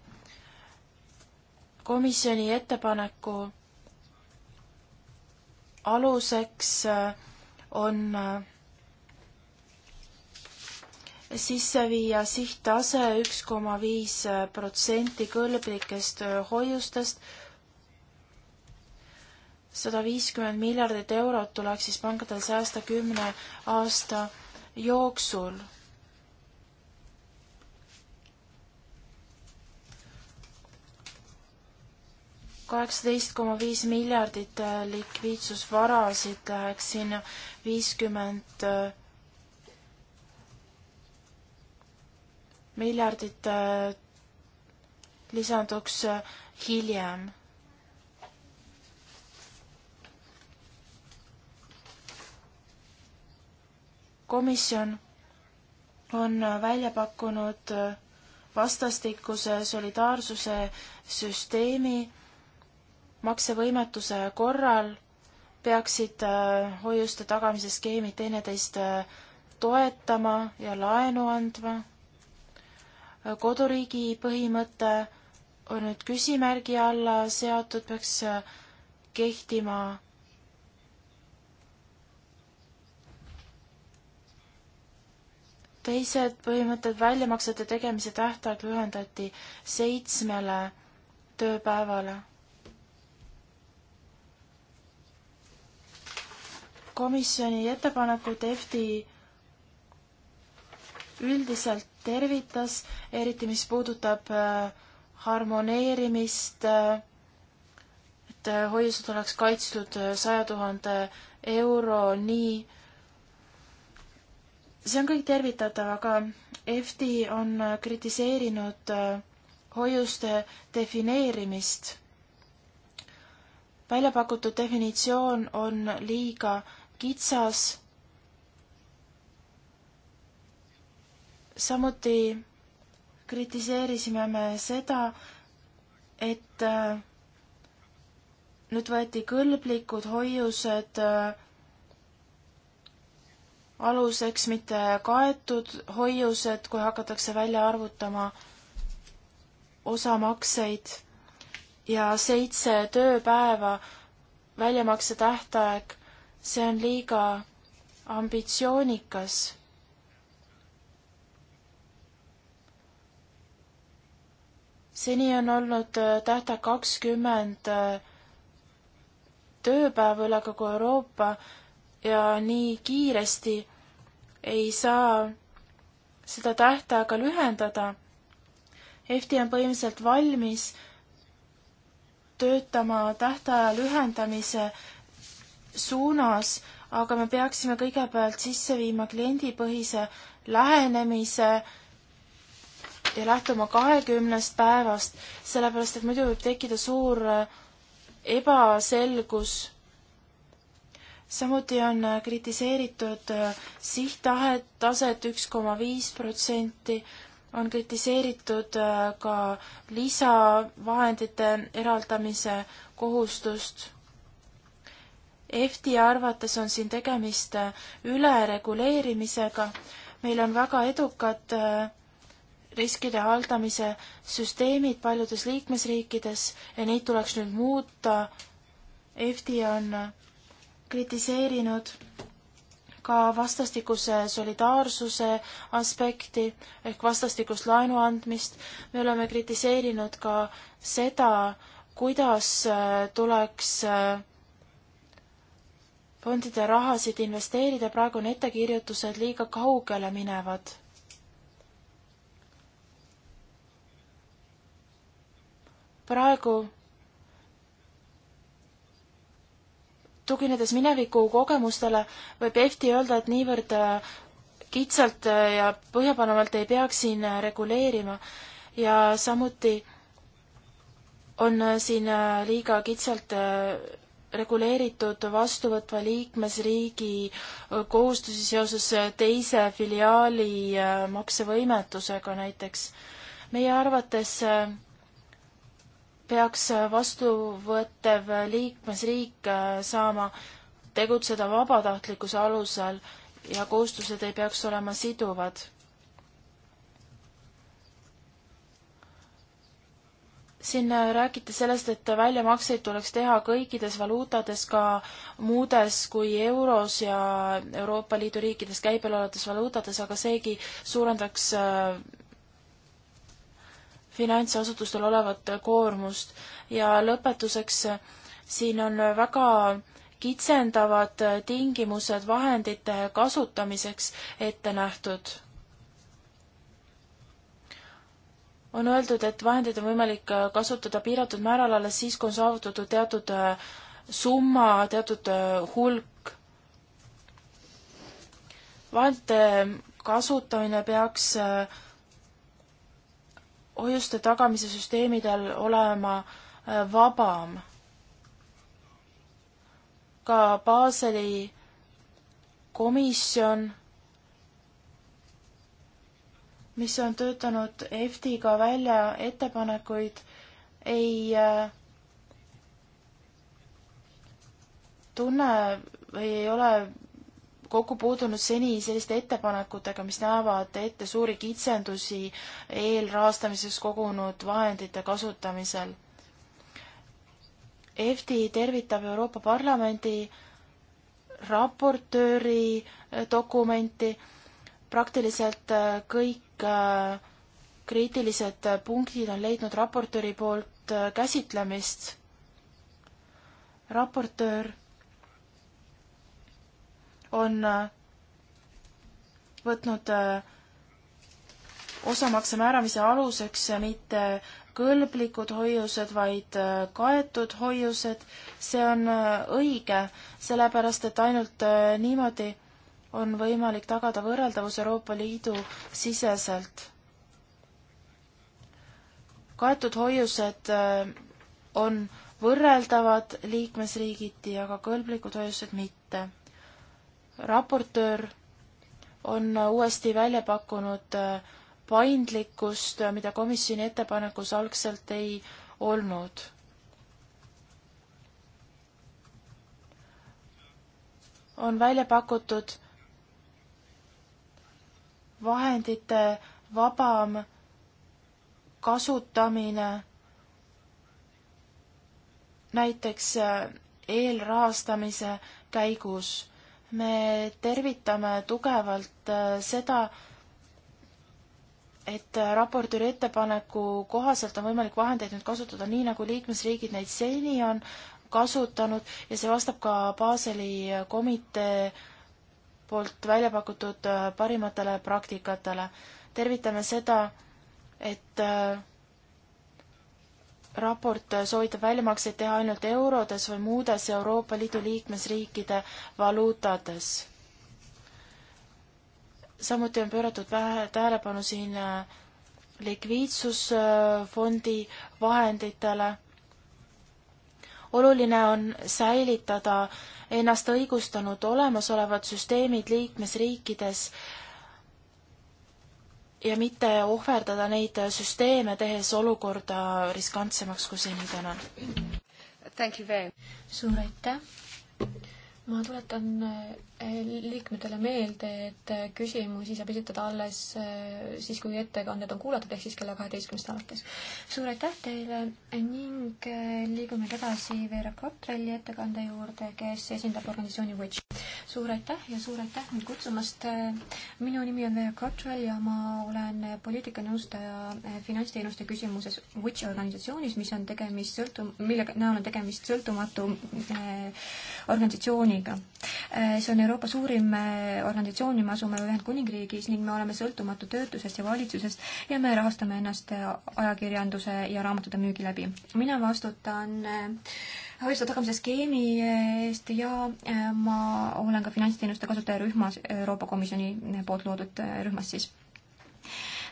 komisjoni ettepaneku aluseks äh, on äh, sisse viia sihttase üks koma viis äh, protsenti kõlblikest hoiustest. sada viiskümmend miljardit eurot tuleks siis pankadel säästa kümne aasta jooksul kaheksateist koma viis miljardit äh, likviidsusvarasid läheks sinna viiskümmend äh, miljardit äh, lisanduks hiljem. komisjon on välja pakkunud vastastikuse solidaarsuse süsteemi maksevõimetuse korral peaksid äh, hoiuste tagamise skeemid teineteist äh, toetama ja laenu andma. Äh, koduriigi põhimõte on nüüd küsimärgi alla seatud, peaks kehtima teised põhimõtted, väljamaksete tegemise tähtaeg lühendati seitsmele tööpäevale komisjoni ettepanekut EFTi üldiselt tervitas, eriti mis puudutab äh, harmoneerimist, äh, et äh, hoiused oleks kaitstud saja tuhande euroni. see on kõik tervitatav, aga EFTi on kritiseerinud hoiuste defineerimist välja pakutud definitsioon on liiga kitsas. samuti kritiseerisime me seda, et äh, nüüd võeti kõlblikud hoiused äh, aluseks, mitte kaetud hoiused, kui hakatakse välja arvutama osamakseid ja seitse tööpäeva väljamakse tähtaeg see on liiga ambitsioonikas. seni on olnud äh, tähtaeg kakskümmend äh, tööpäeva üle kogu Euroopa ja nii kiiresti ei saa seda tähtaega lühendada. EFTI on põhimõtteliselt valmis töötama tähtaja lühendamise suunas, aga me peaksime kõigepealt sisse viima kliendipõhise lähenemise ja lähtuma kahekümnest päevast, sellepärast et muidu võib tekkida suur äh, ebaselgus. samuti on äh, kritiseeritud äh, sihttahet, taset üks koma viis protsenti, on kritiseeritud ka lisavahendite eraldamise kohustust EFTi arvates on siin tegemist äh, ülereguleerimisega. meil on väga edukad äh, riskide haldamise süsteemid paljudes liikmesriikides ja neid tuleks nüüd muuta. EFTi on äh, kritiseerinud ka vastastikuse solidaarsuse aspekti ehk vastastikust laenu andmist. me oleme kritiseerinud ka seda, kuidas tuleks äh, fondide rahasid investeerida, praegu on ettekirjutused liiga kaugele minevad. praegu tuginedes mineviku kogemustele, võib EFTi öelda, et niivõrd äh, kitsalt äh, ja põhjapanevalt ei peaks siin äh, reguleerima ja samuti on siin liiga kitsalt reguleeritud vastuvõtva liikmesriigi äh, kohustusi seoses äh, teise filiaali äh, maksevõimetusega näiteks. meie arvates peaks vastuvõttev liikmesriik saama tegutseda vabatahtlikkuse alusel ja kohustused ei peaks olema siduvad siin äh, räägiti sellest, et väljamakseid tuleks teha kõikides valuutades, ka muudes kui euros ja Euroopa Liidu riikides käibel olevates valuutades, aga seegi suurendaks äh, finantsasutustel olevat koormust. ja lõpetuseks, siin on väga kitsendavad tingimused vahendite kasutamiseks ette nähtud on öeldud, et vahendeid on võimalik äh, kasutada piiratud määral alles siis, kui on saavutatud teatud äh, summa, teatud äh, hulk. vahendite kasutamine peaks hoiuste tagamise süsteemidel olema vabam. ka Baseli komisjon mis on töötanud EFTiga välja ettepanekuid, ei äh, tunne või ei ole kokku puutunud seni selliste ettepanekutega, mis näevad ette suuri kitsendusi eelrahastamiseks kogunud vahendite kasutamisel. EFTi tervitab Euroopa Parlamendi raportööri dokumenti, praktiliselt äh, kõik Äh, kriitilised punktid on leidnud raportööri poolt äh, käsitlemist. raportöör on äh, võtnud osamakse määramise aluseks mitte kõlblikud hoiused, vaid kaetud hoiused. see on õige, sellepärast et ainult niimoodi on võimalik tagada võrreldavus Euroopa Liidu siseselt. kaetud hoiused äh, on võrreldavad liikmesriigiti, aga kõlblikud hoiused mitte. raportöör on uuesti välja pakkunud äh, paindlikkust, äh, mida komisjoni ettepanekus algselt ei olnud. on välja pakutud vahendite vabam kasutamine, näiteks äh, eelrahastamise käigus. me tervitame tugevalt äh, seda, et raportööri ettepaneku kohaselt on võimalik vahendeid nüüd kasutada nii, nagu liikmesriigid neid seni on kasutanud ja see vastab ka Baseli komitee poolt välja pakutud äh, parimatele praktikatele. tervitame seda, et äh, raport soovitab väljamakseid teha ainult eurodes või muudes Euroopa Liidu liikmesriikide valuutades. samuti on pööratud vähe tähelepanu siin äh, likviidsusfondi vahenditele. oluline on säilitada äh, ennast õigustanud olemasolevad süsteemid liikmesriikides ja mitte ohverdada neid süsteeme, tehes olukorda riskantsemaks kui seni täna. suur aitäh! ma tuletan liikmetele meelde, et küsimusi saab esitada alles äh, siis, kui ettekanded on kuulatud, ehk siis kella kaheteistkümnest alates. suur aitäh teile ning äh, liigume edasi Veera Kotrelli ettekande juurde, kes esindab organisatsiooni Witch. suur aitäh ja suur aitäh mind kutsumast. Äh, minu nimi on Veera Kotrell ja ma olen poliitikanõustaja finantsteenuste küsimuses Witch organisatsioonis, mis on tegemist sõltu-, mille näol on tegemist sõltumatu äh, organisatsiooniga äh,. see on Euroopa suurim eh, organisatsioon ja me asume Ühendkuningriigis ning me oleme sõltumatu töötusest ja valitsusest ja me rahastame ennast eh, ajakirjanduse ja raamatute müügi läbi. mina vastutan hoiuste eh, tagamise skeemi eest ja ma olen ka finantsteenuste kasutajarühmas, Euroopa Komisjoni poolt loodud rühmas siis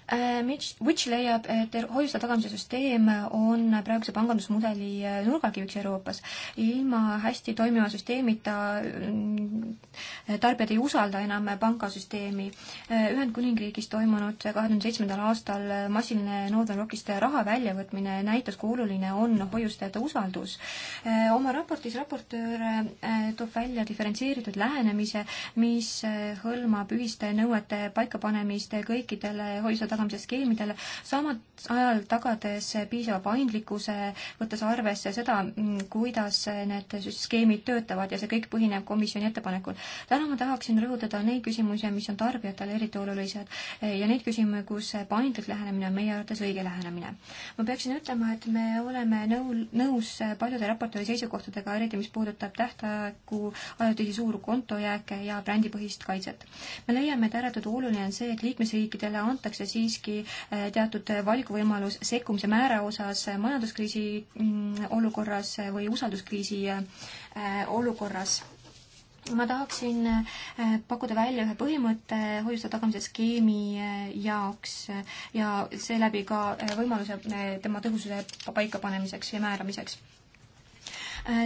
Äh, mis, which leiab, et hoiuste tagamise süsteem on praeguse pangandusmudeli äh, nurgakiviks Euroopas. ilma hästi toimiva süsteemita mm, tarbijad ei usalda enam pangasüsteemi. Äh, Ühendkuningriigis toimunud kahe tuhande seitsmendal aastal massiline Northern Rockist raha väljavõtmine näitas, kui oluline on hoiustajate usaldus. oma raportis raportöör toob välja diferentseeritud lähenemise, mis hõlmab ühiste nõuete paikapanemist kõikidele hoiustajate tagamise skeemidele, samas ajal tagades piisava paindlikkuse, võttes arvesse seda, mm, kuidas need skeemid töötavad ja see kõik põhineb komisjoni ettepanekul. täna ma tahaksin rõhutada neid küsimusi, mis on tarbijatele eriti olulised eh, ja neid küsimusi, kus paindlik lähenemine on meie arvates õige lähenemine. ma peaksin ütlema, et me oleme nõu, nõus paljude raportööri seisukohtadega, eriti mis puudutab tähtaegu, ajutisi suurkontojääke ja brändipõhist kaitset. me leiame, et ääretult oluline on see, et liikmesriikidele antakse siis siiski eh, teatud eh, valikuvõimalus sekkumise määra osas eh, majanduskriisi mm, olukorras või usalduskriisi olukorras ma tahaksin pakkuda välja ühe põhimõtte hoiuste tagamise skeemi jaoks ja seeläbi ka võimaluse tema tõhususe paikapanemiseks ja määramiseks.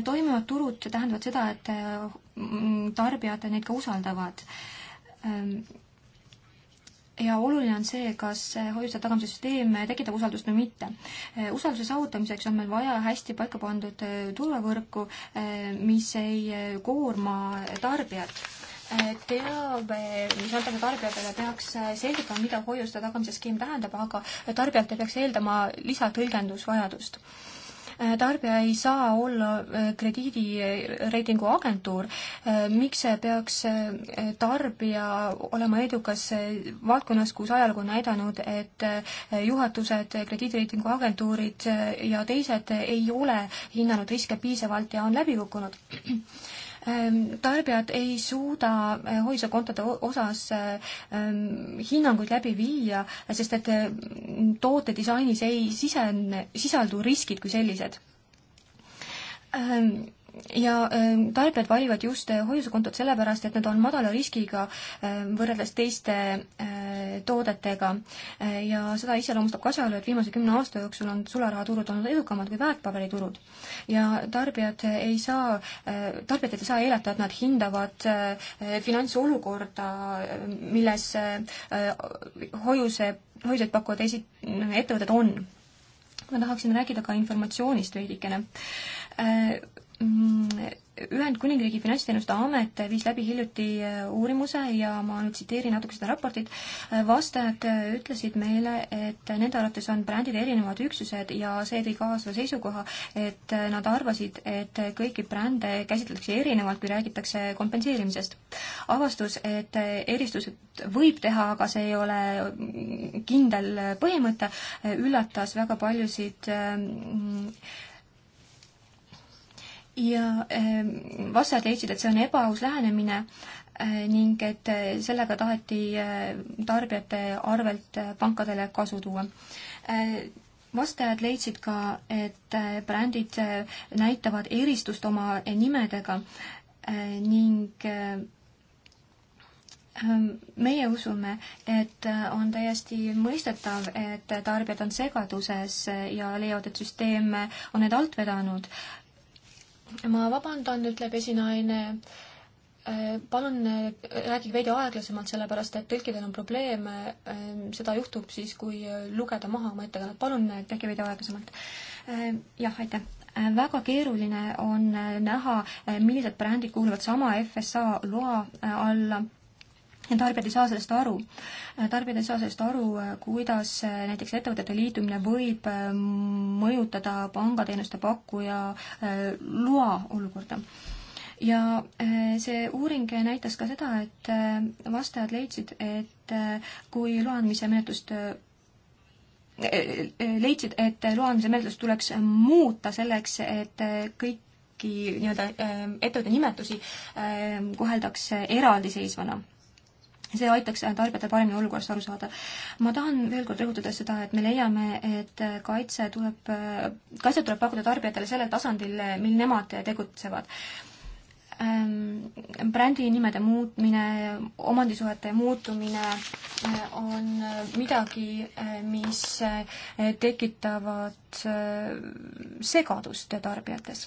toimivad turud tähendavad seda, et tarbijad neid ka usaldavad ehm, ja oluline on see, kas hoiuste tagamise süsteem tekitab usaldust või mitte. Eh, usalduse saavutamiseks on meil vaja hästi paika pandud eh, turvavõrku, eh, mis ei koorma tarbijat teabe, mis antakse tarbijatele, peaks selgitama, mida hoiuste tagamise skeem tähendab, aga tarbijalt ei peaks eeldama lisatõlgendusvajadust Äh, tarbija ei saa olla äh, krediidireitingu agentuur. Äh, miks peaks tarbija olema edukas valdkonnas, kus ajalugu on näidanud, et juhatused, krediidireitingu agentuurid ja teised ei ole hinnanud riske piisavalt ja on läbi kukkunud? Ähm, tarbijad ei suuda äh, hoiusekontode osas ähm, hinnanguid läbi viia, sest et äh, toote disainis ei sisene, sisaldu riskid kui sellised ähm, ja ähm, tarbijad valivad just äh, hoiusekontot sellepärast, et nad on madala riskiga ähm, võrreldes teiste äh, toodetega. Äh, ja seda iseloomustab ka asjaolu, et viimase kümne aasta jooksul on sularahaturud olnud edukamad kui väärtpaberiturud. ja tarbijad ei saa, tarbijatelt ei saa eeldada, et nad hindavad finantsolukorda, milles hoiuse, hoiuseid pakkuvad esi-, ettevõtted on ma tahaksin rääkida ka informatsioonist veidikene Mm, Ühendkuningriigi Finantsteenuste Amet viis läbi hiljuti äh, uurimuse ja ma nüüd tsiteerin natuke seda raportit. Äh, vastajad äh, ütlesid meile, et nende arvates on brändid erinevad üksused ja see tõi kaasa seisukoha, et nad arvasid, et kõiki brände käsitletakse erinevalt, kui räägitakse kompenseerimisest. avastus, et eristused võib teha, aga see ei ole mm, kindel põhimõte, üllatas väga paljusid mm, ja ähm, vastased leidsid, et see on ebaaus lähenemine äh, ning et äh, sellega taheti äh, tarbijate arvelt pankadele kasu tuua. vastajad leidsid ka, et brändid näitavad eristust oma nimedega ning ähm, meie usume, et on täiesti mõistetav, et tarbijad on segaduses ja leiavad, et süsteem on need alt vedanud ma vabandan, ütleb esinaine. Äh, palun äh, rääkige veidi aeglasemalt, sellepärast et tõlkidel on probleeme. Äh, seda juhtub siis, kui lugeda maha oma ettekannet. palun tehke veidi aeglasemalt. jah, aitäh väga keeruline on näha, millised brändid kuuluvad sama FSA loa alla tarbijad ei saa sellest aru. Äh, tarbijad ei saa sellest aru, äh, kuidas äh, näiteks ettevõtete liitumine võib mõjutada pangateenuste pakkuja loa olukorda. ja see uuring näitas ka seda, et vastajad leidsid, et kui loa andmise menetlust leidsid, et loa andmise menetlust tuleks muuta selleks, et kõik kõiki nii-öelda ettevõtte nimetusi koheldakse eraldiseisvana see aitaks tarbijatel paremini olukorrast aru saada. ma tahan veel kord rõhutada seda, et me leiame, et kaitse tuleb, kaitset tuleb pakkuda tarbijatele sellel tasandil, mil nemad tegutsevad. Ehm, brändi nimede muutmine, omandisuhete muutumine eh, on midagi, eh, mis eh, tekitavad segadust tarbijates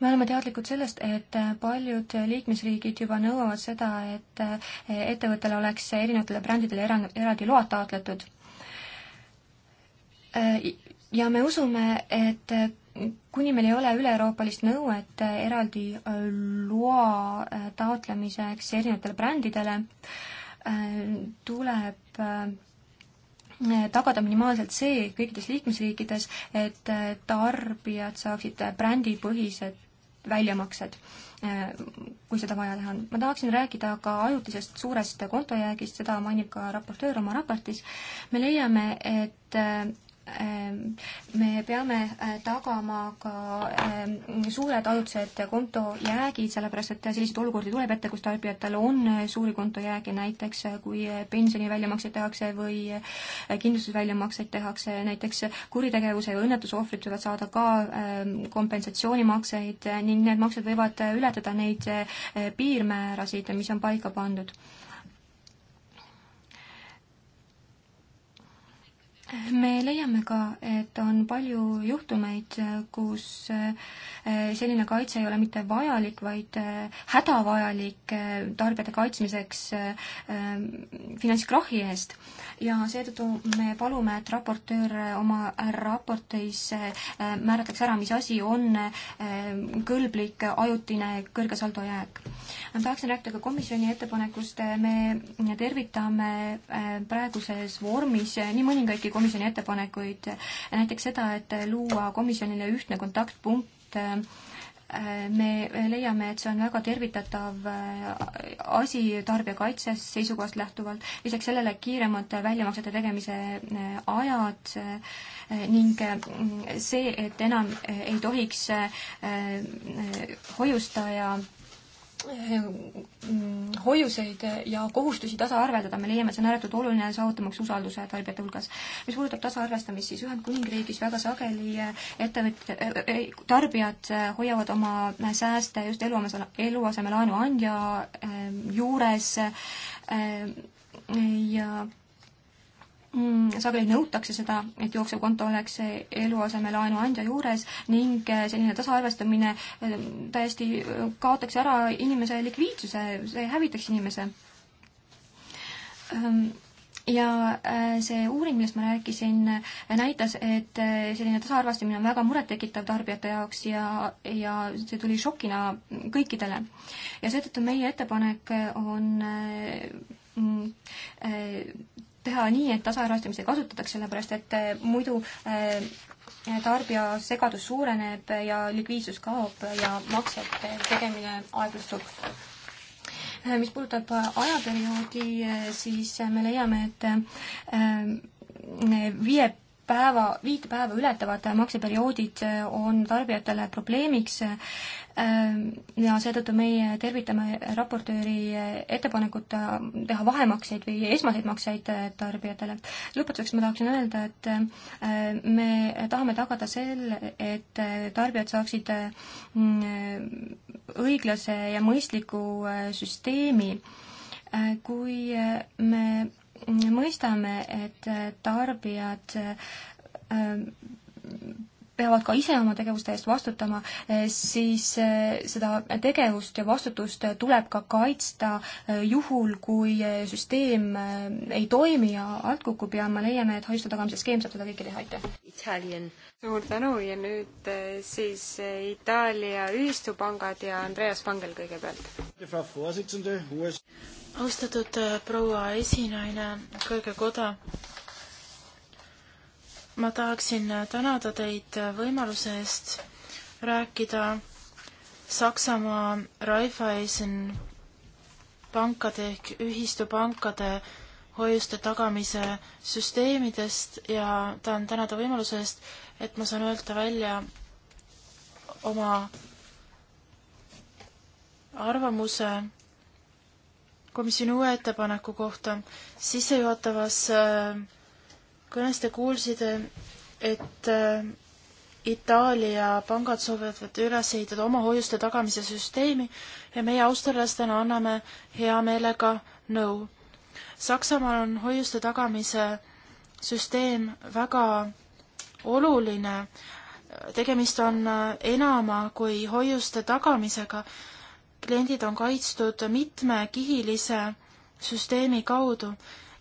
me oleme teadlikud sellest, et paljud liikmesriigid juba nõuavad seda, et eh, ettevõttele oleks erinevatele brändidele eraldi load taotletud. Eh, ja me usume, et kuni meil ei ole üle-euroopalist nõuet eh, eraldi loa taotlemiseks erinevatele brändidele, tuleb tagada minimaalselt see kõikides liikmesriikides, et tarbijad saaksid brändipõhised väljamaksed, äh, kui seda vaja teha on. ma tahaksin rääkida ka ajutisest suurest kontojäägist, seda mainib ka raportöör oma raportis. me leiame, et äh, Ähm, me peame äh, tagama ka ähm, suured ajutised kontojäägid, sellepärast et selliseid olukordi tuleb ette, kus tarbijatel on äh, suuri kontojääge, näiteks äh, kui pensioni väljamakseid tehakse või kindlustusväljamakseid tehakse, näiteks kuritegevuse või õnnetuse ohvrid võivad saada ka ähm, kompensatsioonimakseid ning need maksed võivad ületada neid piirmäärasid, mis on paika pandud me leiame ka, et on palju juhtumeid, kus eh, selline kaitse ei ole mitte vajalik, vaid eh, hädavajalik eh, tarbijate kaitsmiseks finantskrahhi eest. ja seetõttu me palume, et raportöör oma raportis määratleks ära, mis asi on kõlblik ajutine kõrge saldojääk. ma tahaksin rääkida ka komisjoni ettepanekust, me tervitame praeguses vormis nii mõningaidki komisjoni komisjoni ettepanekuid, näiteks seda, et luua komisjonile ühtne kontaktpunkt me leiame, et see on väga tervitatav asi tarbijakaitses seisukohast lähtuvalt, lisaks sellele kiiremad väljamaksete tegemise ajad ning see, et enam ei tohiks hoiustaja Ehm, hoiuseid ja kohustusi tasaarveldada, me leiame, see on ääretult oluline, saavutamaks usalduse tarbijate hulgas. mis puudutab tasaarvestamist, siis Ühendkuningriigis väga sageli eh, ettevõtjad, eh, eh, tarbijad hoiavad oma sääste just eluames, eluasemelaenu andja juures ja Mm, sageli nõutakse seda, et jooksev konto oleks eluasemelaenu andja juures ning eh, selline tasaarvestamine eh, täiesti eh, kaotaks ära inimese likviidsuse, see hävitaks inimese. Ehm, ja see uuring, millest ma rääkisin, näitas, et selline tasaarvestamine on väga murettekitav tarbijate jaoks ja, ja see tuli šokina kõikidele. ja seetõttu meie ettepanek on mm, teha nii, et tasaarvestamist ei kasutataks, sellepärast et äh, muidu äh, tarbija segadus suureneb ja likviidsus kaob ja maksete tegemine aeglustub äh, mis puudutab ajaperioodi, siis me leiame, et viie päeva, viit päeva ületavad makseperioodid äh, on tarbijatele probleemiks äh, ja seetõttu meie tervitame raportööri äh, ettepanekut teha vahemakseid või esmaseid makseid tarbijatele. lõpetuseks ma tahaksin öelda, et me tahame tagada selle, et tarbijad saaksid õiglase ja mõistliku süsteemi, kui me mõistame, et tarbijad ähm, peavad ka ise oma tegevuste eest vastutama, äh, siis äh, seda tegevust ja vastutust tuleb ka kaitsta äh, juhul, kui süsteem ei toimi ja alt kukub ja me leiame, et hoiuste tagamise skeem saab seda kõike teha, aitäh suur tänu ja nüüd eh, siis eh, Itaalia ühistupangad ja Andreas Pangel kõigepealt. austatud eh, proua esinaine, kõrge koda. ma tahaksin tänada teid võimaluse eest rääkida Saksamaa Raiffeisen pankade ehk ühistupankade hoiuste tagamise süsteemidest ja tahan tänada võimaluse eest et ma saan öelda välja oma arvamuse komisjoni uue ettepaneku kohta. sissejuhatavas äh, kõnes te kuulsite, et äh, Itaalia pangad soovivad üles ehitada oma hoiuste tagamise süsteemi ja meie austerlastena anname hea meelega nõu. Saksamaal on hoiuste tagamise süsteem väga oluline. tegemist on enama kui hoiuste tagamisega. kliendid on kaitstud mitmekihilise süsteemi kaudu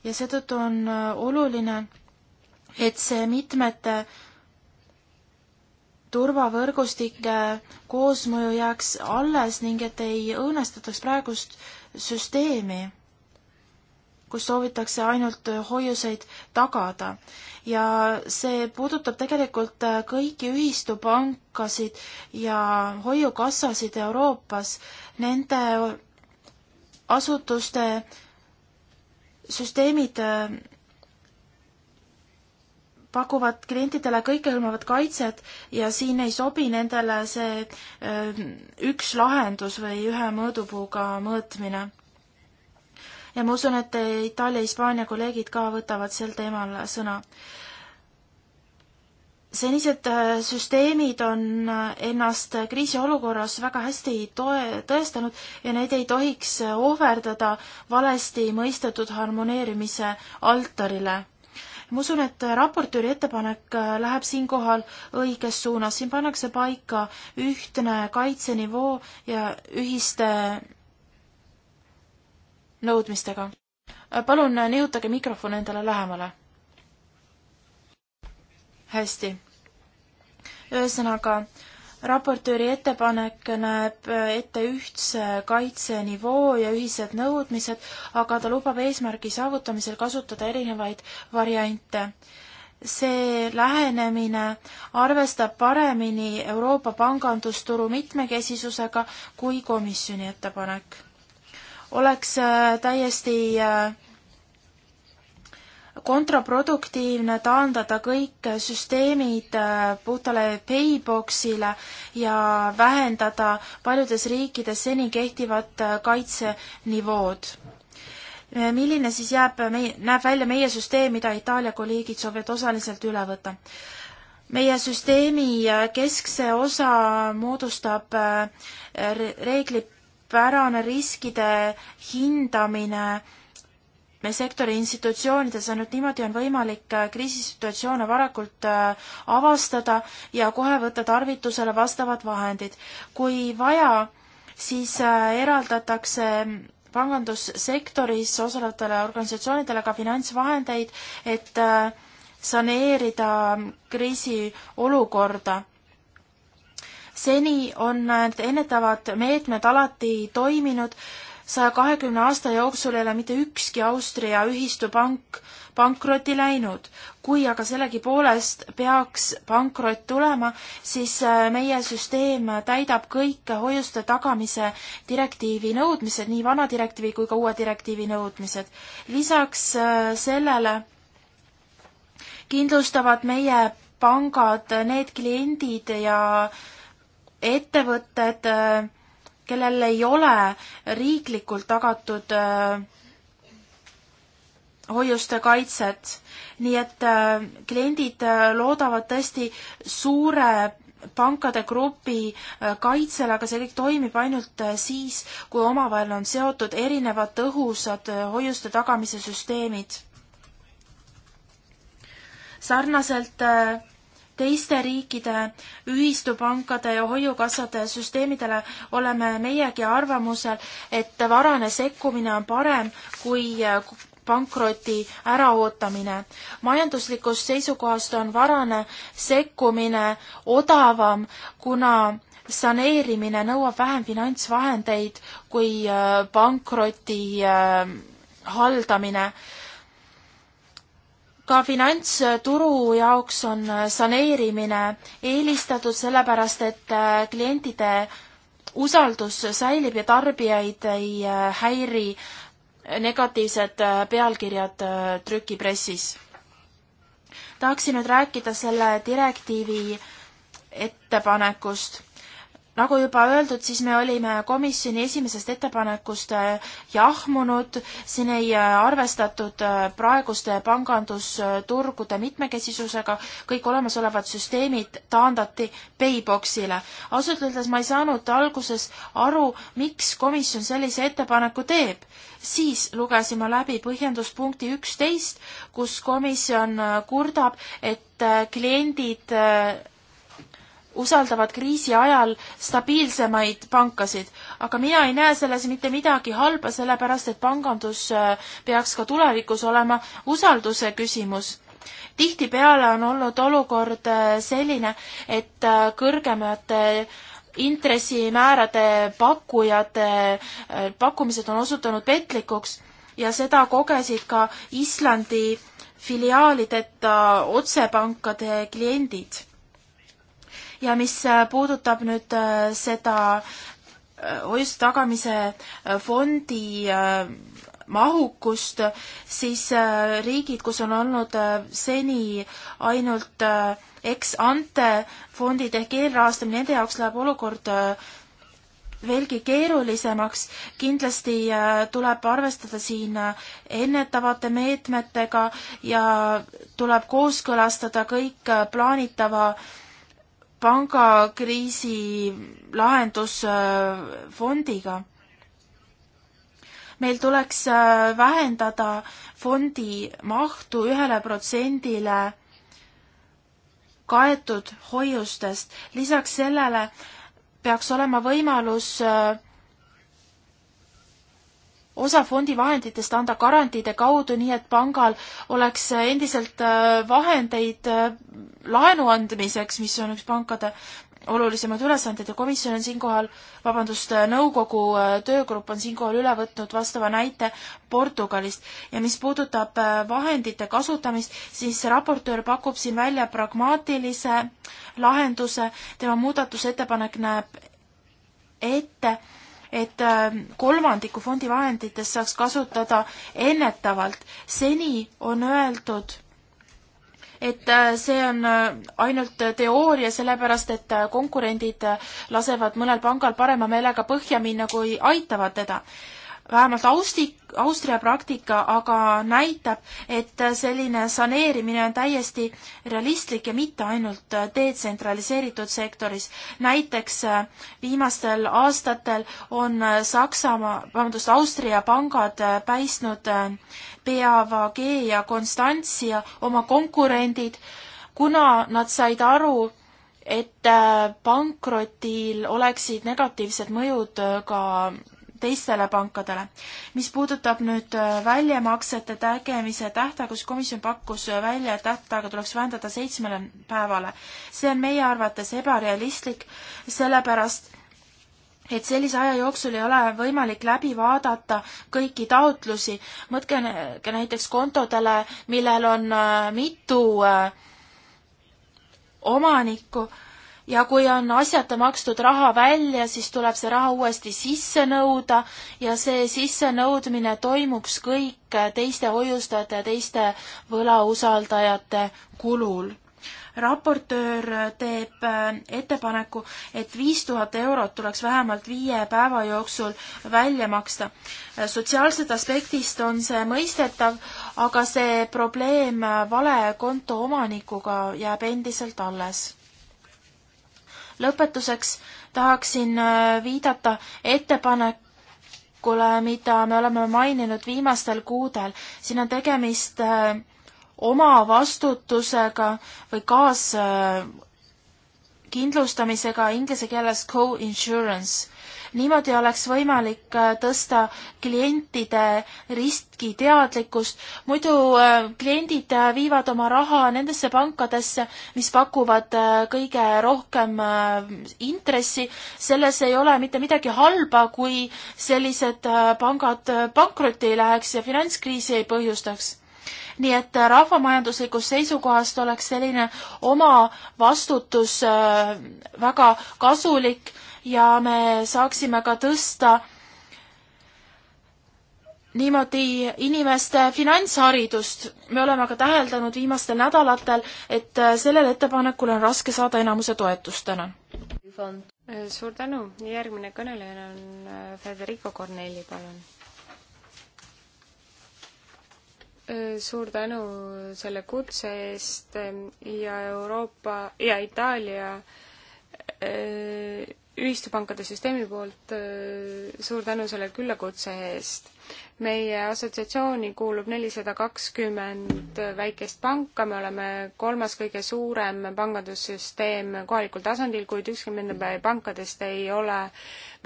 ja seetõttu on oluline, et see mitmete turvavõrgustike koosmõju jääks alles ning et ei õõnestataks praegust süsteemi kus soovitakse ainult hoiuseid tagada ja see puudutab tegelikult äh, kõiki ühistupankasid ja hoiukassasid Euroopas, nende asutuste süsteemid äh, pakuvad klientidele kõikehõlmavat kaitset ja siin ei sobi nendele see äh, üks lahendus või ühe mõõdupuuga mõõtmine ja ma usun, et Itaalia, Hispaania kolleegid ka võtavad sel teemal sõna. senised äh, süsteemid on äh, ennast kriisiolukorras väga hästi toe-, tõestanud ja neid ei tohiks äh, ohverdada valesti mõistetud harmoneerimise altarile ma usun, et raportööri ettepanek läheb siinkohal õiges suunas, siin pannakse paika ühtne kaitsenivoo ja ühiste nõudmistega. palun nihutage mikrofon endale lähemale. hästi. ühesõnaga, raportööri ettepanek näeb ette ühtse kaitsenivoo ja ühised nõudmised, aga ta lubab eesmärgi saavutamisel kasutada erinevaid variante see lähenemine arvestab paremini Euroopa pangandusturu mitmekesisusega kui komisjoni ettepanek oleks äh, täiesti äh, kontraproduktiivne taandada kõik süsteemid äh, puhtale paybox'ile ja vähendada paljudes riikides seni kehtivat kaitsenivood. milline siis jääb, näeb välja meie süsteem, mida Itaalia kolleegid soovivad osaliselt üle võtta? meie süsteemi keskse osa moodustab reegli pärane riskide hindamine sektori institutsioonides, ainult niimoodi on võimalik äh, kriisisituatsioone varakult äh, avastada ja kohe võtta tarvitusele vastavad vahendid. kui vaja, siis äh, eraldatakse mm, pangandussektoris osalevatele organisatsioonidele ka finantsvahendeid, et saneerida mm, kriisiolukorda seni on need ennetavad meetmed alati toiminud, saja kahekümne aasta jooksul ei ole mitte ükski Austria ühistupank pankrotti läinud. kui aga sellegipoolest peaks pankrott tulema, siis äh, meie süsteem täidab kõik hoiuste tagamise direktiivi nõudmised, nii vana direktiivi kui ka uue direktiivi nõudmised. lisaks äh, sellele kindlustavad meie pangad need kliendid ja äh, ettevõtted, äh, kellel ei ole riiklikult tagatud äh, hoiuste kaitset, nii et äh, kliendid loodavad tõesti suure pankade grupi kaitsele, aga see kõik toimib ainult siis, kui omavahel on seotud erinevad tõhusad hoiuste tagamise süsteemid. sarnaselt äh, teiste riikide ühistupankade ja hoiukassade süsteemidele oleme meiegi arvamusel, et varane sekkumine on parem kui äh, pankroti äraootamine. majanduslikust seisukohast on varane sekkumine odavam, kuna saneerimine nõuab vähem finantsvahendeid kui äh, pankroti äh, haldamine ka finantsturu jaoks on äh, saneerimine eelistatud, sellepärast et äh, klientide usaldus säilib ja tarbijaid ei äh, häiri negatiivsed pealkirjad trükipressis. tahaksin nüüd rääkida selle direktiivi ettepanekust nagu juba öeldud, siis me olime komisjoni esimesest ettepanekust äh, jahmunud, siin ei äh, arvestatud äh, praeguste pangandusturgude mitmekesisusega, kõik olemasolevad süsteemid taandati Payboxile. ausalt öeldes ma ei saanud alguses aru, miks komisjon sellise ettepaneku teeb. siis lugesin ma läbi põhjenduspunkti üksteist, kus komisjon kurdab, et kliendid usaldavad kriisi ajal stabiilsemaid pankasid, aga mina ei näe selles mitte midagi halba, sellepärast et pangandus äh, peaks ka tulevikus olema usalduse küsimus. tihtipeale on olnud olukord äh, selline, et äh, kõrgemate intressimäärade pakkujate pakkumised on osutunud petlikuks ja seda kogesid ka Islandi filiaalideta otsepankade kliendid ja mis äh, puudutab nüüd äh, seda äh, hoiuste tagamise fondi mahukust, siis riigid, kus on olnud seni ainult ex-ante fondid ehk eelrahastamine, nende jaoks läheb olukord veelgi keerulisemaks. kindlasti tuleb arvestada siin ennetavate meetmetega ja tuleb kooskõlastada kõik plaanitava äh, pangakriisi lahendusfondiga. meil tuleks äh, vähendada fondi mahtu ühele protsendile kaetud hoiustest. lisaks sellele peaks olema võimalus äh, osa fondi vahenditest anda garantiide kaudu, nii et pangal oleks endiselt äh, vahendeid äh, laenu andmiseks, mis on üks pankade olulisemad ülesanded ja komisjon on siinkohal, vabandust, äh, nõukogu töögrupp on siinkohal üle võtnud vastava näite Portugalist. ja mis puudutab vahendite kasutamist, siis raportöör pakub siin välja pragmaatilise lahenduse, tema muudatusettepanek näeb ette, et ähm, kolmandiku fondi vahenditest saaks kasutada ennetavalt. seni on öeldud, et äh, see on äh, ainult teooria, sellepärast et äh, konkurendid lasevad mõnel pangal parema meelega põhja minna, kui aitavad teda. vähemalt Austik Austria praktika aga näitab, et selline saneerimine on täiesti realistlik ja mitte ainult detsentraliseeritud sektoris. näiteks äh, viimastel aastatel on äh, Saksamaa, vabandust, Austria pangad äh, päisnud BAVG ja Constantia oma konkurendid, kuna nad said aru, et pankrotil oleksid negatiivsed mõjud ka teistele pankadele. mis puudutab nüüd äh, väljamaksete tegemise tähtaega, kus komisjon pakkus äh, välja, et tähtaega tuleks vähendada seitsmele päevale. see on meie arvates ebarealistlik, sellepärast et sellise aja jooksul ei ole võimalik läbi vaadata kõiki taotlusi. mõtke näiteks kontodele, millel on äh, mitu omanikku ja kui on asjata makstud raha välja, siis tuleb see raha uuesti sisse nõuda ja see sissenõudmine toimuks kõik teiste hoiustajate ja teiste võlausaldajate kulul. raportöör teeb äh, ettepaneku, et viis tuhat eurot tuleks vähemalt viie päeva jooksul välja maksta. Äh, sotsiaalsest aspektist on see mõistetav, aga see probleem vale konto omanikuga jääb endiselt alles lõpetuseks tahaksin äh, viidata ettepanekule, mida me oleme maininud viimastel kuudel. siin on tegemist äh, oma vastutusega või kaaskindlustamisega äh, inglise keeles co-insurance niimoodi oleks võimalik äh, tõsta klientide riskiteadlikkust, muidu äh, kliendid äh, viivad oma raha nendesse pankadesse, mis pakuvad kõige rohkem intressi, selles ei ole mitte midagi halba, kui sellised pangad pankrotti ei läheks ja finantskriisi ei põhjustaks nii et rahvamajanduslikust seisukohast oleks selline oma vastutus väga kasulik ja me saaksime ka tõsta niimoodi inimeste finantsharidust. me oleme aga täheldanud viimastel nädalatel, et sellele ettepanekule on raske saada enamuse toetust täna. suur tänu, järgmine kõneleja on äh, Federico Corneli, palun. Äh, suur tänu selle kutse eest äh, ja Euroopa ja Itaalia ühistupankade süsteemi poolt äh, suur tänu selle küllakutse eest. meie assotsiatsiooni kuulub nelisada kakskümmend väikest panka, me oleme kolmas kõige suurem pangandussüsteem kohalikul tasandil, kuid ükski nende pankadest ei ole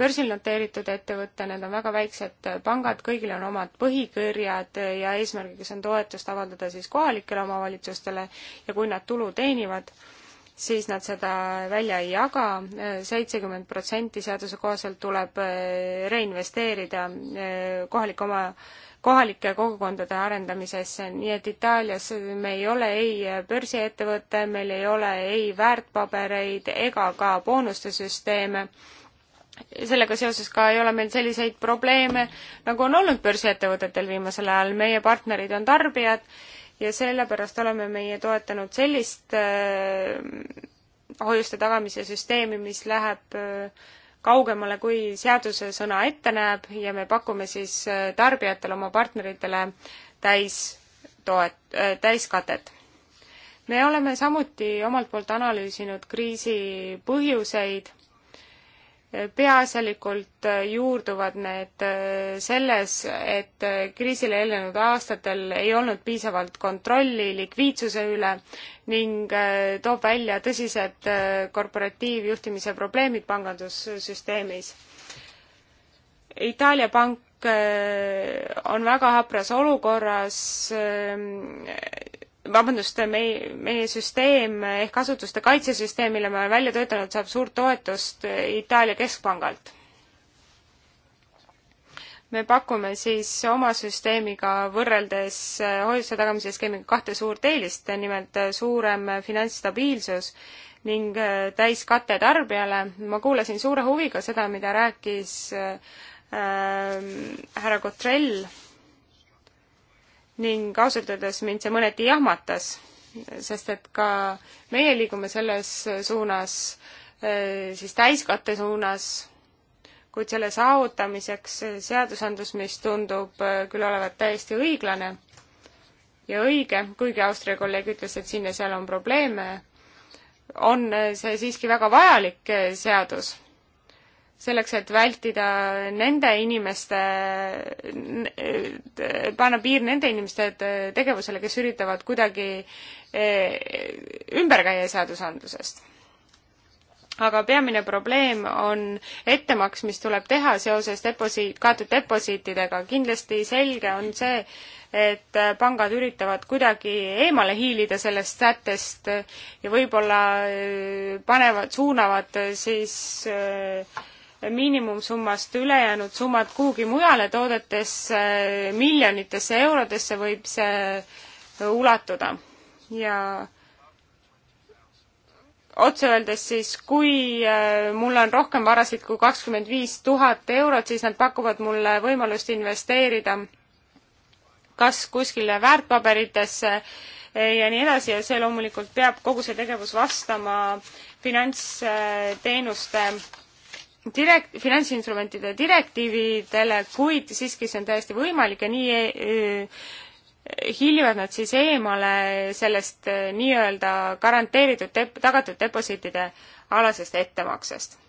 börsil noteeritud ettevõte, need on väga väiksed pangad, kõigil on omad põhikõrjad ja eesmärgiks on toetust avaldada siis kohalikele omavalitsustele ja kui nad tulu teenivad, siis nad seda välja ei jaga, seitsekümmend protsenti seaduse kohaselt tuleb äh, reinvesteerida äh, kohalike oma, kohalike kogukondade arendamisesse, nii et Itaalias me ei ole ei börsiettevõte, meil ei ole ei väärtpabereid ega ka boonuste süsteeme sellega seoses ka ei ole meil selliseid probleeme, nagu on olnud börsiettevõtetel viimasel ajal, meie partnerid on tarbijad ja sellepärast oleme meie toetanud sellist äh, hoiuste tagamise süsteemi, mis läheb äh, kaugemale, kui seaduse sõna ette näeb ja me pakume siis äh, tarbijatele, oma partneritele täis toet-, täiskatet. me oleme samuti omalt poolt analüüsinud kriisi põhjuseid peaasjalikult juurduvad need äh, selles, et äh, kriisile eelnenud aastatel ei olnud piisavalt kontrolli likviidsuse üle ning äh, toob välja tõsised korporatiivjuhtimise probleemid pangandussüsteemis. Itaalia pank on väga hapras olukorras ähm, vabandust, meie, meie süsteem ehk asutuste kaitsesüsteem, mille me oleme välja töötanud, saab suurt toetust Itaalia keskpangalt. me pakume siis oma süsteemiga võrreldes hoiuste tagamise skeemiga kahte suurt eelist, nimelt suurem finantsstabiilsus ning täiskate tarbijale. ma kuulasin suure huviga seda, mida rääkis äh, härra Kotrell ning ausalt öeldes mind see mõneti jahmatas, sest et ka meie liigume selles suunas, eh, siis täiskatte suunas, kuid selle saavutamiseks seadusandlus, mis tundub eh, küll olevat täiesti õiglane ja õige, kuigi Austria kolleeg ütles, et siin ja seal on probleeme, on eh, see siiski väga vajalik seadus selleks, et vältida nende inimeste, panna piir nende inimeste tegevusele, kes üritavad kuidagi eh, ümber käia seadusandlusest. aga peamine probleem on ettemaks, mis tuleb teha seoses deposiit, kaetud deposiitidega. kindlasti selge on see, et pangad üritavad kuidagi eemale hiilida sellest sättest ja võib-olla eh, panevad, suunavad siis äh, miinimumsummast ülejäänud summad kuhugi mujale toodetes miljonitesse eurodesse võib see ulatuda. ja otse öeldes siis, kui äh, mul on rohkem varasid kui kakskümmend viis tuhat eurot, siis nad pakuvad mulle võimalust investeerida kas kuskile väärtpaberitesse äh, ja nii edasi ja see loomulikult peab kogu see tegevus vastama finantsteenuste direkt-, finantsinstrumentide direktiividele, kuid siiski see on täiesti võimalik ja nii e-, e-, hiilivad nad siis eemale sellest e, nii-öelda garanteeritud dep-, tagatud deposiitide alasest ettemaksest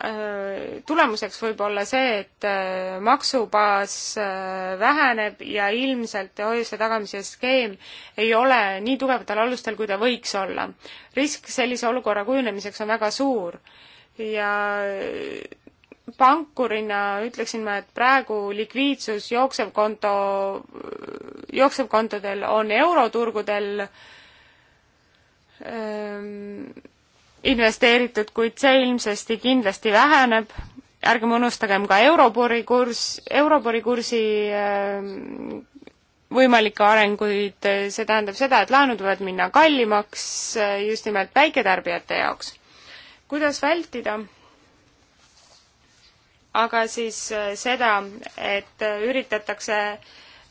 Äh, tulemuseks võib olla see, et äh, maksubaas äh, väheneb ja ilmselt hoiuste tagamise skeem ei ole nii tugevatel alustel, kui ta võiks olla. risk sellise olukorra kujunemiseks on väga suur ja pankurina ütleksin ma, et praegu likviidsus jooksevkonto, jooksevkontodel on euroturgudel öö, ehm, investeeritud, kuid see ilmsesti kindlasti väheneb. ärgem unustagem ka Eurobori kurss, Eurobori kursi ähm, võimalikke arenguid, see tähendab seda, et laenud võivad minna kallimaks äh, just nimelt väiketarbijate jaoks. kuidas vältida aga siis äh, seda, et äh, üritatakse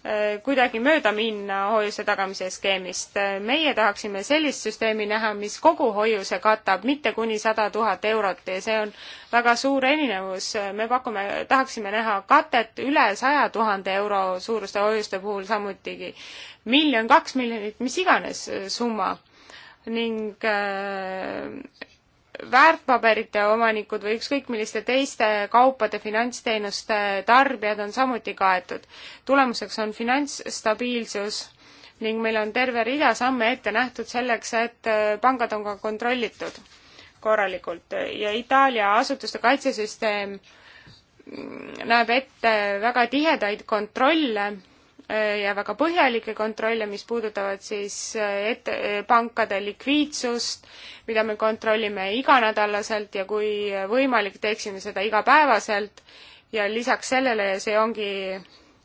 Äh, kuidagi mööda minna hoiuse tagamise skeemist. meie tahaksime sellist süsteemi näha, mis kogu hoiuse katab, mitte kuni sada tuhat eurot ja see on väga suur erinevus. me pakume, tahaksime näha katet üle saja tuhande euro suuruste hoiuste puhul samutigi. miljon, kaks miljonit, mis iganes summa ning äh, väärtpaberite omanikud või ükskõik milliste teiste kaupade, finantsteenuste tarbijad on samuti kaetud. tulemuseks on finantsstabiilsus ning meil on terve rida samme ette nähtud selleks, et äh, pangad on ka kontrollitud korralikult ja Itaalia asutuste kaitsesüsteem mm, näeb ette väga tihedaid kontrolle Äh, ja väga põhjalikke kontrolle, mis puudutavad siis äh, ette, äh, pankade likviidsust, mida me kontrollime iganädalaselt ja kui võimalik, teeksime seda igapäevaselt ja lisaks sellele, ja see ongi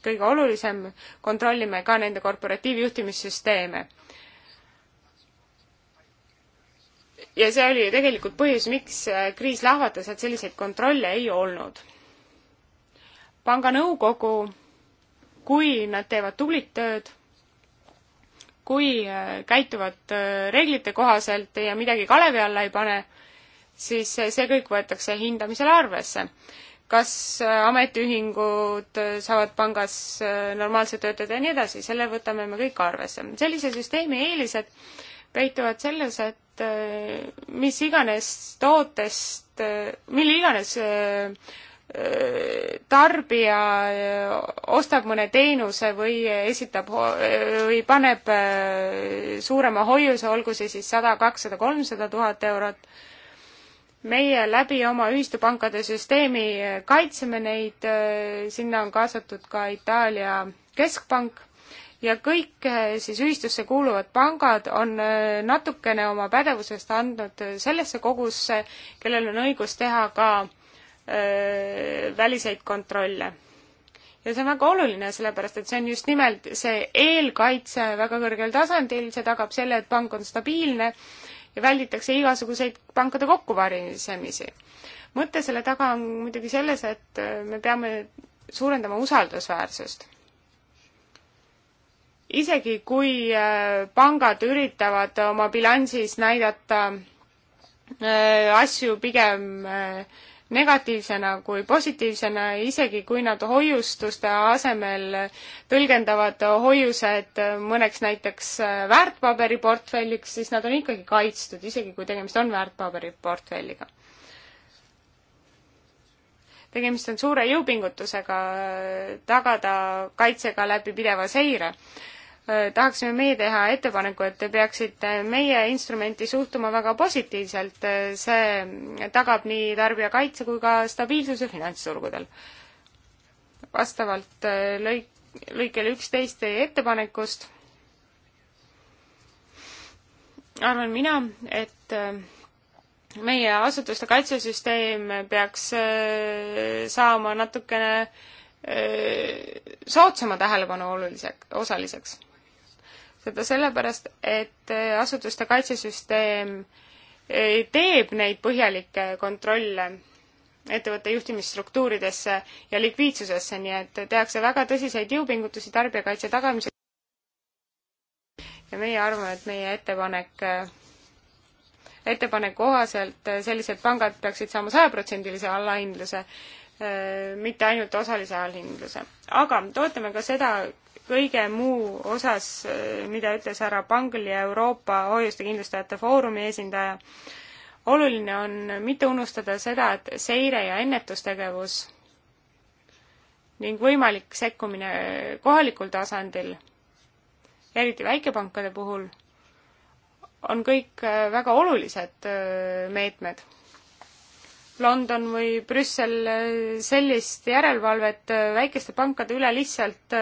kõige olulisem, kontrollime ka nende korporatiivjuhtimissüsteeme. ja see oli ju tegelikult põhjus, miks kriis lahvatas, et selliseid kontrolle ei olnud. panga nõukogu kui nad teevad tublit tööd, kui äh, käituvad äh, reeglite kohaselt ja midagi kalevi alla ei pane, siis äh, see kõik võetakse hindamisel arvesse. kas ametiühingud saavad pangas normaalselt töötada ja nii edasi, selle võtame me kõik arvesse. sellise süsteemi eelised peituvad selles, et mis iganes tootest, mille iganes tarbija ostab mõne teenuse või esitab või paneb äh, suurema hoiuse, olgu see siis sada, kakssada, kolmsada tuhat eurot, meie läbi oma ühistupankade süsteemi äh, kaitseme neid, äh, sinna on kaasatud ka Itaalia keskpank ja kõik siis ühistusse kuuluvad pangad on natukene oma pädevusest andnud sellesse kogusse, kellel on õigus teha ka äh, väliseid kontrolle. ja see on väga oluline, sellepärast et see on just nimelt see eelkaitse väga kõrgel tasandil, see tagab selle, et pank on stabiilne ja välditakse igasuguseid pankade kokkuvarisemisi. mõte selle taga on muidugi selles, et me peame suurendama usaldusväärsust. isegi kui pangad üritavad oma bilansis näidata asju pigem äh, negatiivsena kui positiivsena, isegi kui nad hoiustuste asemel tõlgendavad hoiused mõneks näiteks äh, väärtpaberiportfelliks, siis nad on ikkagi kaitstud, isegi kui tegemist on väärtpaberiportfelliga. tegemist on suure jõupingutusega äh, tagada kaitse ka läbi pideva seire Äh, tahaksime meie teha ettepaneku, et te peaksite meie instrumenti suhtuma väga positiivselt, äh, see tagab nii tarbijakaitse kui ka stabiilsuse finantsturgudel. vastavalt äh, lõik, lõikele üksteist teie ettepanekust arvan mina, et meie asutuste kaitsesüsteem peaks saama natukene soodsama tähelepanu oluliseks, osaliseks seda sellepärast, et äh, asutuste kaitsesüsteem äh, teeb neid põhjalikke kontrolle ettevõtte juhtimisstruktuuridesse ja likviidsusesse, nii et tehakse väga tõsiseid jõupingutusi tarbijakaitse tagamiseks. ja meie arvame, et meie ettepanek, äh, ettepaneku kohaselt sellised pangad peaksid saama sajaprotsendilise allahindluse, mitte ainult osalise allahindluse. aga toetame ka seda kõige muu osas, mida ütles härra Pangl ja Euroopa Hoiuste Kindlustajate Foorumi esindaja, oluline on mitte unustada seda, et seire ja ennetustegevus ning võimalik sekkumine kohalikul tasandil, eriti väikepankade puhul, on kõik äh, väga olulised äh, meetmed London või Brüssel äh, sellist järelevalvet väikeste pankade üle lihtsalt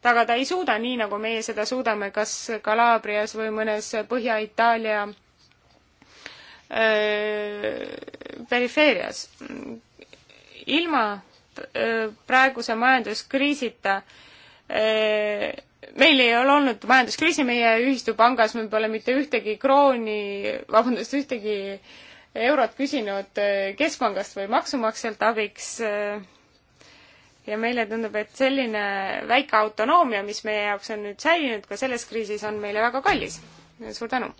tagada ei suuda, nii nagu meie seda suudame, kas Kalabrias või mõnes Põhja-Itaalia perifeerias. ilma praeguse majanduskriisita meil ei ole olnud majanduskriisi meie ühistupangas, me pole mitte ühtegi krooni, vabandust, ühtegi eurot küsinud keskpangast või maksumaksjalt abiks ja meile tundub, et selline väike autonoomia, mis meie jaoks on nüüd säilinud ka selles kriisis, on meile väga kallis. suur tänu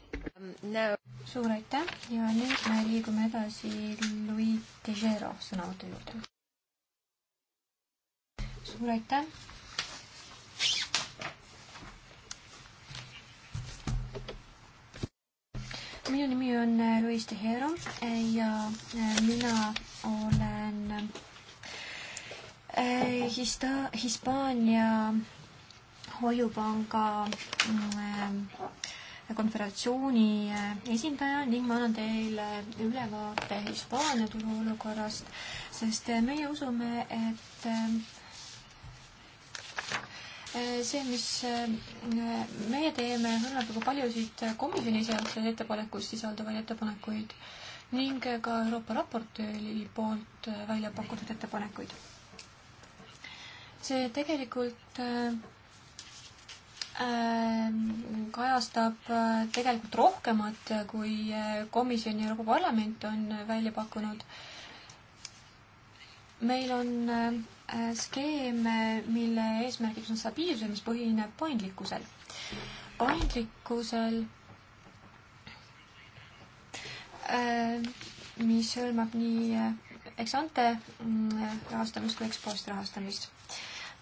no.! suur aitäh ja nüüd me liigume edasi Louis Tejero sõnavõtu juurde. suur aitäh! minu nimi on Louis Tejero ja mina olen Äh, Hista-, Hispaania hoiupanga mm, äh, konföderatsiooni äh, esindaja ning ma annan teile ülevaate Hispaania turuolukorrast, sest meie usume, et see, mis meie teeme, hõlmab juba paljusid komisjoni seaduses ettepanekus sisalduvaid ettepanekuid ning ka Euroopa raportööri poolt välja pakutud ettepanekuid see tegelikult äh, äh, kajastab äh, tegelikult rohkemat, kui komisjon ja Euroopa Parlament on välja pakkunud. meil on skeem, mille eesmärgiks on stabiilsus, mis põhineb paindlikkusel. paindlikkusel, mis hõlmab nii ex ante mm, rahastamist kui ex post rahastamist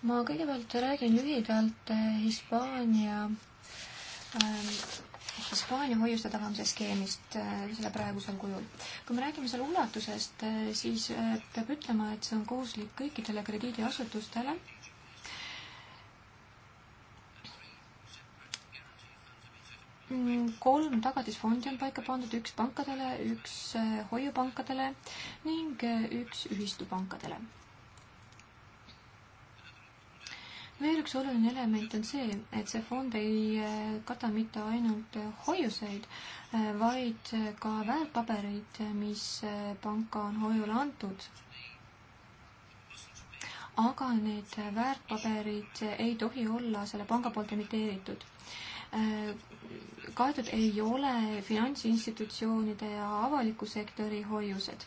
ma kõigepealt räägin lühidalt eh, Hispaania ähm, Hispaania hoiuste tagamise skeemist eh, selle praegusel kujul. kui me räägime selle ulatusest, eh, siis peab ütlema, et see on kohustuslik kõikidele krediidiasutustele. Mm, kolm tagatisfondi on paika pandud, üks pankadele, üks hoiupankadele ning üks ühistupankadele veel üks oluline element on see, et see fond ei eh, kata mitte ainult eh, hoiuseid, eh, vaid ka väärtpabereid, mis panka on hoiule antud. aga need väärtpaberid ei tohi olla selle panga poolt emiteeritud kaetud ei ole finantsinstitutsioonide ja avaliku sektori hoiused.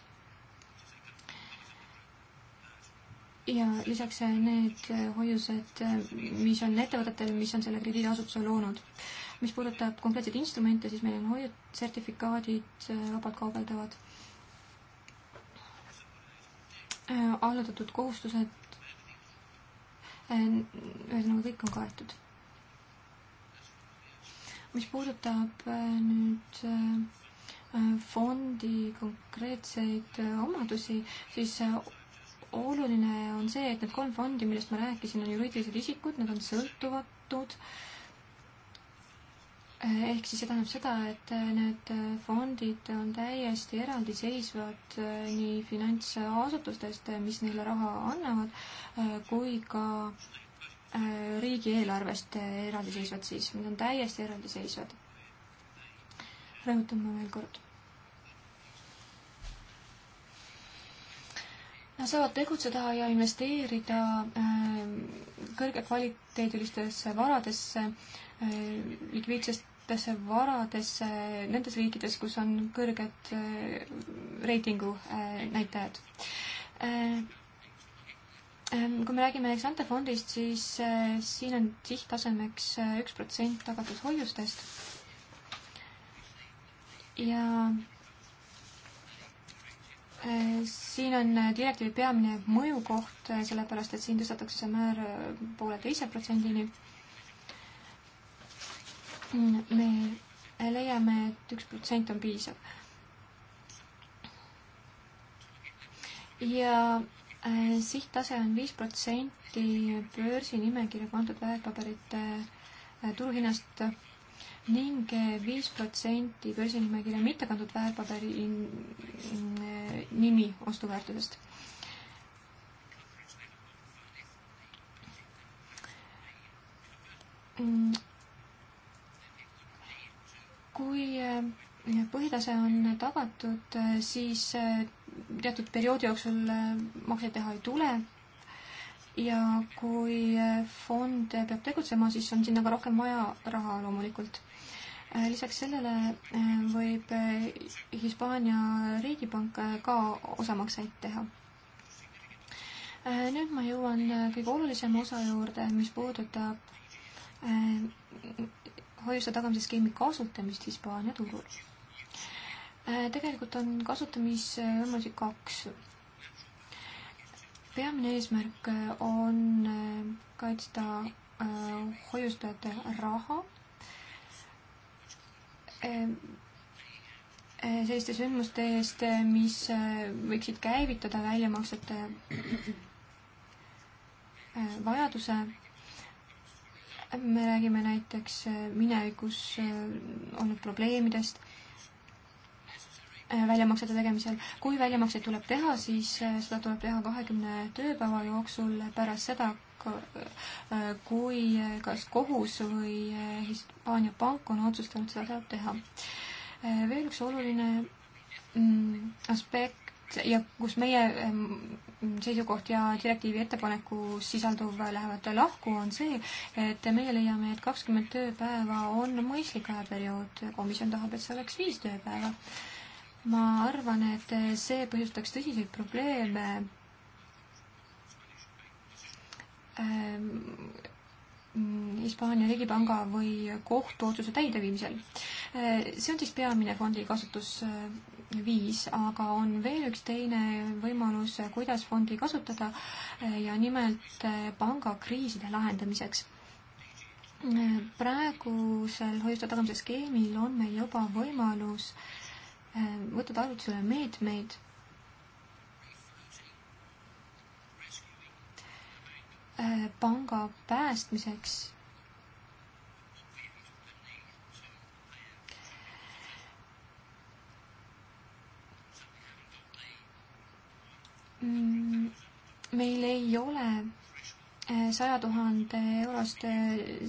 ja lisaks äh, need äh, hoiused, äh, mis on ettevõtetel, mis on selle krediidiasutuse loonud. mis puudutab konkreetseid instrumente, siis meil on hoiud, sertifikaadid, vabalt kaubeldavad, allutatud kohustused, ühesõnaga kõik on kaetud. mis puudutab nüüd fondi konkreetseid omadusi, siis oluline on see, et need kolm fondi, millest ma rääkisin, on juriidilised isikud, nad on sõltuvatud. ehk siis see tähendab seda, et need fondid on täiesti eraldiseisvad äh, nii finantsasutustest, äh, mis neile raha annavad, äh, kui ka riigieelarvest eraldiseisvad siis, nad on täiesti eraldiseisvad. rõhutan ma veel kord Nad saavad tegutseda ja investeerida ähm, kõrgekvaliteedilistesse varadesse, äh, likviidsetesse varadesse nendes riikides, kus on kõrged äh, reitingu äh, näitajad ähm, kui me räägime Exante fondist, siis siin on sihttasemeks üks protsent tagatud hoiustest. ja Äh, siin on äh, direktiivi peamine mõjukoht, äh, sellepärast et siin tõstetakse see määr pooleteise protsendini. Mm, me leiame, et üks protsent on piisav. ja sihttase on viis protsenti börsinimekirja pandud väärtpaberite turuhinnast ning viis protsenti börsinimekirja mittekantud väärtpaberi nimi ostuväärtusest. kui äh, põhitase on tagatud, äh, siis äh, teatud perioodi jooksul makseid teha ei tule ja kui fond peab tegutsema, siis on sinna ka rohkem vaja raha loomulikult. Äh, lisaks sellele äh, võib äh, Hispaania riigipank ka osamakseid teha. nüüd ma jõuan kõige olulisema osa juurde, mis puudutab hoiuste tagamise skeemi kasutamist Hispaania turul. tegelikult on kasutamisvõimalusi kaks peamine eesmärk äh, on äh, kaitsta äh, hoiustajate raha selliste sündmuste eest, mis võiksid käivitada väljamaksete vajaduse. me räägime näiteks minevikus olnud probleemidest Äh, väljamaksete tegemisel. kui väljamakseid tuleb teha, siis äh, seda tuleb teha kahekümne tööpäeva jooksul pärast seda, äh, kui kas kohus või Hispaania pank on otsustanud seda tuleb teha. veel üks oluline mm, aspekt ja kus meie ähm, seisukoht ja direktiivi ettepanekus sisalduv lähevad lahku, on see, et meie leiame, et kakskümmend tööpäeva on mõistlik ajaperiood. komisjon tahab, et see oleks viis tööpäeva ma arvan, et see põhjustaks tõsiseid probleeme ehm, Hispaania riigipanga või kohtuotsuse täideviimisel. Ehm, see on siis peamine fondi kasutusviis, aga on veel üks teine võimalus, kuidas fondi kasutada ehm, ja nimelt pangakriiside lahendamiseks. praegusel hoiuste tagamise skeemil on meil juba võimalus äh, Ähm, võtnud arvutusele meetmeid, äh, panga päästmiseks mm, meil ei ole äh, saja tuhande eurost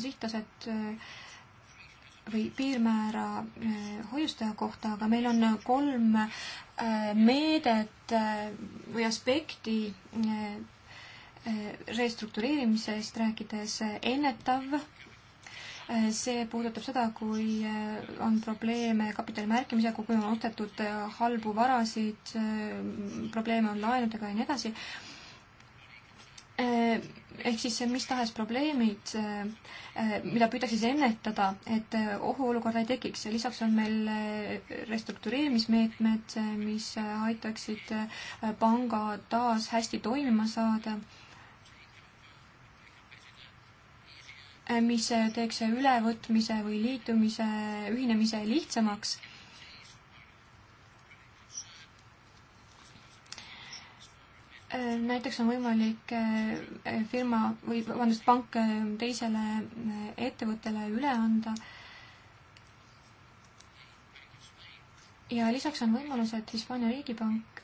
sihttaset äh, äh või piirmäära eh, hoiustaja kohta, aga meil on kolm eh, meedet eh, või aspekti restruktureerimisest rääkides ennetav, see puudutab seda, kui on probleeme kapitali märkimisega, kui on ostetud halbu varasid, probleeme on laenudega ja nii edasi ehk siis mis tahes probleemid, eh, eh, mida püütakse siis ennetada, et eh, ohuolukorda ei tekiks. lisaks on meil restruktureerimismeetmed, mis aitaksid panga taas hästi toimima saada, mis teeks ülevõtmise või liitumise, ühinemise lihtsamaks Äh, näiteks on võimalik äh, äh, firma või vabandust, pank teisele ettevõttele üle anda. ja lisaks on võimalus, et Hispaania riigipank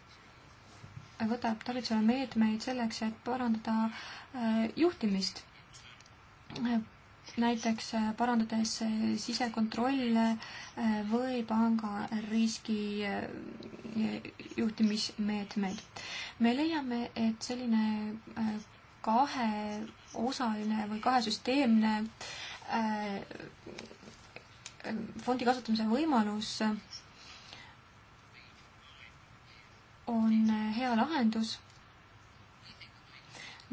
võtab tarvitusele meetmeid selleks, et parandada juhtimist näiteks äh, parandades äh, sisekontrolle äh, või panga riski juhtimismeetmeid. me leiame, et selline kaheosaline või kahesüsteemne fondi kasutamise võimalus on hea lahendus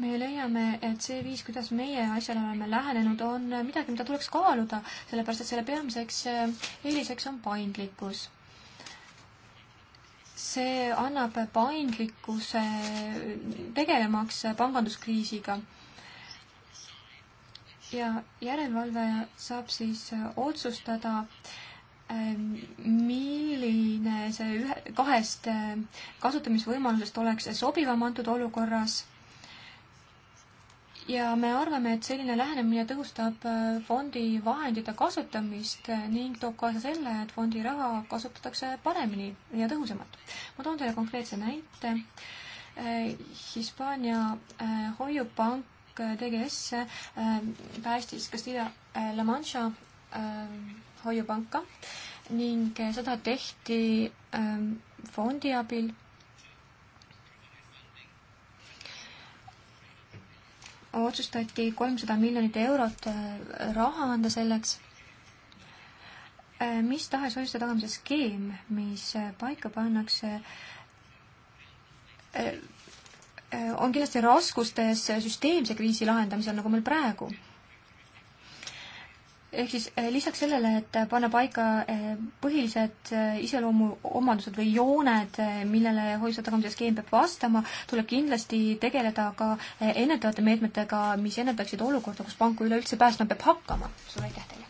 me leiame, et see viis, kuidas meie asjale oleme lähenenud, on midagi, mida tuleks kaaluda, sellepärast et selle peamiseks eh, eeliseks on paindlikkus. see annab paindlikkuse eh, tegelemaks panganduskriisiga ja järelevalve saab siis eh, otsustada, milline see ühe, kahest kasutamisvõimalusest oleks sobivam antud olukorras ja me arvame, et selline lähenemine tõhustab äh, fondi vahendite kasutamist äh, ning toob kaasa selle, et fondi raha kasutatakse paremini ja tõhusamalt. ma toon teile konkreetse näite. Äh, Hispaania hoiupank TGS päästis Castilla La Mancha hoiupanka ning seda tehti fondi abil otsustati kolmsada miljonit eurot äh, raha anda selleks. Äh, mis tahes hoiuste tagamise skeem, mis äh, paika pannakse, on kindlasti raskustes süsteemse kriisi lahendamisel, nagu meil praegu ehk siis eh, lisaks sellele, et eh, panna paika eh, põhilised iseloomuomadused või jooned, millele hoiuste tagamise skeem peab vastama, tuleb kindlasti tegeleda ka ennetavate meetmetega, mis ennetaksid olukorda, kus panku üleüldse päästma peab hakkama. suur aitäh teile!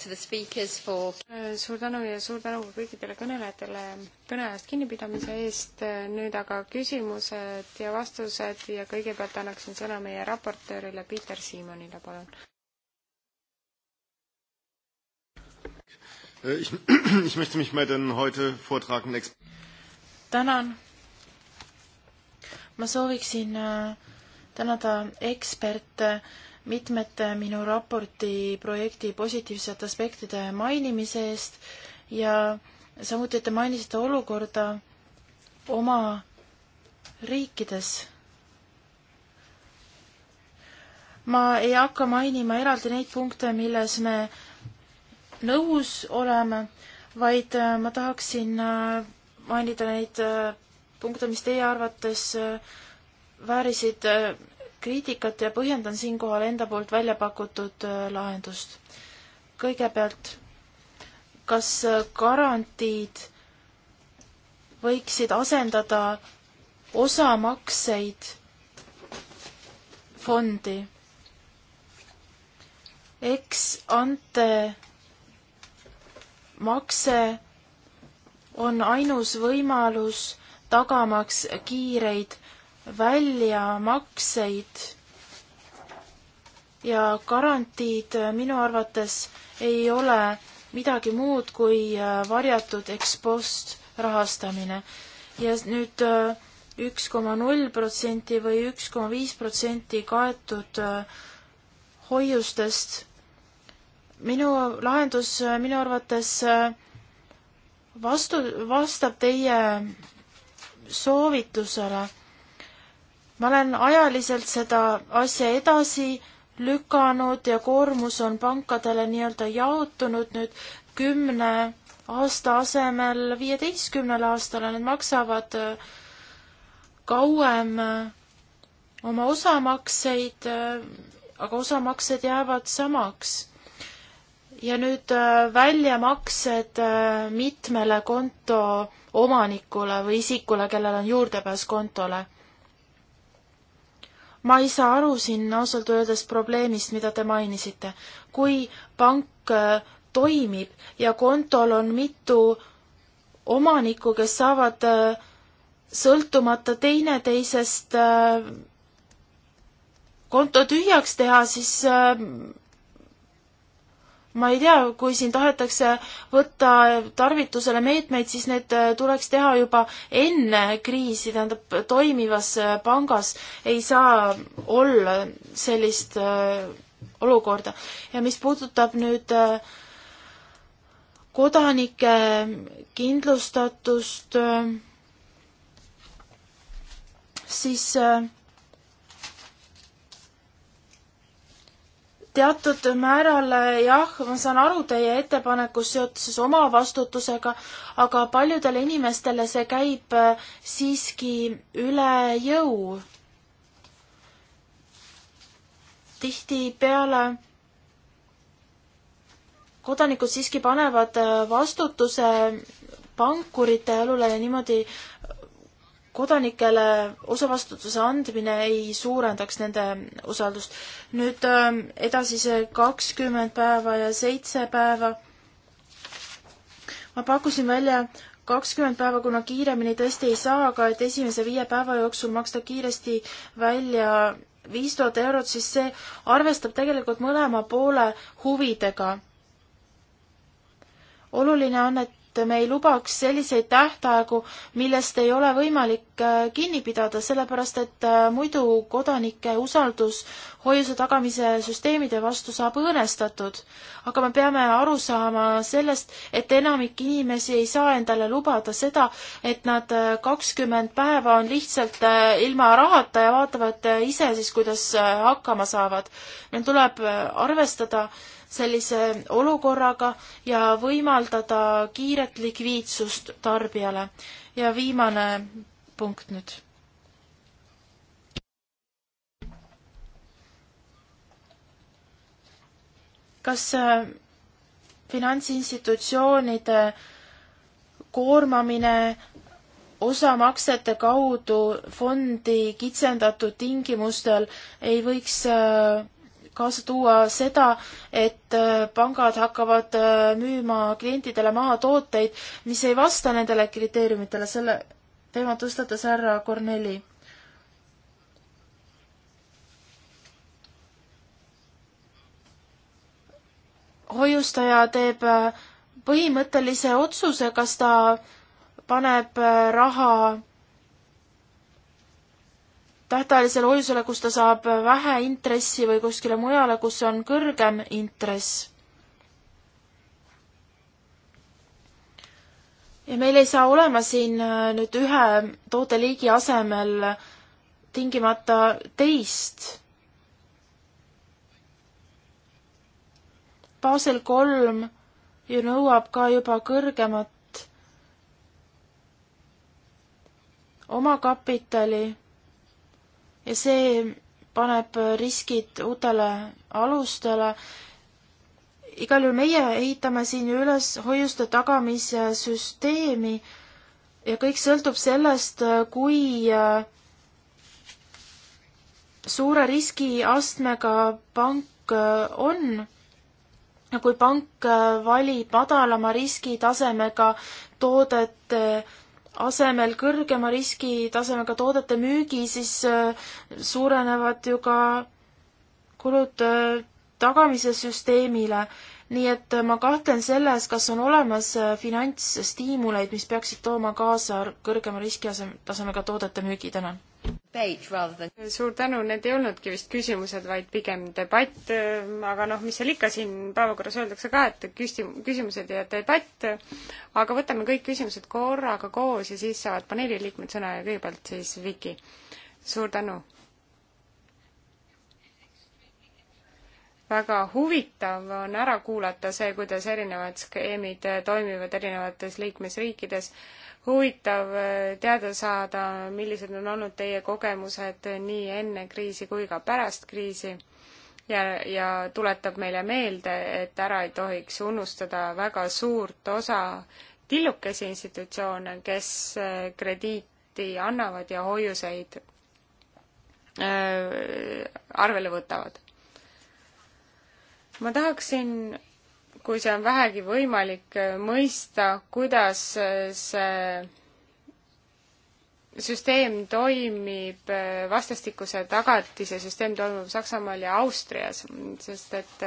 suur tänu ja suur tänu ka kõikidele kõnelejatele kõneajast kinnipidamise eest. nüüd aga küsimused ja vastused ja kõigepealt annaksin sõna meie raportöörile Peter Siimonile, palun Äh, ich, ich möchte mich bei den heute vortragenden Experten. Tänan. Ma sooviksin äh, tänada eksperte mitmete minu raporti projekti positiivsete aspektide mainimise eest ja samuti, et te mainisite olukorda oma riikides. ma ei hakka mainima eraldi neid punkte, milles me nõus oleme, vaid äh, ma tahaksin äh, mainida neid äh, punkte, mis teie arvates väärisid kriitikat ja põhjendan siinkohal enda poolt välja pakutud lahendust. kõigepealt, kas garantiid võiksid asendada osamakseid fondi? eks ante makse on ainus võimalus tagamaks kiireid väljamakseid ja garantiid minu arvates ei ole midagi muud kui äh, varjatud ekspost rahastamine ja nüüd äh, üks koma null protsenti või üks koma viis protsenti kaetud äh, hoiustest minu lahendus minu arvates äh, vastu, vastab teie soovitusele. ma olen ajaliselt seda asja edasi lükanud ja koormus on pankadele nii-öelda jaotunud nüüd kümne aasta asemel viieteistkümnele aastale, nad maksavad äh, kauem äh, oma osamakseid, aga osamaksed jäävad samaks ja nüüd äh, väljamaksed äh, mitmele konto omanikule või isikule, kellel on juurdepääs kontole. ma ei saa aru siin ausalt öeldes probleemist, mida te mainisite. kui pank äh, toimib ja kontol on mitu omanikku, kes saavad sõltumata teineteisest konto tühjaks teha, siis ma ei tea, kui siin tahetakse võtta tarvitusele meetmeid, siis need äh, tuleks teha juba enne kriisi, tähendab, toimivas äh, pangas ei saa olla sellist äh, olukorda. ja mis puudutab nüüd kodanike kindlustatust, siis äh, teatud määral jah, ma saan aru teie ettepanekust seoses omavastutusega, aga paljudele inimestele see käib äh, siiski üle jõu. tihtipeale kodanikud siiski panevad äh, vastutuse pankurite õlule ja niimoodi kodanikele osavastutuse andmine ei suurendaks nende usaldust. nüüd ähm, edasi see kakskümmend päeva ja seitse päeva. ma pakkusin välja kakskümmend päeva, kuna kiiremini tõesti ei saa, aga et esimese viie päeva jooksul maksta kiiresti välja viis tuhat eurot, siis see arvestab tegelikult mõlema poole huvidega. oluline on, et et me ei lubaks selliseid tähtaegu, millest ei ole võimalik äh, kinni pidada, sellepärast et äh, muidu kodanike usaldus hoiuse tagamise süsteemide vastu saab õõnestatud. aga me peame aru saama sellest, et enamik inimesi ei saa endale lubada seda, et nad äh, kakskümmend päeva on lihtsalt ilma rahata ja vaatavad ise siis, kuidas hakkama saavad. meil tuleb arvestada sellise olukorraga ja võimaldada kiiret likviidsust tarbijale. ja viimane punkt nüüd. kas äh, finantsinstitutsioonide koormamine osamaksete kaudu fondi kitsendatud tingimustel ei võiks äh, kaasa tuua seda, et äh, pangad hakkavad äh, müüma klientidele maatooteid, mis ei vasta nendele kriteeriumitele, selle teema tõstatas härra Korneli. hoiustaja teeb äh, põhimõttelise otsuse, kas ta paneb raha tähtajalisele hoiusele, kus ta saab vähe intressi või kuskile mujale, kus on kõrgem intress. ja meil ei saa olema siin äh, nüüd ühe tooteliigi asemel tingimata teist. Basel kolm ju nõuab ka juba kõrgemat omakapitali ja see paneb riskid uutele alustele. igal juhul meie ehitame siin ju üles hoiuste tagamise süsteemi ja kõik sõltub sellest, kui äh, suure riskiastmega pank äh, on. kui pank äh, valib madalama riskitasemega toodete asemel kõrgema riskitasemega toodete müügi, siis äh, suurenevad ju ka kulud äh, tagamise süsteemile nii et äh, ma kahtlen selles, kas on olemas äh, finantsstiimuleid, mis peaksid tooma kaasa kõrgema riskitasemega toodete müügi, tänan. suur tänu, need ei olnudki vist küsimused, vaid pigem debatt, äh, aga noh, mis seal ikka siin päevakorras öeldakse ka, et küsi-, küsimused ja debatt, aga võtame kõik küsimused korraga koos ja siis saavad paneeli liikmed sõna ja kõigepealt siis Viki. suur tänu väga huvitav on ära kuulata see, kuidas erinevad skeemid toimivad erinevates liikmesriikides. huvitav eh, teada saada, millised on olnud teie kogemused nii enne kriisi kui ka pärast kriisi ja, ja tuletab meile meelde, et ära ei tohiks unustada väga suurt osa tillukesi institutsioone, kes eh, krediiti annavad ja hoiuseid öö, eh, arvele võtavad ma tahaksin, kui see on vähegi võimalik, mõista, kuidas see süsteem toimib, vastastikuse tagatise süsteem toimub Saksamaal ja Austrias, sest et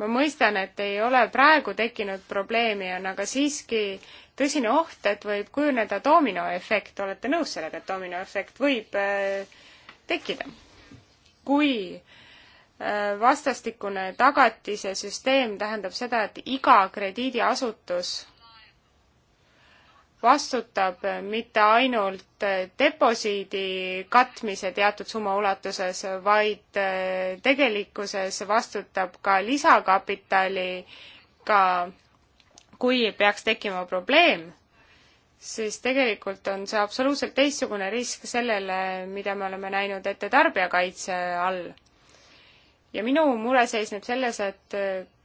ma mõistan, et ei ole praegu tekkinud probleemi, on aga siiski tõsine oht, et võib kujuneda dominoefekt, olete nõus sellega, et dominoefekt võib äh, tekkida? kui äh, vastastikune tagatise süsteem tähendab seda, et iga krediidiasutus vastutab mitte ainult äh, deposiidi katmise teatud summa ulatuses, vaid äh, tegelikkuses vastutab ka lisakapitaliga, kui peaks tekkima probleem siis tegelikult on see absoluutselt teistsugune risk sellele, mida me oleme näinud ette tarbijakaitse all. ja minu mure seisneb selles, et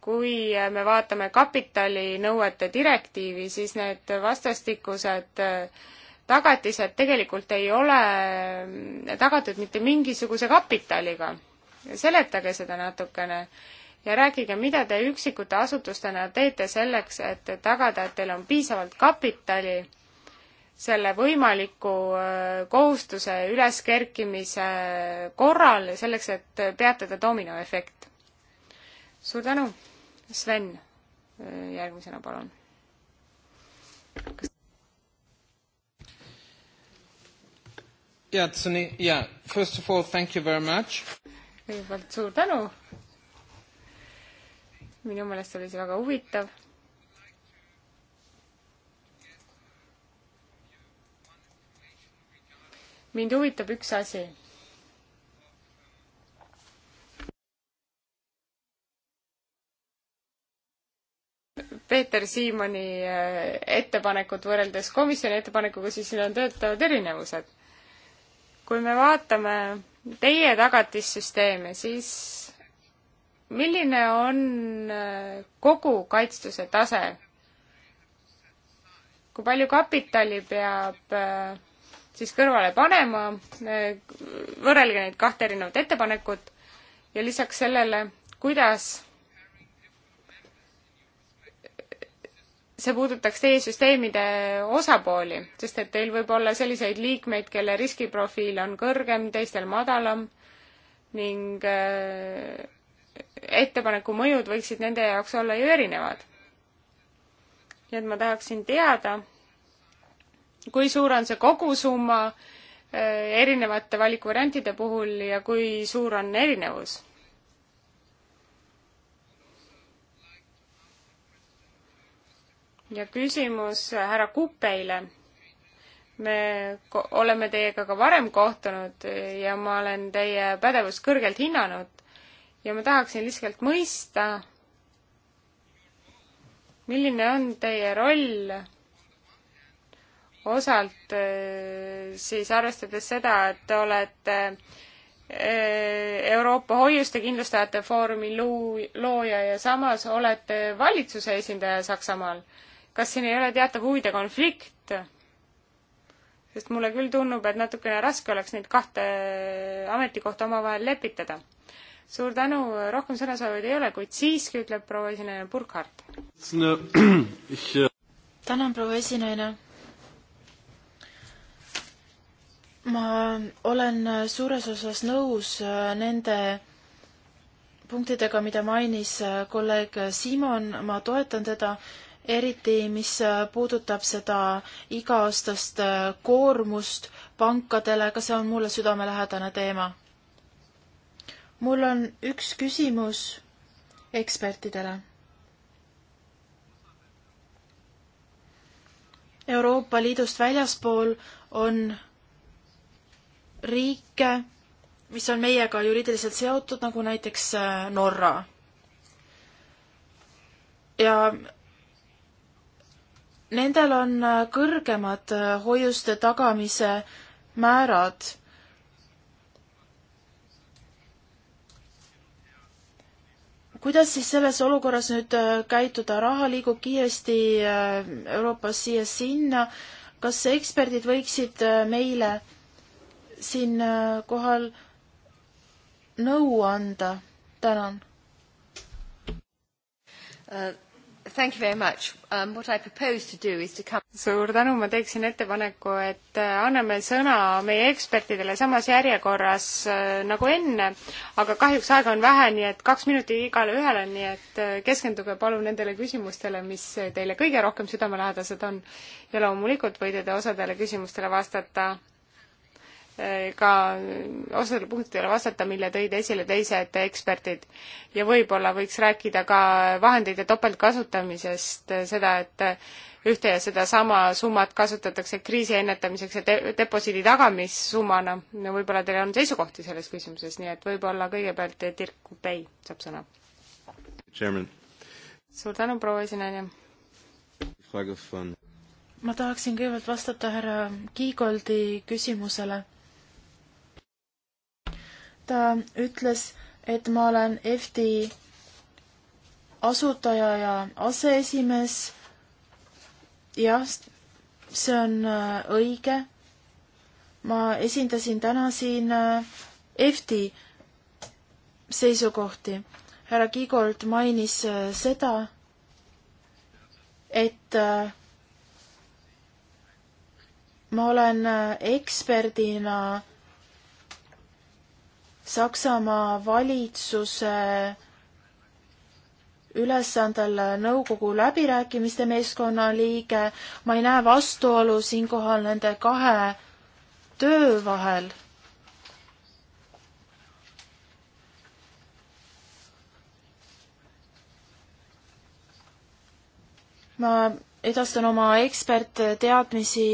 kui me vaatame kapitalinõuete direktiivi, siis need vastastikused tagatised tegelikult ei ole tagatud mitte mingisuguse kapitaliga. seletage seda natukene ja rääkige, mida te üksikute asutustena teete selleks, et tagada, et teil on piisavalt kapitali selle võimaliku äh, kohustuse üleskerkimise korral, selleks et peatada dominoefekt. suur tänu, Sven, äh, järgmisena palun. jaa, Tsuni, jaa, first of all thank you very much. kõigepealt suur tänu. minu meelest oli see väga huvitav mind huvitab üks asi. Peeter Siimoni äh, ettepanekut võrreldes komisjoni ettepanekuga, siis siin on töötavad erinevused. kui me vaatame teie tagatissüsteemi, siis milline on äh, kogu kaitstuse tase? kui palju kapitali peab äh, siis kõrvale panema, eh, võrrelge neid kahte erinevat ettepanekut ja lisaks sellele, kuidas see puudutaks teie süsteemide osapooli, sest et teil võib olla selliseid liikmeid, kelle riskiprofiil on kõrgem, teistel madalam ning eh, ettepaneku mõjud võiksid nende jaoks olla ju erinevad. nii et ma tahaksin teada, kui suur on see kogusumma eh, erinevate valikuvariantide puhul ja kui suur on erinevus? ja küsimus eh, härra Kupeile. me oleme teiega ka varem kohtunud eh, ja ma olen teie pädevust kõrgelt hinnanud ja ma tahaksin lihtsalt mõista, milline on teie roll osalt eh, siis arvestades seda, et te olete eh, Euroopa Hoiuste Kindlustajate Foorumi looja ja samas olete valitsuse esindaja Saksamaal. kas siin ei ole teatav huvide konflikt? sest mulle küll tundub, et natukene raske oleks neid kahte ametikohta omavahel lepitada. suur tänu, rohkem sõnasoovid ei ole, kuid siiski ütleb proua esineja Burkhardt. Äh, äh, tänan, proua esineja ma olen suures osas nõus äh, nende punktidega, mida mainis äh, kolleeg Simon, ma toetan teda, eriti mis äh, puudutab seda iga-aastast koormust pankadele, ka see on mulle südamelähedane teema. mul on üks küsimus ekspertidele. Euroopa Liidust väljaspool on riike, mis on meiega juriidiliselt seotud, nagu näiteks äh, Norra. ja nendel on äh, kõrgemad äh, hoiuste tagamise määrad. kuidas siis selles olukorras nüüd käituda, raha liigub kiiresti Euroopast siia-sinna, kas eksperdid võiksid meile siinkohal äh, nõu anda. tänan uh,. Thank you very much um,. What I propose to do is to come suur tänu, ma teeksin ettepaneku, et äh, anname sõna meie ekspertidele samas järjekorras äh, nagu enne, aga kahjuks aega on vähe, nii et kaks minutit igale ühele, nii et keskenduge palun nendele küsimustele, mis teile kõige rohkem südamelähedased on. ja loomulikult võite te osadele küsimustele vastata ka osadele punktidele vastata, mille tõid esile teised eksperdid. ja võib-olla võiks rääkida ka vahendite topeltkasutamisest, seda, et ühte ja sedasama summat kasutatakse kriisi ennetamiseks ja te-, deposiidi tagamissummana. no võib-olla teil on seisukohti selles küsimuses, nii et võib-olla kõigepealt Dirk Kupei saab sõna. suur tänu, proua esinaine! ma tahaksin kõigepealt vastata härra Kiigoldi küsimusele ta ütles, et ma olen EFTi asutaja ja aseesimees. jah, see on äh, õige. ma esindasin täna siin EFTi äh, seisukohti. härra Kiigold mainis äh, seda, et ma olen eksperdina Saksamaa valitsuse ülesandel nõukogu läbirääkimiste meeskonna liige. ma ei näe vastuolu siinkohal nende kahe töö vahel. ma edastan oma ekspertteadmisi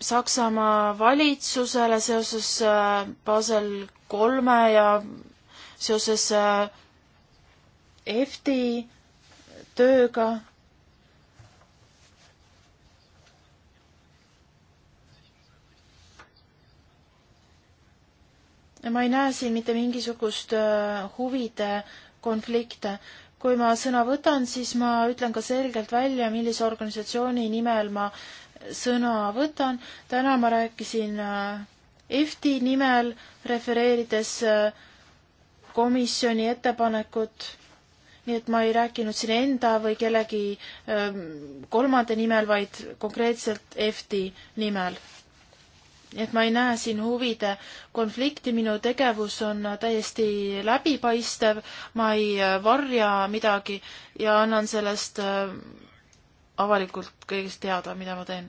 Saksamaa valitsusele seoses äh, Basel kolme ja seoses äh, EFTi tööga. ma ei näe siin mitte mingisugust äh, huvide konflikte. kui ma sõna võtan, siis ma ütlen ka selgelt välja, millise organisatsiooni nimel ma äh, sõna võtan. täna ma rääkisin EFTi äh, nimel, refereerides äh, komisjoni ettepanekut, nii et ma ei rääkinud siin enda või kellegi ähm, kolmanda nimel, vaid konkreetselt EFTi nimel. nii et ma ei näe siin huvide konflikti, minu tegevus on täiesti läbipaistev, ma ei äh, varja midagi ja annan sellest avalikult kõigest teada, mida ma teen.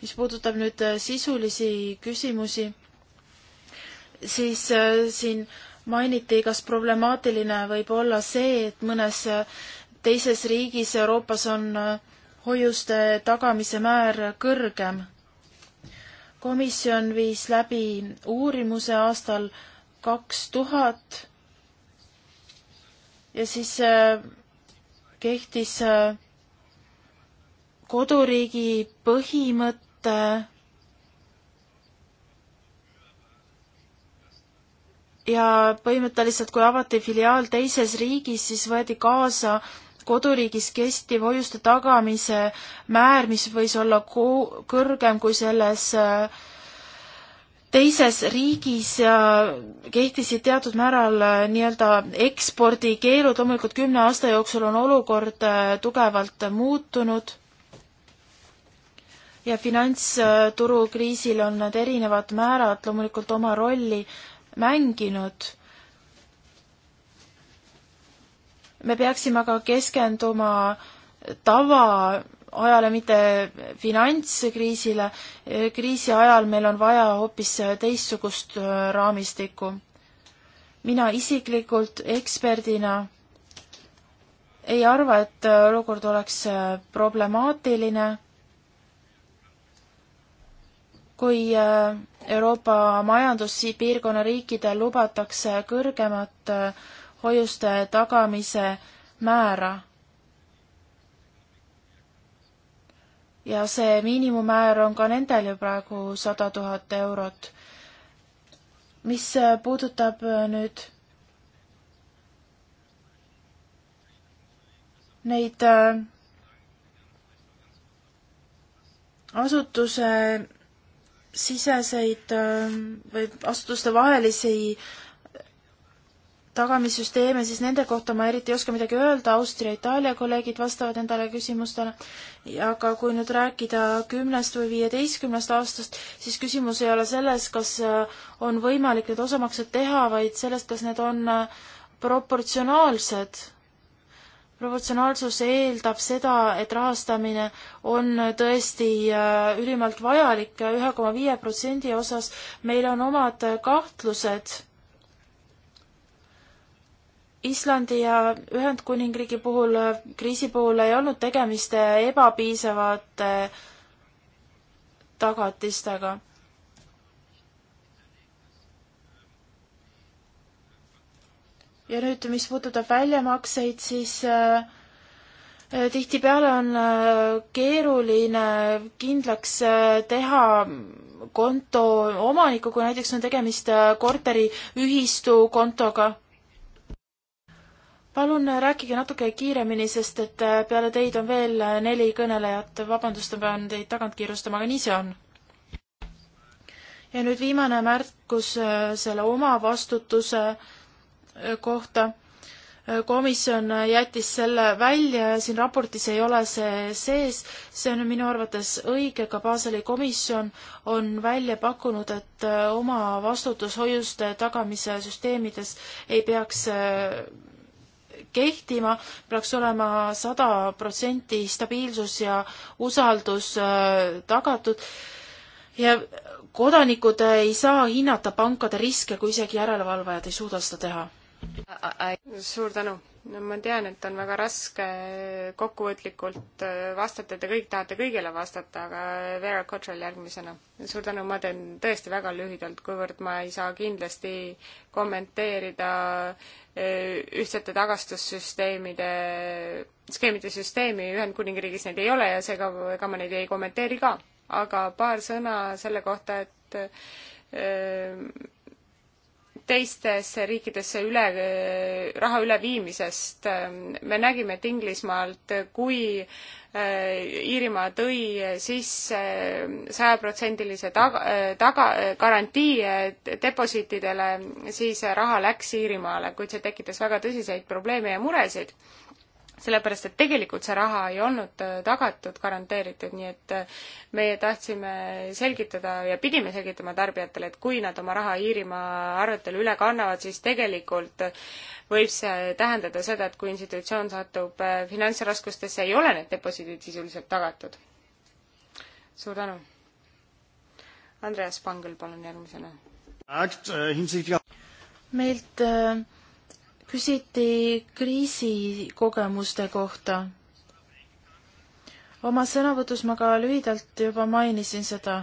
mis puudutab nüüd äh, sisulisi küsimusi, siis äh, siin mainiti, kas problemaatiline võib olla see, et mõnes äh, teises riigis Euroopas on hoiuste tagamise määr kõrgem. komisjon viis läbi uurimuse aastal kaks tuhat ja siis kehtis koduriigi põhimõte ja põhimõtteliselt, kui avati filiaal teises riigis, siis võeti kaasa koduriigis kestiv hoiuste tagamise määr, mis võis olla kõrgem kui selles äh, teises riigis ja kehtisid teatud määral äh, nii-öelda ekspordikeelud, loomulikult kümne aasta jooksul on olukord äh, tugevalt muutunud ja finantsturu kriisil on need erinevad määrad loomulikult oma rolli mänginud. me peaksime aga keskenduma tavaajale, mitte finantskriisile. kriisi ajal meil on vaja hoopis teistsugust raamistikku. mina isiklikult eksperdina ei arva, et olukord oleks problemaatiline kui äh, Euroopa majanduspiirkonna riikidel lubatakse kõrgemat äh, hoiuste tagamise määra. ja see miinimummäär on ka nendel ju praegu sada tuhat eurot. mis äh, puudutab nüüd neid asutuse siseseid ähm, või asutuste vahelisi äh, tagamissüsteeme, siis nende kohta ma eriti ei oska midagi öelda, Austria, Itaalia kolleegid vastavad endale küsimustele, aga kui nüüd rääkida kümnest või viieteistkümnest aastast, siis küsimus ei ole selles, kas äh, on võimalik need osamaksed teha, vaid sellest, kas need on äh, proportsionaalsed proportsionaalsus eeldab seda, et rahastamine on tõesti äh, ülimalt vajalik ühe koma viie protsendi osas, meil on omad kahtlused. Islandi ja Ühendkuningriigi puhul, äh, kriisi puhul ei olnud tegemist äh, ebapiisavate tagatistega ja nüüd, mis puudutab väljamakseid, siis äh, äh, tihtipeale on äh, keeruline kindlaks teha konto omanikku, kui näiteks on tegemist korteriühistu kontoga. palun rääkige natuke kiiremini, sest et peale teid on veel neli kõnelejat, vabandust, ma pean teid tagant kiirustama, aga nii see on ja nüüd viimane märkus selle omavastutuse kohta. komisjon jättis selle välja ja siin raportis ei ole see sees, see on minu arvates õige, ka Baseli komisjon on välja pakkunud, et oma vastutushoiuste tagamise süsteemides ei peaks äh, kehtima, peaks olema sada protsenti stabiilsus ja usaldus äh, tagatud ja kodanikud ei saa hinnata pankade riske, kui isegi järelevalvajad ei suuda seda teha suur tänu. no ma tean, et on väga raske kokkuvõtlikult äh, vastata, te kõik tahate kõigile vastata, aga Vera Kotrel järgmisena. suur tänu, ma teen tõesti väga lühidalt, kuivõrd ma ei saa kindlasti kommenteerida äh, ühtsete tagastussüsteemide, skeemide süsteemi Ühendkuningriigis neid ei ole ja seega ega ma neid ei kommenteeri ka. aga paar sõna selle kohta, et öö, äh, teistesse riikidesse üle, raha üleviimisest. me nägime, et Inglismaalt, kui äh, Iirimaa tõi sisse sajaprotsendilise taga, äh, taga, äh, garantii deposiitidele, siis raha läks Iirimaale, kuid see tekitas väga tõsiseid probleeme ja muresid sellepärast, et tegelikult see raha ei olnud äh, tagatud, garanteeritud, nii et äh, meie tahtsime selgitada ja pidime selgitama tarbijatele, et kui nad oma raha Iirimaa arvetele üle kannavad, siis tegelikult äh, võib see tähendada seda, et kui institutsioon satub finantsraskustesse, ei ole need deposiidid sisuliselt tagatud. suur tänu. Andreas Pangel, palun järgmisena. meilt äh küsiti kriisikogemuste kohta. oma sõnavõtus ma ka lühidalt juba mainisin seda.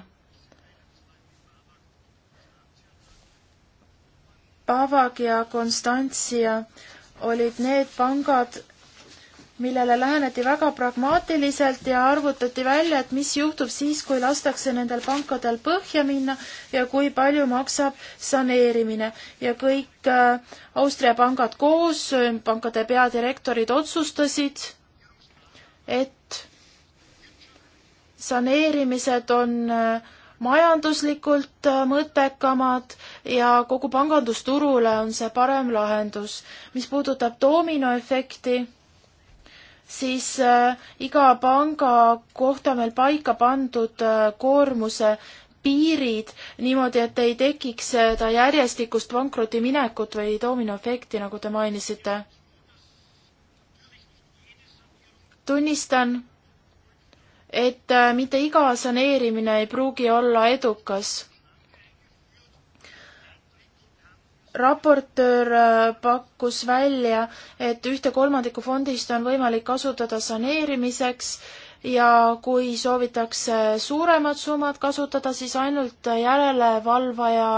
Pavag ja Konstantsia olid need pangad, millele läheneti väga pragmaatiliselt ja arvutati välja, et mis juhtub siis, kui lastakse nendel pankadel põhja minna ja kui palju maksab saneerimine. ja kõik äh, Austria pangad koos, äh, pankade peadirektorid otsustasid, et saneerimised on äh, majanduslikult mõttekamad ja kogu pangandusturule on see parem lahendus. mis puudutab dominoefekti, siis äh, iga panga kohta on meil paika pandud äh, koormuse piirid niimoodi, et ei tekiks seda järjestikust pankrotiminekut või dominoefekti, nagu te mainisite? tunnistan, et äh, mitte iga saneerimine ei pruugi olla edukas raportöör äh, pakkus välja, et ühte kolmandikku fondist on võimalik kasutada saneerimiseks ja kui soovitakse suuremad summad kasutada, siis ainult järelevalvaja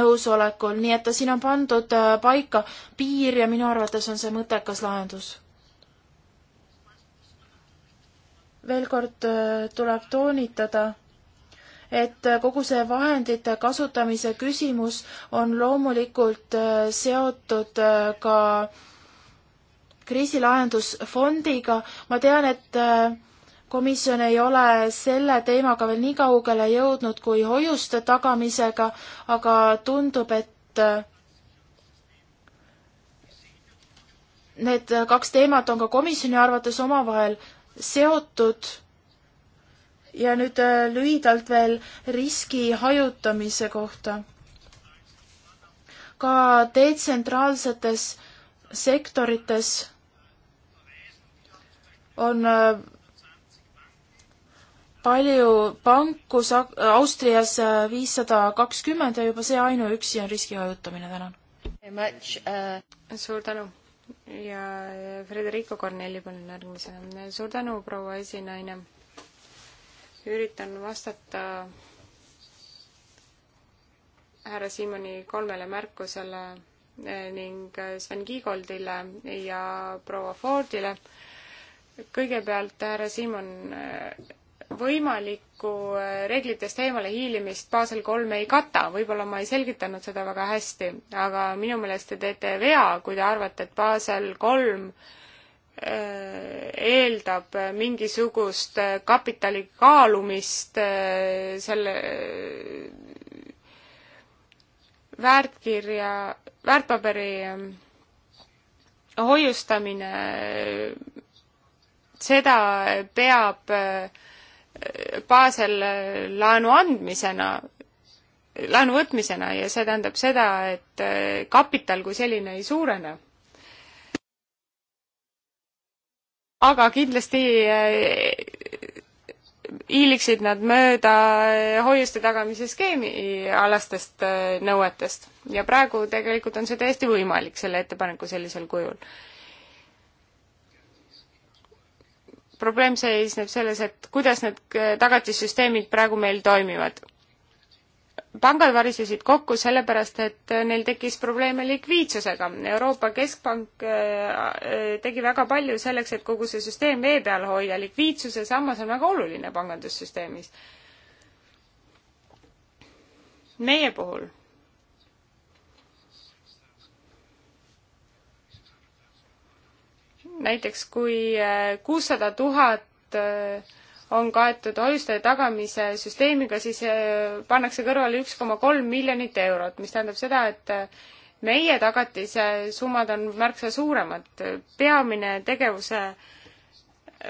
nõusolekul, nii et siin on pandud äh, paika piir ja minu arvates on see mõttekas lahendus. veel kord äh, tuleb toonitada et kogu see vahendite kasutamise küsimus on loomulikult äh, seotud äh, ka kriisilahendusfondiga. ma tean, et äh, komisjon ei ole selle teemaga veel nii kaugele jõudnud kui hoiuste tagamisega, aga tundub, et need kaks teemat on ka komisjoni arvates omavahel seotud ja nüüd äh, lühidalt veel riski hajutamise kohta. ka detsentraalsetes sektorites on äh, palju panku Sak-, Austrias äh, viissada kakskümmend ja juba see ainuüksi on riski hajutamine, tänan. suur tänu ja Frederico Corneli, palun järgmisena. suur tänu, proua esinaine üritan vastata härra Siimoni kolmele märkusele eh, ning eh, Sven Kiigoldile ja proua Fordile. kõigepealt härra Siimon, eh, võimalikku reeglitest eemale hiilimist Basel kolm ei kata, võib-olla ma ei selgitanud seda väga hästi, aga minu meelest te teete vea, kui te arvate, et Basel kolm 3 Äh, eeldab mingisugust kapitali kaalumist äh, selle äh, väärtkirja, väärtpaberi hoiustamine, seda peab baasel laenu andmisena, laenu võtmisena ja see tähendab seda, et kapital kui selline ei suurene aga kindlasti eh, hiiliksid nad mööda eh, hoiuste tagamise skeemi eh, alastest nõuetest ja praegu tegelikult on see täiesti võimalik, selle ettepaneku sellisel kujul. probleem seisneb selles, et kuidas need tagatissüsteemid praegu meil toimivad pangad varisesid kokku sellepärast, et neil tekkis probleeme likviidsusega. Euroopa Keskpank äh, äh, tegi väga palju selleks, et kogu see süsteem vee peal hoida. likviidsuse sammas on väga oluline pangandussüsteemis. meie puhul näiteks kui äh, kuussada tuhat on kaetud hoiuste tagamise süsteemiga, siis äh, pannakse kõrvale üks koma kolm miljonit eurot, mis tähendab seda, et äh, meie tagatise summad on märksa suuremad. peamine tegevuse äh,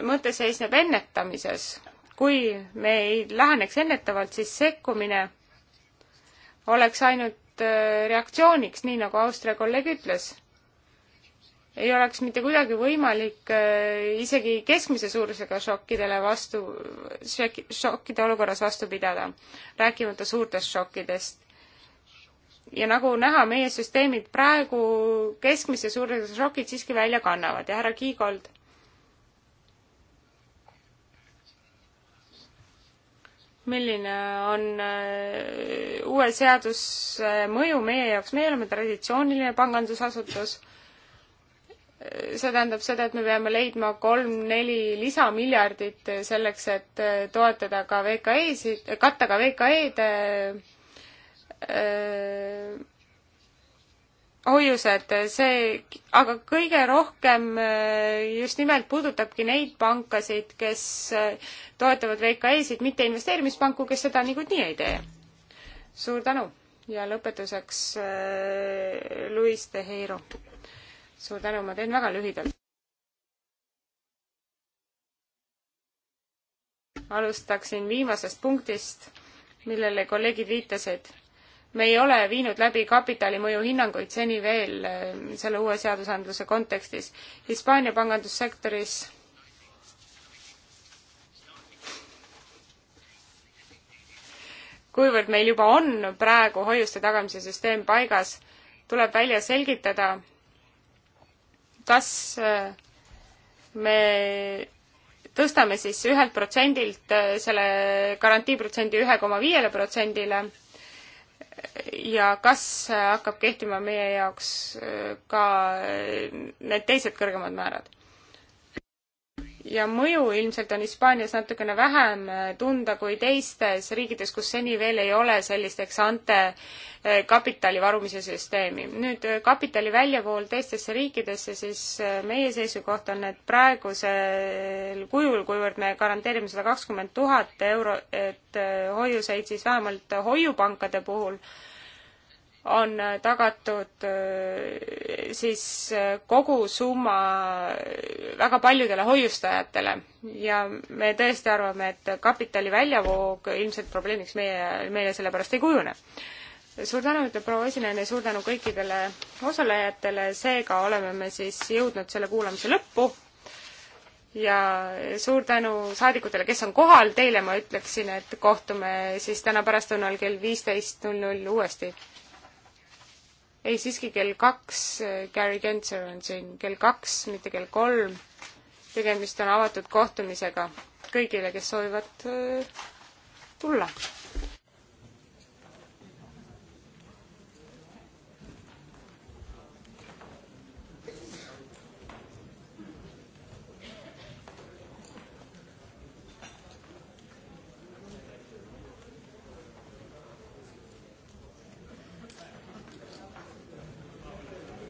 mõte seisneb ennetamises. kui me ei läheneks ennetavalt, siis sekkumine oleks ainult reaktsiooniks, nii nagu Austria kolleeg ütles ei oleks mitte kuidagi võimalik äh, isegi keskmise suurusega šokkidele vastu, šokkide olukorras vastu pidada, rääkimata suurtest šokkidest. ja nagu näha, meie süsteemid praegu keskmise suurusega šokid siiski välja kannavad ja härra Kiigold. milline on äh, uue seaduse mõju meie jaoks, meie oleme traditsiooniline pangandusasutus see tähendab seda, et me peame leidma kolm-neli lisamiljardit selleks, et äh, toetada ka VKE-sid, katta ka VKE-de äh, äh, hoiused, see, aga kõige rohkem äh, just nimelt puudutabki neid pankasid, kes toetavad VKE-sid, mitte investeerimispanku, kes seda niikuinii ei tee. suur tänu ja lõpetuseks äh, Luis de Heiro suur tänu, ma teen väga lühidalt. alustaksin viimasest punktist, millele kolleegid viitasid. me ei ole viinud läbi kapitali mõjuhinnanguid seni veel eh, selle uue seadusandluse kontekstis. Hispaania pangandussektoris kuivõrd meil juba on praegu hoiuste tagamise süsteem paigas, tuleb välja selgitada, kas äh, me tõstame siis ühelt protsendilt äh, selle garantiiprotsendi ühe koma viiele protsendile ja kas äh, hakkab kehtima meie jaoks ka need teised kõrgemad määrad? ja mõju ilmselt on Hispaanias natukene vähem äh, tunda kui teistes riikides, kus seni veel ei ole sellist eksante äh, kapitali varumise süsteemi. nüüd äh, kapitali väljavool teistesse riikidesse, siis meie seisukoht on, et praegusel kujul, kuivõrd me garanteerime sada kakskümmend tuhat eurot hoiuseid, siis vähemalt hoiupankade puhul on tagatud äh, siis äh, kogu summa äh, väga paljudele hoiustajatele ja me tõesti arvame, et kapitali väljavoog ilmselt probleemiks meie, meile sellepärast ei kujune. suur tänu, ütleb proua esineja, suur tänu kõikidele osalejatele, seega oleme me siis jõudnud selle kuulamise lõppu ja suur tänu saadikutele, kes on kohal, teile ma ütleksin, et kohtume siis täna pärastlõunal kell viisteist null null uuesti ei, siiski kell kaks, äh, Gary Gensler on siin, kell kaks, mitte kell kolm. tegemist on avatud kohtumisega kõigile, kes soovivad äh, tulla.